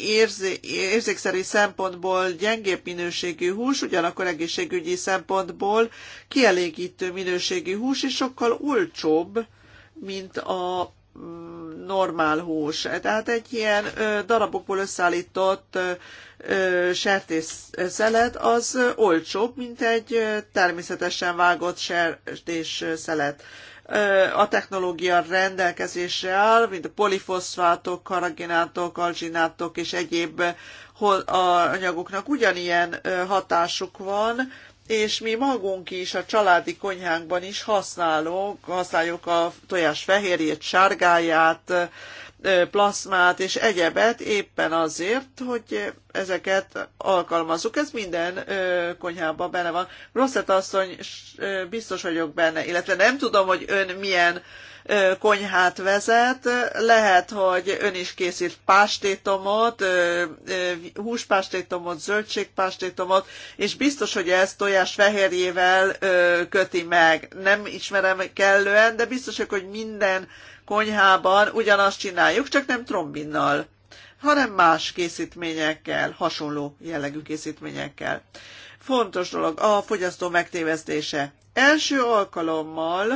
érzé, érzékszerű szempontból gyengébb minőségű hús, ugyanakkor egészségügyi szempontból kielégítő minőségű hús, és sokkal olcsóbb, mint a mm, normál hús. Tehát egy ilyen darabokból összeállított sertésszelet az olcsóbb, mint egy természetesen vágott sertésszelet a technológia rendelkezésre áll, mint a polifoszfátok, karaginátok, alginátok és egyéb anyagoknak ugyanilyen hatásuk van, és mi magunk is a családi konyhánkban is használunk, használjuk a tojás fehérjét, sárgáját, plazmát és egyebet éppen azért, hogy ezeket alkalmazzuk. Ez minden konyhában benne van. Rosszett asszony, biztos vagyok benne, illetve nem tudom, hogy ön milyen konyhát vezet, lehet, hogy ön is készít pástétomot, húspástétomot, zöldségpástétomot, és biztos, hogy ezt tojás fehérjével köti meg. Nem ismerem kellően, de biztos, hogy minden konyhában ugyanazt csináljuk, csak nem trombinnal hanem más készítményekkel, hasonló jellegű készítményekkel. Fontos dolog a fogyasztó megtévesztése. Első alkalommal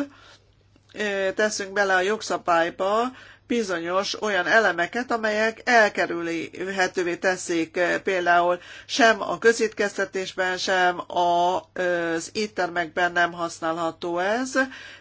teszünk bele a jogszabályba bizonyos olyan elemeket, amelyek elkerülhetővé teszik például sem a közétkeztetésben, sem az éttermekben nem használható ez,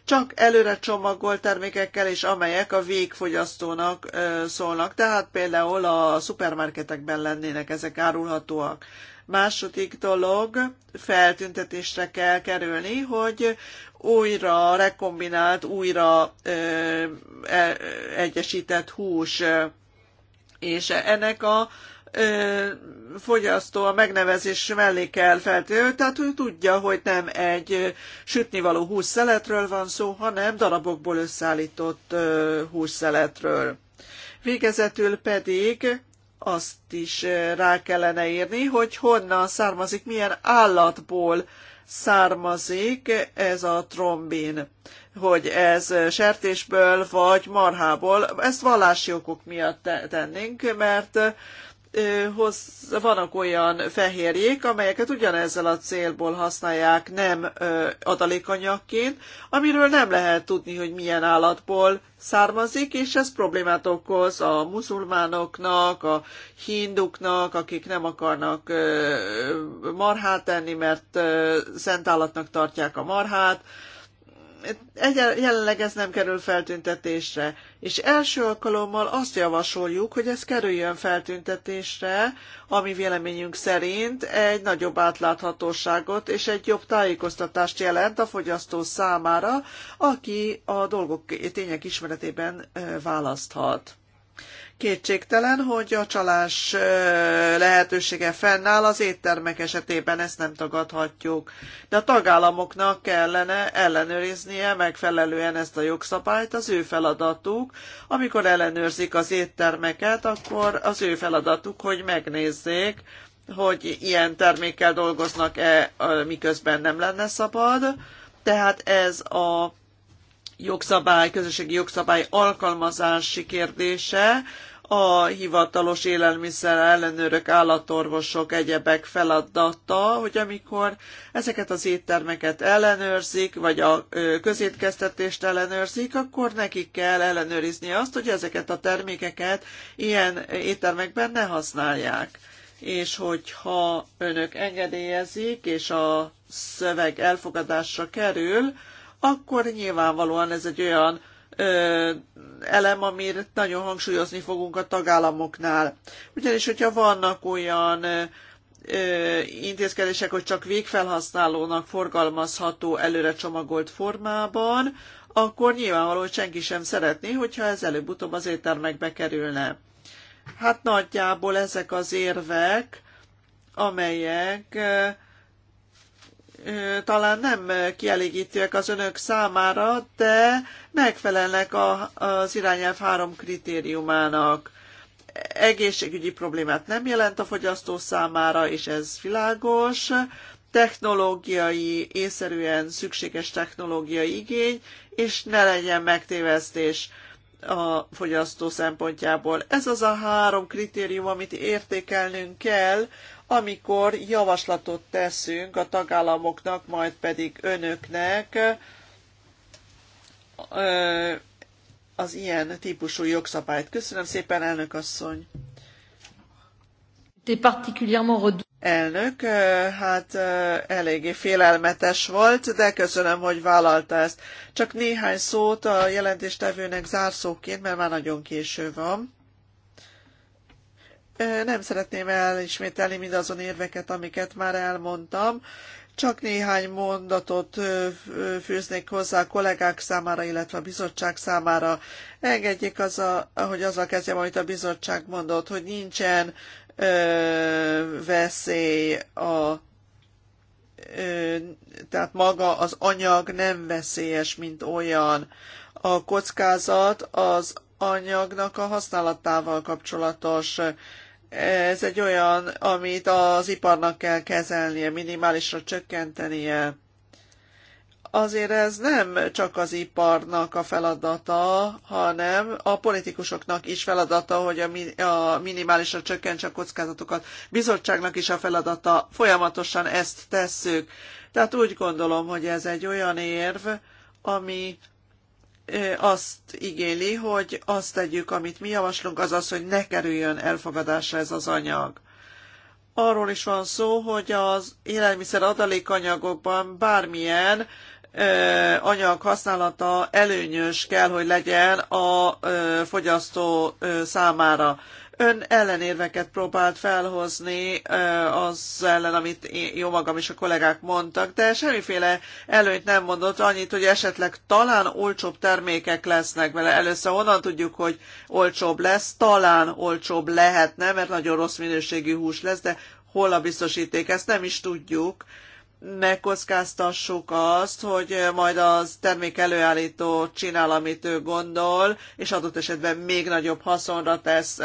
csak előre csomagolt termékekkel, és amelyek a végfogyasztónak szólnak. Tehát például a szupermarketekben lennének ezek árulhatóak. Második dolog, feltüntetésre kell kerülni, hogy újra rekombinált, újra ö, e, egyesített hús. És ennek a ö, fogyasztó a megnevezés mellé kell feltétlenül, tehát ő tudja, hogy nem egy sütnivaló hússzeletről van szó, hanem darabokból összeállított ö, hússzeletről. Végezetül pedig azt is rá kellene írni, hogy honnan származik, milyen állatból származik ez a trombin, hogy ez sertésből vagy marhából. Ezt vallási okok miatt tennénk, mert hoz, vannak olyan fehérjék, amelyeket ugyanezzel a célból használják nem adalékanyagként, amiről nem lehet tudni, hogy milyen állatból származik, és ez problémát okoz a muzulmánoknak, a hinduknak, akik nem akarnak marhát enni, mert szent állatnak tartják a marhát, jelenleg ez nem kerül feltüntetésre, és első alkalommal azt javasoljuk, hogy ez kerüljön feltüntetésre, ami véleményünk szerint egy nagyobb átláthatóságot és egy jobb tájékoztatást jelent a fogyasztó számára, aki a dolgok tények ismeretében választhat. Kétségtelen, hogy a csalás lehetősége fennáll az éttermek esetében, ezt nem tagadhatjuk. De a tagállamoknak kellene ellenőriznie megfelelően ezt a jogszabályt, az ő feladatuk. Amikor ellenőrzik az éttermeket, akkor az ő feladatuk, hogy megnézzék, hogy ilyen termékkel dolgoznak-e, miközben nem lenne szabad. Tehát ez a jogszabály, közösségi jogszabály alkalmazási kérdése, a hivatalos élelmiszer ellenőrök, állatorvosok, egyebek feladata, hogy amikor ezeket az éttermeket ellenőrzik, vagy a közétkeztetést ellenőrzik, akkor nekik kell ellenőrizni azt, hogy ezeket a termékeket ilyen éttermekben ne használják. És hogyha önök engedélyezik, és a szöveg elfogadásra kerül, akkor nyilvánvalóan ez egy olyan ö, elem, amit nagyon hangsúlyozni fogunk a tagállamoknál. Ugyanis, hogyha vannak olyan ö, intézkedések, hogy csak végfelhasználónak forgalmazható előre csomagolt formában, akkor nyilvánvaló, hogy senki sem szeretné, hogyha ez előbb-utóbb az éttermekbe kerülne. Hát nagyjából ezek az érvek, amelyek talán nem kielégítőek az önök számára, de megfelelnek a, az irányelv három kritériumának. Egészségügyi problémát nem jelent a fogyasztó számára, és ez világos. Technológiai, észszerűen szükséges technológiai igény, és ne legyen megtévesztés a fogyasztó szempontjából. Ez az a három kritérium, amit értékelnünk kell amikor javaslatot teszünk a tagállamoknak, majd pedig önöknek az ilyen típusú jogszabályt. Köszönöm szépen, elnök asszony! Elnök, hát eléggé félelmetes volt, de köszönöm, hogy vállalta ezt. Csak néhány szót a jelentéstevőnek zárszóként, mert már nagyon késő van. Nem szeretném elismételni mindazon érveket, amiket már elmondtam. Csak néhány mondatot fűznék hozzá a kollégák számára, illetve a bizottság számára. Engedjék az, a, hogy azzal kezdjem, amit a bizottság mondott, hogy nincsen ö, veszély a ö, tehát maga az anyag nem veszélyes, mint olyan. A kockázat az anyagnak a használatával kapcsolatos ez egy olyan, amit az iparnak kell kezelnie, minimálisra csökkentenie. Azért ez nem csak az iparnak a feladata, hanem a politikusoknak is feladata, hogy a, minimálisra csökkentse a kockázatokat. Bizottságnak is a feladata, folyamatosan ezt tesszük. Tehát úgy gondolom, hogy ez egy olyan érv, ami azt igényli, hogy azt tegyük, amit mi javaslunk, az az, hogy ne kerüljön elfogadásra ez az anyag. Arról is van szó, hogy az élelmiszer adalékanyagokban bármilyen anyag használata előnyös kell, hogy legyen a fogyasztó számára. Ön ellenérveket próbált felhozni az ellen, amit én, jó magam és a kollégák mondtak, de semmiféle előnyt nem mondott, annyit, hogy esetleg talán olcsóbb termékek lesznek vele. Először honnan tudjuk, hogy olcsóbb lesz? Talán olcsóbb lehetne, mert nagyon rossz minőségű hús lesz, de hol a biztosíték, ezt nem is tudjuk kockáztassuk azt, hogy majd az termék előállító csinál, amit ő gondol, és adott esetben még nagyobb haszonra tesz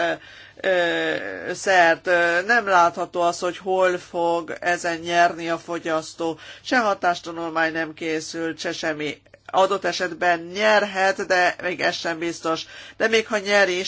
szert. Nem látható az, hogy hol fog ezen nyerni a fogyasztó. Se hatástanulmány nem készült, se semmi adott esetben nyerhet, de még ez sem biztos. De még ha nyer is,